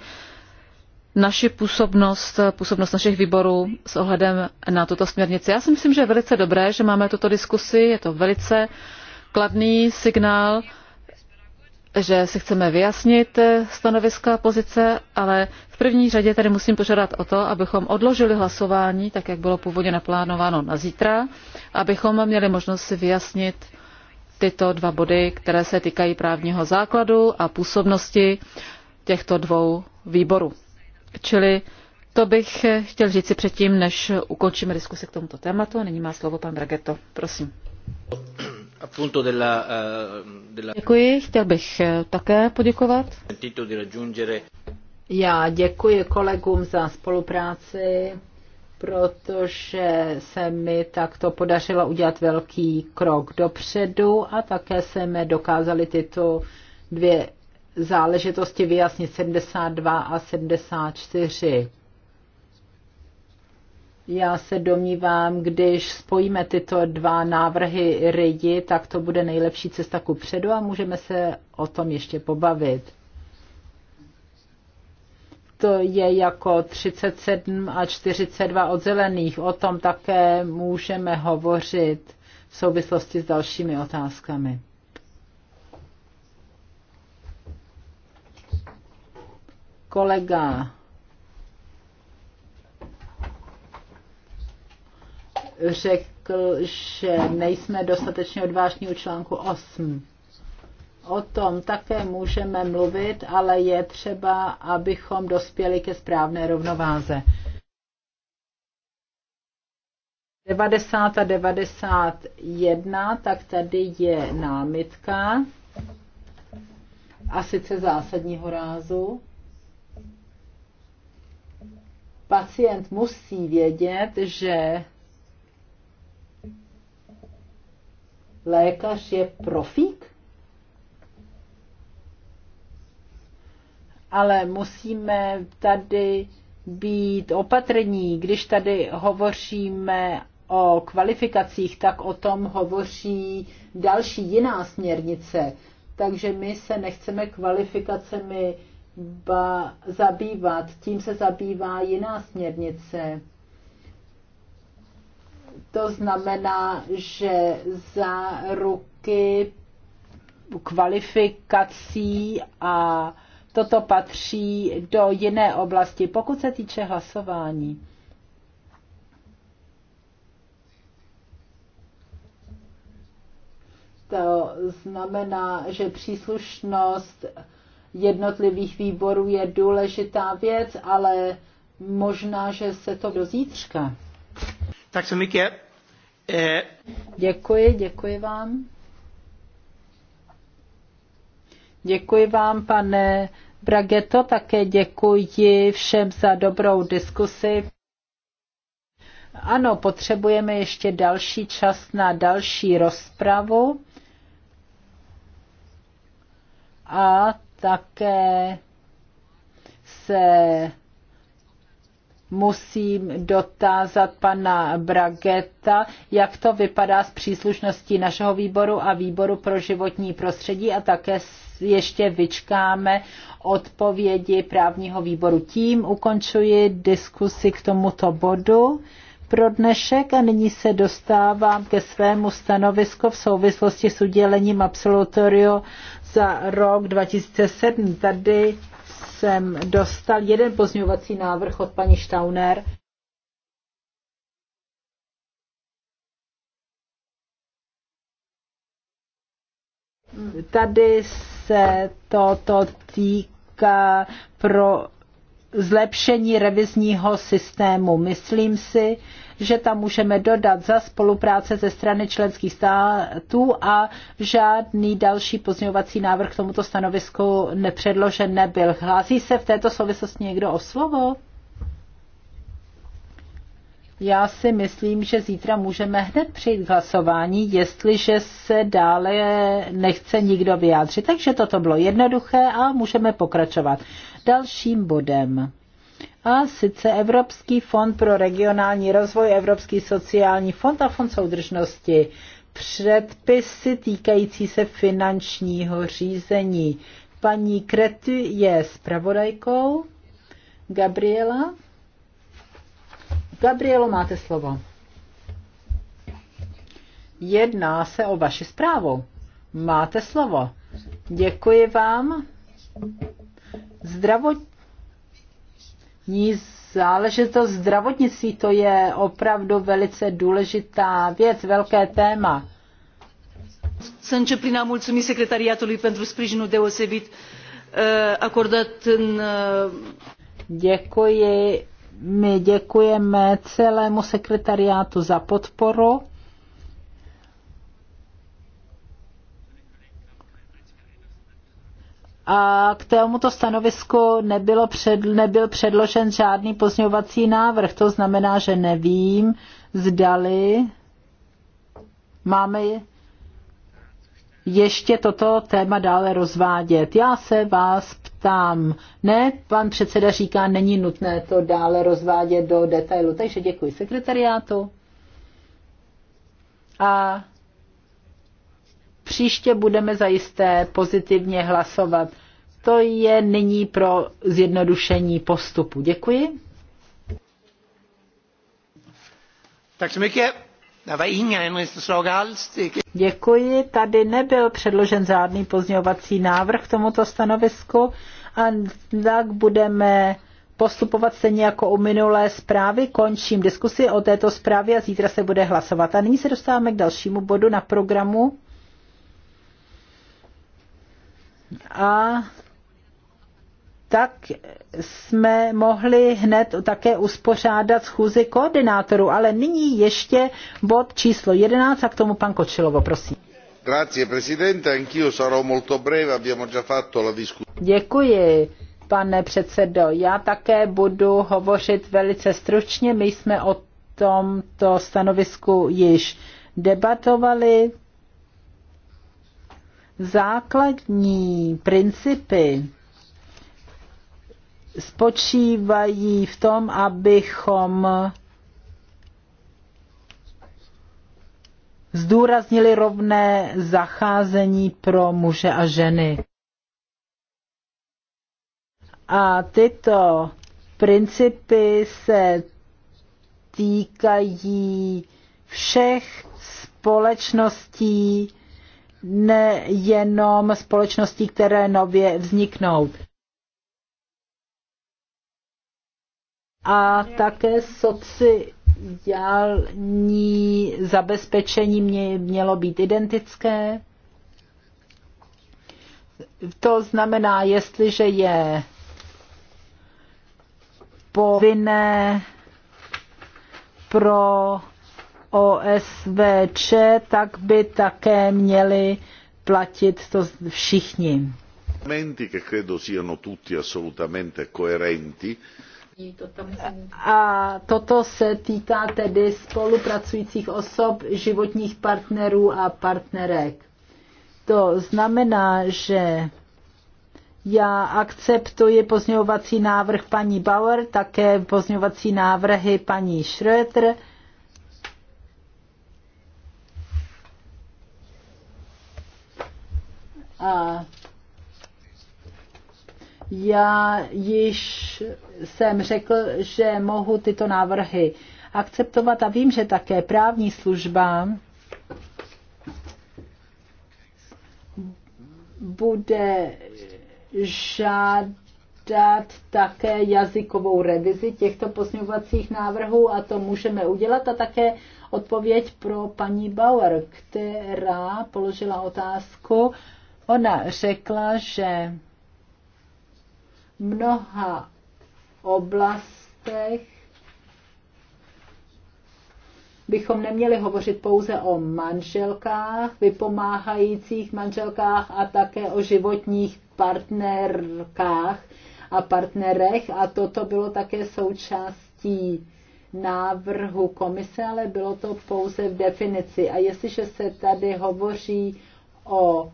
naši působnost, působnost našich výborů s ohledem na tuto směrnici. Já si myslím, že je velice dobré, že máme tuto diskusi, je to velice kladný signál že si chceme vyjasnit eh, stanoviska pozice, ale v první řadě tady musím požádat o to, abychom odložili hlasování, tak jak bylo původně naplánováno na zítra, abychom měli možnost si vyjasnit tyto dva body, které se týkají právního základu a působnosti těchto dvou výborů. Čili to bych eh, chtěl říci předtím, než ukončíme diskusi k tomuto tématu. nyní má slovo pan Bragetto. Prosím. Eh, děkuji, chtěl bych eh, také poděkovat. Já děkuji kolegům za spolupráci, protože se mi takto podařilo udělat velký krok dopředu a také jsme dokázali tyto dvě záležitosti vyjasnit 72 a 74. Já se domnívám, když spojíme tyto dva návrhy RIDI, tak to bude nejlepší cesta ku předu a můžeme se o tom ještě pobavit. To je jako 37 a 42 od zelených. O tom také můžeme hovořit v souvislosti s dalšími otázkami. Kolega řekl, že nejsme dostatečně odvážní u článku 8. O tom také můžeme mluvit, ale je třeba, abychom dospěli ke správné rovnováze. 90 a 91, tak tady je námitka a sice zásadního rázu. Pacient musí vědět, že lékař je profík? Ale musíme tady být opatrní, když tady hovoříme o kvalifikacích, tak o tom hovoří další jiná směrnice. Takže my se nechceme kvalifikacemi ba- zabývat, tím se zabývá jiná směrnice. To znamená, že za ruky kvalifikací a toto patří do jiné oblasti. Pokud se týče hlasování, to znamená, že příslušnost jednotlivých výborů je důležitá věc, ale možná, že se to do zítřka. Tak så mycket. Eh, děkuji, děkuji vám. Děkuji vám, pane Brageto, také děkuji všem za dobrou diskusi. Ano, potřebujeme ještě další čas na další rozpravu a také se musím dotázat pana Brageta, jak to vypadá s příslušností našeho výboru a výboru pro životní prostředí a také ještě vyčkáme odpovědi právního výboru. Tím ukončuji diskusi k tomuto bodu pro dnešek a nyní se dostávám ke svému stanovisku v souvislosti s udělením absolutorio za rok 2007. Tady jsem dostal jeden pozměňovací návrh od paní Štauner. Tady se toto týká pro zlepšení revizního systému. Myslím si, že tam můžeme dodat za spolupráce ze strany členských států a žádný další pozměňovací návrh k tomuto stanovisku nepředložen nebyl. Hlásí se v této souvislosti někdo o slovo? Já si myslím, že zítra můžeme hned přijít k hlasování, jestliže se dále nechce nikdo vyjádřit. Takže toto bylo jednoduché a můžeme pokračovat. Dalším bodem a sice Evropský fond pro regionální rozvoj, Evropský sociální fond a fond soudržnosti. Předpisy týkající se finančního řízení. Paní Kretu je zpravodajkou. Gabriela. Gabrielo, máte slovo. Jedná se o vaši zprávu. Máte slovo. Děkuji vám. Zdravot ní záležitost zdravotnictví, to je opravdu velice důležitá věc, velké téma. Să încep prin a mulțumi secretariatului pentru sprijinul deosebit eh, acordat în... Eh, Děkuji, my děkujeme celému sekretariátu za podporu. a k tomuto stanovisku nebylo před, nebyl předložen žádný pozňovací návrh. To znamená, že nevím, zdali máme ještě toto téma dále rozvádět. Já se vás ptám. Ne, pan předseda říká, není nutné to dále rozvádět do detailu. Takže děkuji sekretariátu. A Příště budeme zajisté pozitivně hlasovat. To je nyní pro zjednodušení postupu. Děkuji. Tak Děkuji. Tady nebyl předložen žádný pozměňovací návrh k tomuto stanovisku a tak budeme postupovat stejně jako u minulé zprávy. Končím diskusi o této zprávě a zítra se bude hlasovat. A nyní se dostáváme k dalšímu bodu na programu a tak jsme mohli hned také uspořádat schůzi koordinátorů, ale nyní ještě bod číslo 11 a k tomu pan Kočilovo, prosím. Grazie, presidente, anch'io sarò molto breve, abbiamo già fatto la discussione. Děkuji, pane předsedo. Já také budu hovořit velice stručně, my jsme o tomto stanovisku již debatovali. Základní principy spočívají v tom, abychom zdůraznili rovné zacházení pro muže a ženy. A tyto principy se týkají všech společností, nejenom společností, které nově vzniknou. A také sociální zabezpečení mě, mělo být identické. To znamená, jestliže je povinné pro OSVČ, tak by také měli platit to všichni. che credo siano tutti assolutamente coerenti. A toto se týká tedy spolupracujících osob, životních partnerů a partnerek. To znamená, že já akceptuji pozňovací návrh paní Bauer, také pozňovací návrhy paní Schröter A já již jsem řekl, že mohu tyto návrhy akceptovat a vím, že také právní služba bude žádat také jazykovou revizi těchto posměvacích návrhů a to můžeme udělat a také odpověď pro paní Bauer, která položila otázku, Ona řekla, že mnoha oblastech bychom neměli hovořit pouze o manželkách, vypomáhajících manželkách a také o životních partnerkách a partnerech. A toto bylo také součástí návrhu komise, ale bylo to pouze v definici. A jestliže se tady hovoří o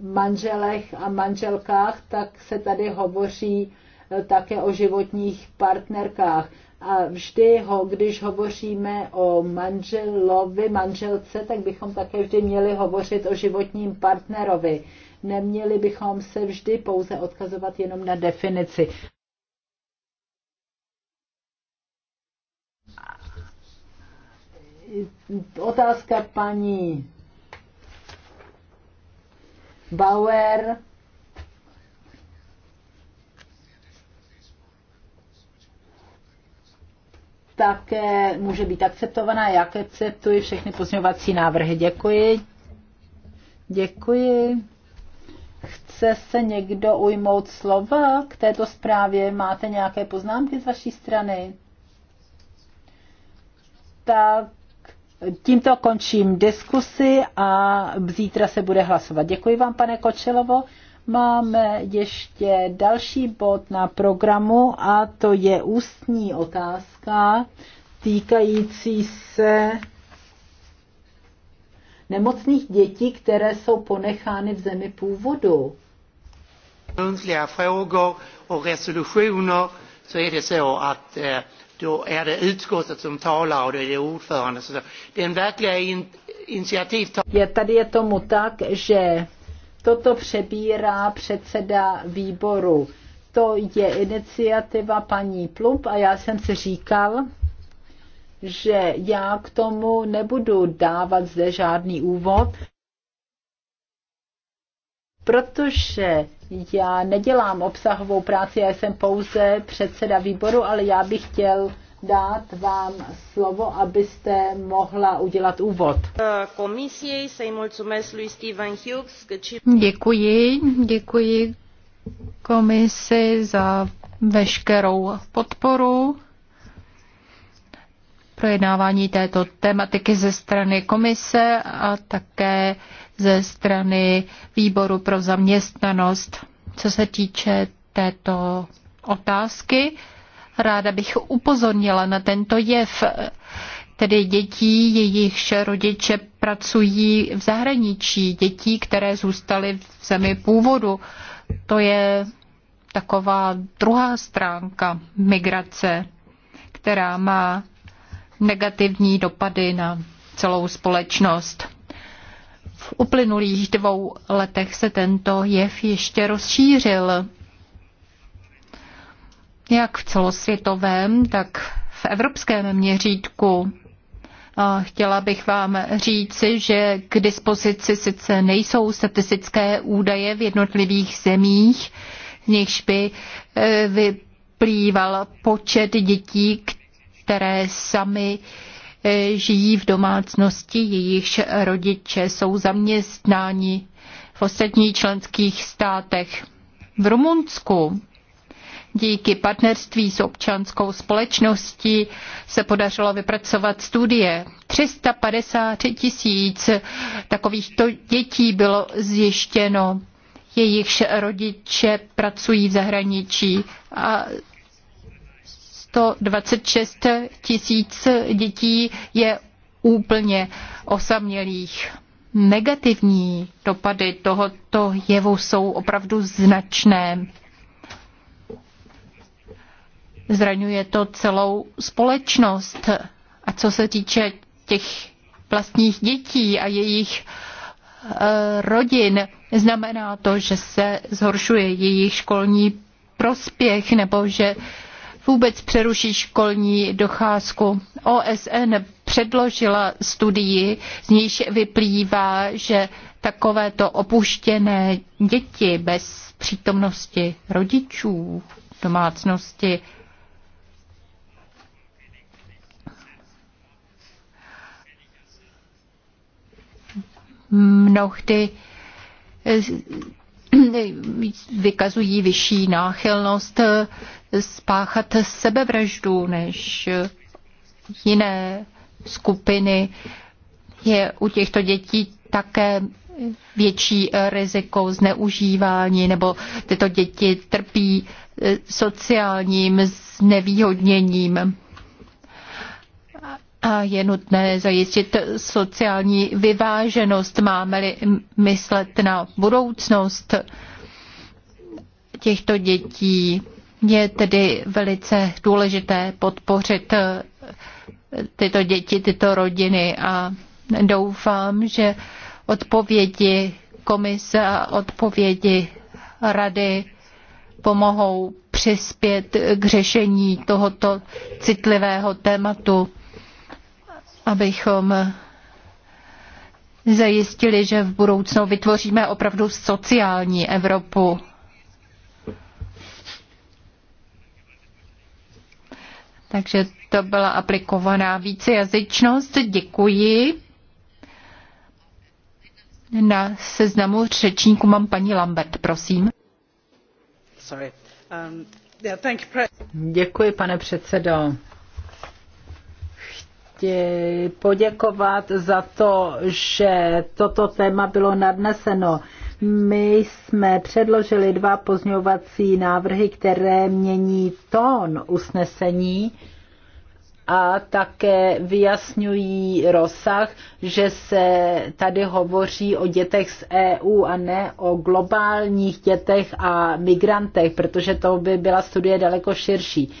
manželech a manželkách, tak se tady hovoří eh, také o životních partnerkách. A vždy, ho, když hovoříme o manželovi, manželce, tak bychom také vždy měli hovořit o životním partnerovi. Neměli bychom se vždy pouze odkazovat jenom na definici. Otázka paní Bauer, také může být akceptovaná. Já akceptuji všechny pozměňovací návrhy. Děkuji. Děkuji. Chce se někdo ujmout slova k této zprávě? Máte nějaké poznámky z vaší strany? Tak Tímto končím diskusi a zítra se bude hlasovat. Děkuji vám, pane Kočelovo. Máme ještě další bod na programu a to je ústní otázka týkající se nemocných dětí, které jsou ponechány v zemi původu. Muntliga frågor och resolutioner så är det så att då är det utskottet som talar och då är det ordförande. Så den verkliga in, initiativtagaren... Tady je tomu tak, že toto přebírá předseda výboru. To je iniciativa paní Plump a já jsem si říkal, že já k tomu nebudu dávat zde žádný úvod, protože já nedělám obsahovou práci, já jsem pouze předseda výboru, ale já bych chtěl dát vám slovo, abyste mohla udělat úvod. Hughes. Děkuji, děkuji komisi za veškerou podporu projednávání této tematiky ze strany komise a také ze strany výboru pro zaměstnanost. Co se týče této otázky, ráda bych upozornila na tento jev, tedy dětí, jejichž rodiče pracují v zahraničí, dětí, které zůstaly v zemi původu. To je taková druhá stránka migrace, která má negativní dopady na celou společnost. V uplynulých dvou letech se tento jev ještě rozšířil. Jak v celosvětovém, tak v evropském měřítku. A chtěla bych vám říci, že k dispozici sice nejsou statistické údaje v jednotlivých zemích, z nichž by eh, vyplýval počet dětí, které sami uh, žijí v domácnosti, jejichž rodiče jsou zaměstnáni v ostatních členských státech. V Rumunsku díky partnerství s občanskou společností se podařilo vypracovat studie. 350 tisíc takovýchto dětí bylo zjištěno jejichž rodiče pracují v zahraničí a 126 tisíc dětí je úplně osamělých. Negativní dopady tohoto jevu jsou opravdu značné. Zraňuje to celou společnost. A co se týče těch vlastních dětí a jejich eh, rodin, znamená to, že se zhoršuje jejich školní prospěch nebo že vůbec přeruší školní docházku. OSN předložila studii, z níž vyplývá, že takovéto opuštěné děti bez přítomnosti rodičů v domácnosti mnohdy vykazují vyšší náchylnost eh, spáchat sebevraždu než eh, jiné skupiny. Je u těchto dětí také větší eh, riziko zneužívání, nebo tyto děti trpí sociálním znevýhodněním. A je nutné zajistit sociální vyváženost, máme-li myslet na budoucnost těchto dětí. Je tedy velice důležité podpořit eh, tyto děti, tyto rodiny a doufám, že odpovědi komise a odpovědi rady pomohou přispět k řešení tohoto citlivého tématu abychom zajistili, že v budoucnu vytvoříme opravdu sociální Evropu. Takže to byla aplikovaná vícejazyčnost. Děkuji. Na seznamu řečníku mám paní Lambert, prosím. Um, Děkuji, pane předsedo poděkovat za to, že toto téma bylo nadneseno. My jsme předložili dva pozňovací návrhy, které mění tón usnesení a také vyjasňují rozsah, že se tady hovoří o dětech z EU a ne o globálních dětech a migrantech, protože to by byla studie daleko širší.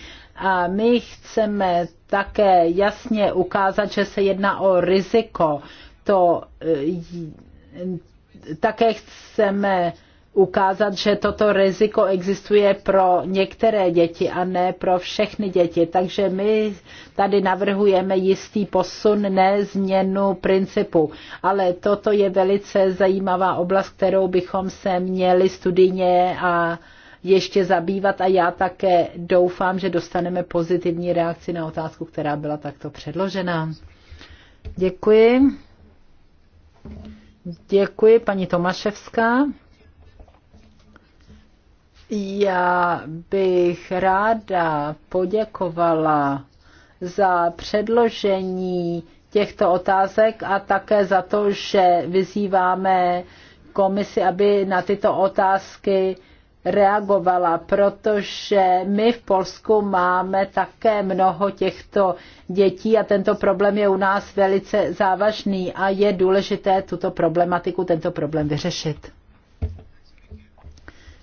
A my chceme také jasně ukázat, že se jedná o riziko. To eh, také chceme ukázat, že toto riziko existuje pro některé děti a ne pro všechny děti. Takže my tady navrhujeme jistý posun, ne změnu principu. Ale toto je velice zajímavá oblast, kterou bychom se měli studijně a ještě zabývat a já také doufám, že dostaneme pozitivní reakci na otázku, která byla takto předložena. Děkuji. Děkuji, paní Tomaševská. Já bych ráda poděkovala za předložení těchto otázek a také za to, že vyzýváme komisi, aby na tyto otázky reagovala, protože my v Polsku máme také mnoho těchto dětí a tento problém je u nás velice závažný a je důležité tuto problematiku, tento problém vyřešit.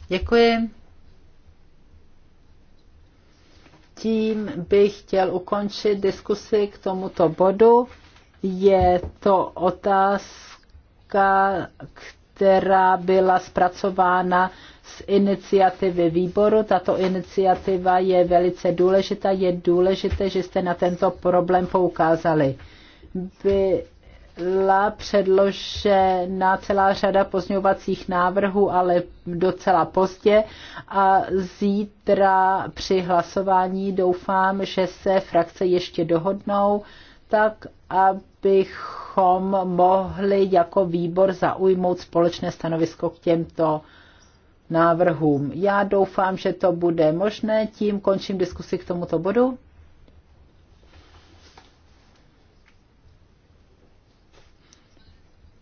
Děkuji. Tím bych chtěl ukončit diskusi k tomuto bodu. Je to otázka, která byla zpracována z iniciativy výboru. Tato iniciativa je velice důležitá. Je důležité, že jste na tento problém poukázali. Byla předložena celá řada pozňovacích návrhů, ale docela pozdě. A zítra při hlasování doufám, že se frakce ještě dohodnou, tak abychom mohli jako výbor zaujmout společné stanovisko k těmto návrhům. Já doufám, že to bude možné. Tím končím diskusi k tomuto bodu.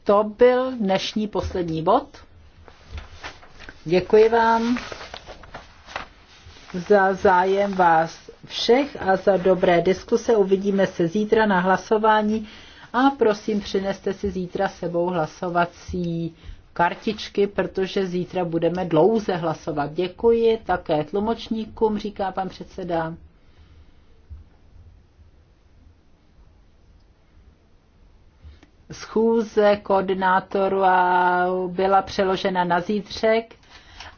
To byl dnešní poslední bod. Děkuji vám za zájem vás všech a za dobré diskuse. Uvidíme se zítra na hlasování a prosím, přineste si zítra sebou hlasovací kartičky, protože zítra budeme dlouze hlasovat. Děkuji také tlumočníkům, říká pan předseda. Schůze koordinátoru byla přeložena na zítřek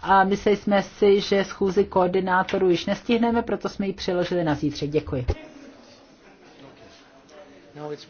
a mysleli jsme si, že schůzi koordinátoru již nestihneme, proto jsme ji přeložili na zítřek. Děkuji. No,